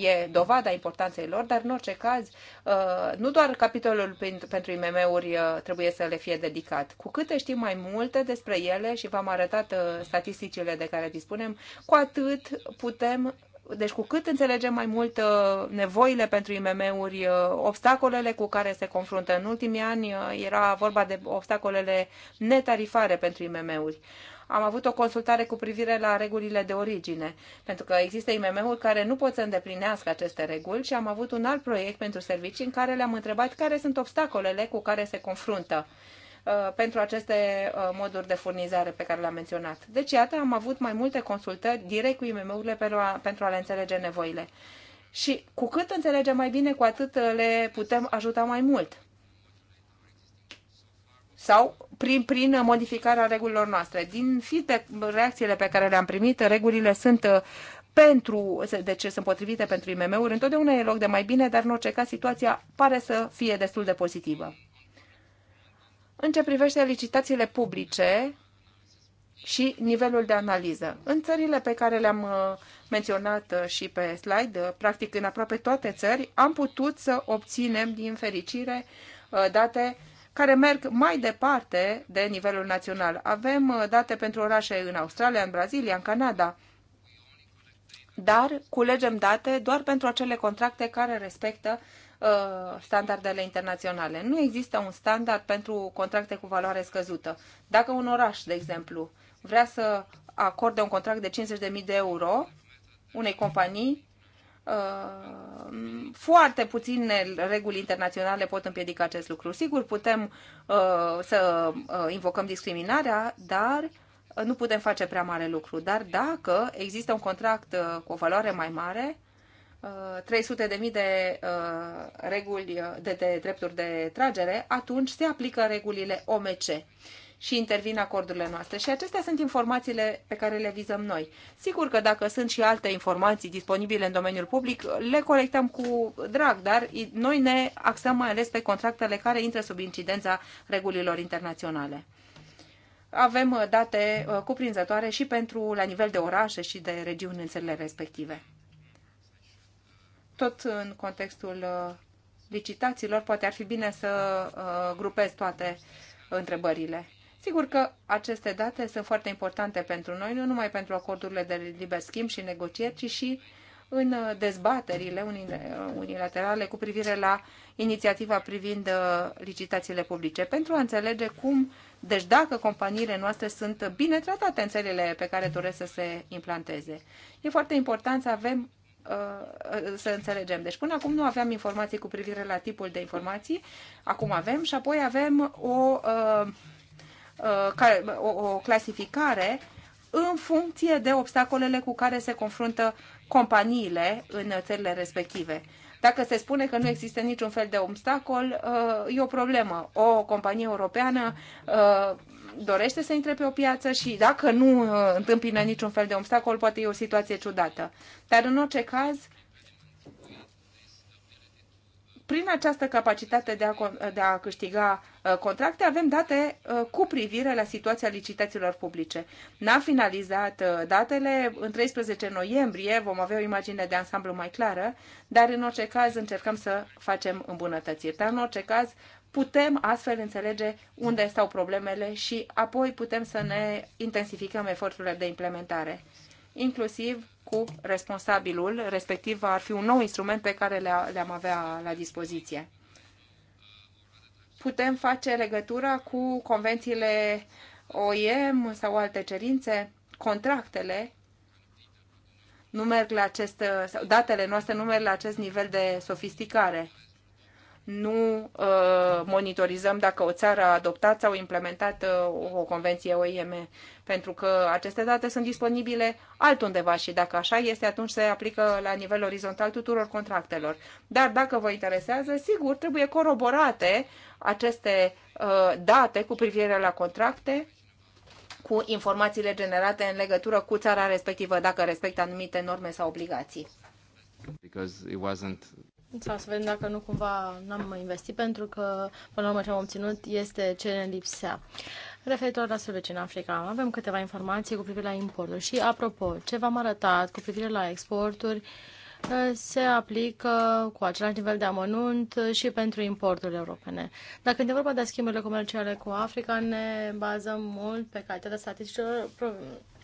B: e dovada importanței lor, dar în orice caz, uh, nu doar capitolul pentru IMM-uri uh, trebuie să le fie dedicat. Cu câte știm mai multe despre ele și v-am arătat uh, statisticile de care dispunem, cu atât putem deci cu cât înțelegem mai mult nevoile pentru IMM-uri, obstacolele cu care se confruntă în ultimii ani, era vorba de obstacolele netarifare pentru IMM-uri am avut o consultare cu privire la regulile de origine, pentru că există IMM-uri care nu pot să îndeplinească aceste reguli și am avut un alt proiect pentru servicii în care le-am întrebat care sunt obstacolele cu care se confruntă uh, pentru aceste uh, moduri de furnizare pe care le-am menționat. Deci, iată, am avut mai multe consultări direct cu IMM-urile pentru a le înțelege nevoile. Și cu cât înțelegem mai bine, cu atât uh, le putem ajuta mai mult sau prin, prin modificarea regulilor noastre. Din feedback, reacțiile pe care le-am primit, regulile sunt uh, pentru, de deci sunt potrivite pentru IMM-uri, întotdeauna e loc de mai bine, dar în orice caz situația pare să fie destul de pozitivă. În ce privește licitațiile publice și nivelul de analiză. În țările pe care le-am uh, menționat uh, și pe slide, practic în aproape toate țări, am putut să obținem, din fericire, date care merg mai departe de nivelul național. Avem uh, date pentru orașe în Australia, în Brazilia, în Canada, dar culegem date doar pentru acele contracte care respectă uh, standardele internaționale. Nu există un standard pentru contracte cu valoare scăzută. Dacă un oraș, de exemplu, vrea să acorde un contract de 50.000 de euro unei companii, Uh, foarte puține reguli internaționale pot împiedica acest lucru. Sigur, putem uh, să uh, invocăm discriminarea, dar nu putem face prea mare lucru. Dar dacă există un contract cu o valoare mai mare, 300.000 de, de reguli de, de drepturi de tragere, atunci se aplică regulile OMC și intervin acordurile noastre. Și acestea sunt informațiile pe care le vizăm noi. Sigur că dacă sunt și alte informații disponibile în domeniul public, le colectăm cu drag, dar noi ne axăm mai ales pe contractele care intră sub incidența regulilor internaționale. Avem uh, date uh, cuprinzătoare și pentru la nivel de orașe și de regiuni în țările respective. Tot în contextul uh, licitațiilor, poate ar fi bine să grupez toate întrebările. Sigur că aceste date sunt foarte importante pentru noi, nu numai pentru acordurile de liber schimb și negocieri, ci și în uh, dezbaterile uh, unilaterale cu privire la inițiativa privind uh, licitațiile publice, pentru a înțelege cum, deci dacă companiile noastre sunt bine tratate în țările pe care doresc să se implanteze. E foarte important să avem să înțelegem. Deci până acum nu aveam informații cu privire la tipul de informații, acum avem și apoi avem o uh, Uh, o, clasificare în funcție de obstacolele cu care se confruntă companiile în țările respective. Dacă se spune că nu există niciun fel de obstacol, uh, e o problemă. O companie europeană uh, dorește să intre pe o piață și dacă nu întâmpină niciun fel de obstacol, poate e o situație ciudată. Dar în orice caz, prin această capacitate de a, de a câștiga uh, contracte, avem date uh, cu privire la situația licitațiilor publice. N-am finalizat uh, datele, în 13 noiembrie vom avea o imagine de ansamblu mai clară, dar în orice caz încercăm să facem îmbunătățiri. Dar în orice caz putem astfel înțelege unde stau problemele și apoi putem să ne intensificăm eforturile de implementare, inclusiv cu responsabilul, respectiv ar fi un nou instrument pe care le-am avea la dispoziție. Putem face legătura cu convențiile OIM sau alte cerințe, contractele nu merg la acest, datele noastre nu merg la acest nivel de sofisticare nu uh, monitorizăm dacă o țară a adoptat sau implementat uh, o convenție OIM, pentru că aceste date sunt disponibile altundeva și dacă așa este, atunci se aplică la nivel orizontal tuturor contractelor. Dar dacă vă interesează, sigur, trebuie coroborate aceste uh, date cu privire la contracte cu informațiile generate în legătură cu țara respectivă, dacă respectă anumite norme sau obligații.
C: Because it wasn't sau să vedem dacă nu cumva n-am mai investit, pentru că până la urmă ce am obținut este ce ne lipsea. Referitor la sălbăcii în Africa, avem câteva informații cu privire la importuri. Și, apropo, ce v-am arătat cu privire la exporturi, se aplică cu același nivel de amănunt și pentru importurile europene. dacă e vorba de schimburile comerciale cu Africa, ne bazăm mult pe calitatea statisticilor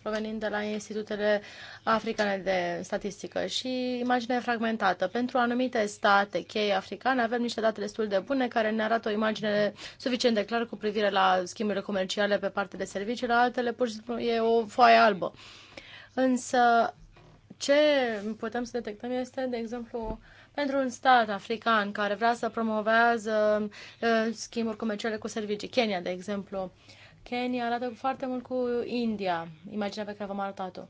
C: provenind de la institutele africane de statistică și imagine fragmentată. Pentru anumite state cheie africane avem niște date destul de bune care ne arată o imagine suficient de clară cu privire la schimburile comerciale pe parte de servicii, la altele pur și simplu e o foaie albă. Însă ce putem să detectăm este, de exemplu, pentru un stat african care vrea să promovează uh, schimburi comerciale cu servicii, Kenya, de exemplu, uh, Kenya arată foarte mult cu India, imaginea pe care v-am arătat-o.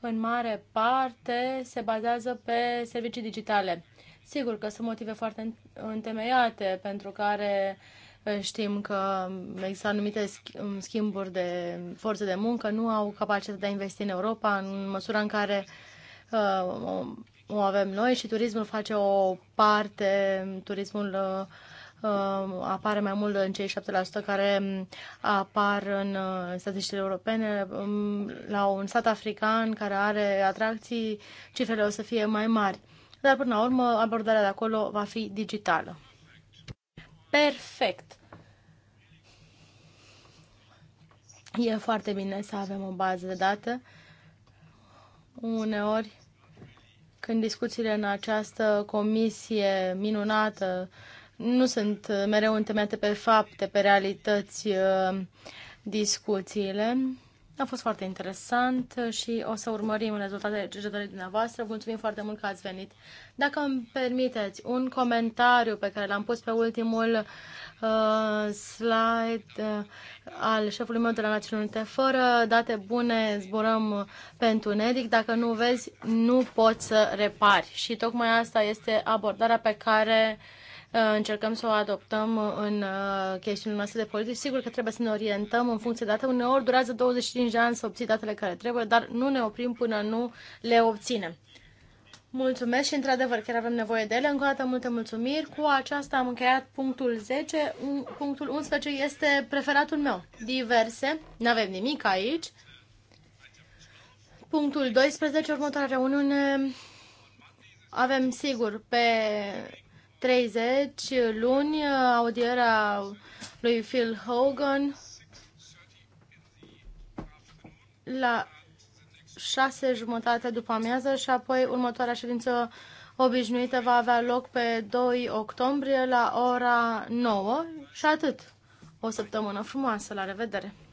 C: În mare parte se bazează pe servicii digitale. Sigur că sunt motive foarte întemeiate pentru care eh, știm că există anumite mm, schimburi de forță de muncă, nu au capacitatea de a investi în Europa în măsura în care uh, o avem noi și turismul face o parte, turismul uh, Uh, apare mai mult în cei 7% care um, apar uh, în statisticile europene. Um, la un stat african care are atracții, cifrele o să fie mai mari. Dar, până la urmă, abordarea de acolo va fi digitală. Perfect! E foarte bine să avem o bază de date. Uneori, când discuțiile în această comisie minunată nu sunt uh, mereu întemeiate pe fapte, pe realități uh, discuțiile. A fost foarte interesant și o să urmărim rezultatele cercetării dumneavoastră. Mulțumim foarte mult că ați venit. Dacă îmi permiteți, un comentariu pe care l-am pus pe ultimul uh, slide uh, al șefului meu de la Națiunile Unite. Fără date bune zburăm pentru Nedic. Dacă nu vezi, nu poți să repari. Și tocmai asta este abordarea pe care uh, Uh, încercăm să o adoptăm în uh, chestiunile noastre de politici. Sigur că trebuie să ne orientăm în funcție de date. Uneori durează 25 de ani să obții datele care trebuie, dar nu ne oprim până nu le obținem. Mulțumesc și, într-adevăr, chiar avem nevoie de ele. Încă o dată, multe mulțumiri. Cu aceasta am încheiat punctul 10. Punctul 11 este preferatul meu. Diverse. Nu avem nimic aici. Punctul 12, următoarea reuniune. Avem, sigur, pe 30 luni, audierea lui Phil Hogan la 6 jumătate după amiază și apoi următoarea ședință obișnuită va avea loc pe 2 octombrie la ora 9 și atât. O săptămână frumoasă, la revedere!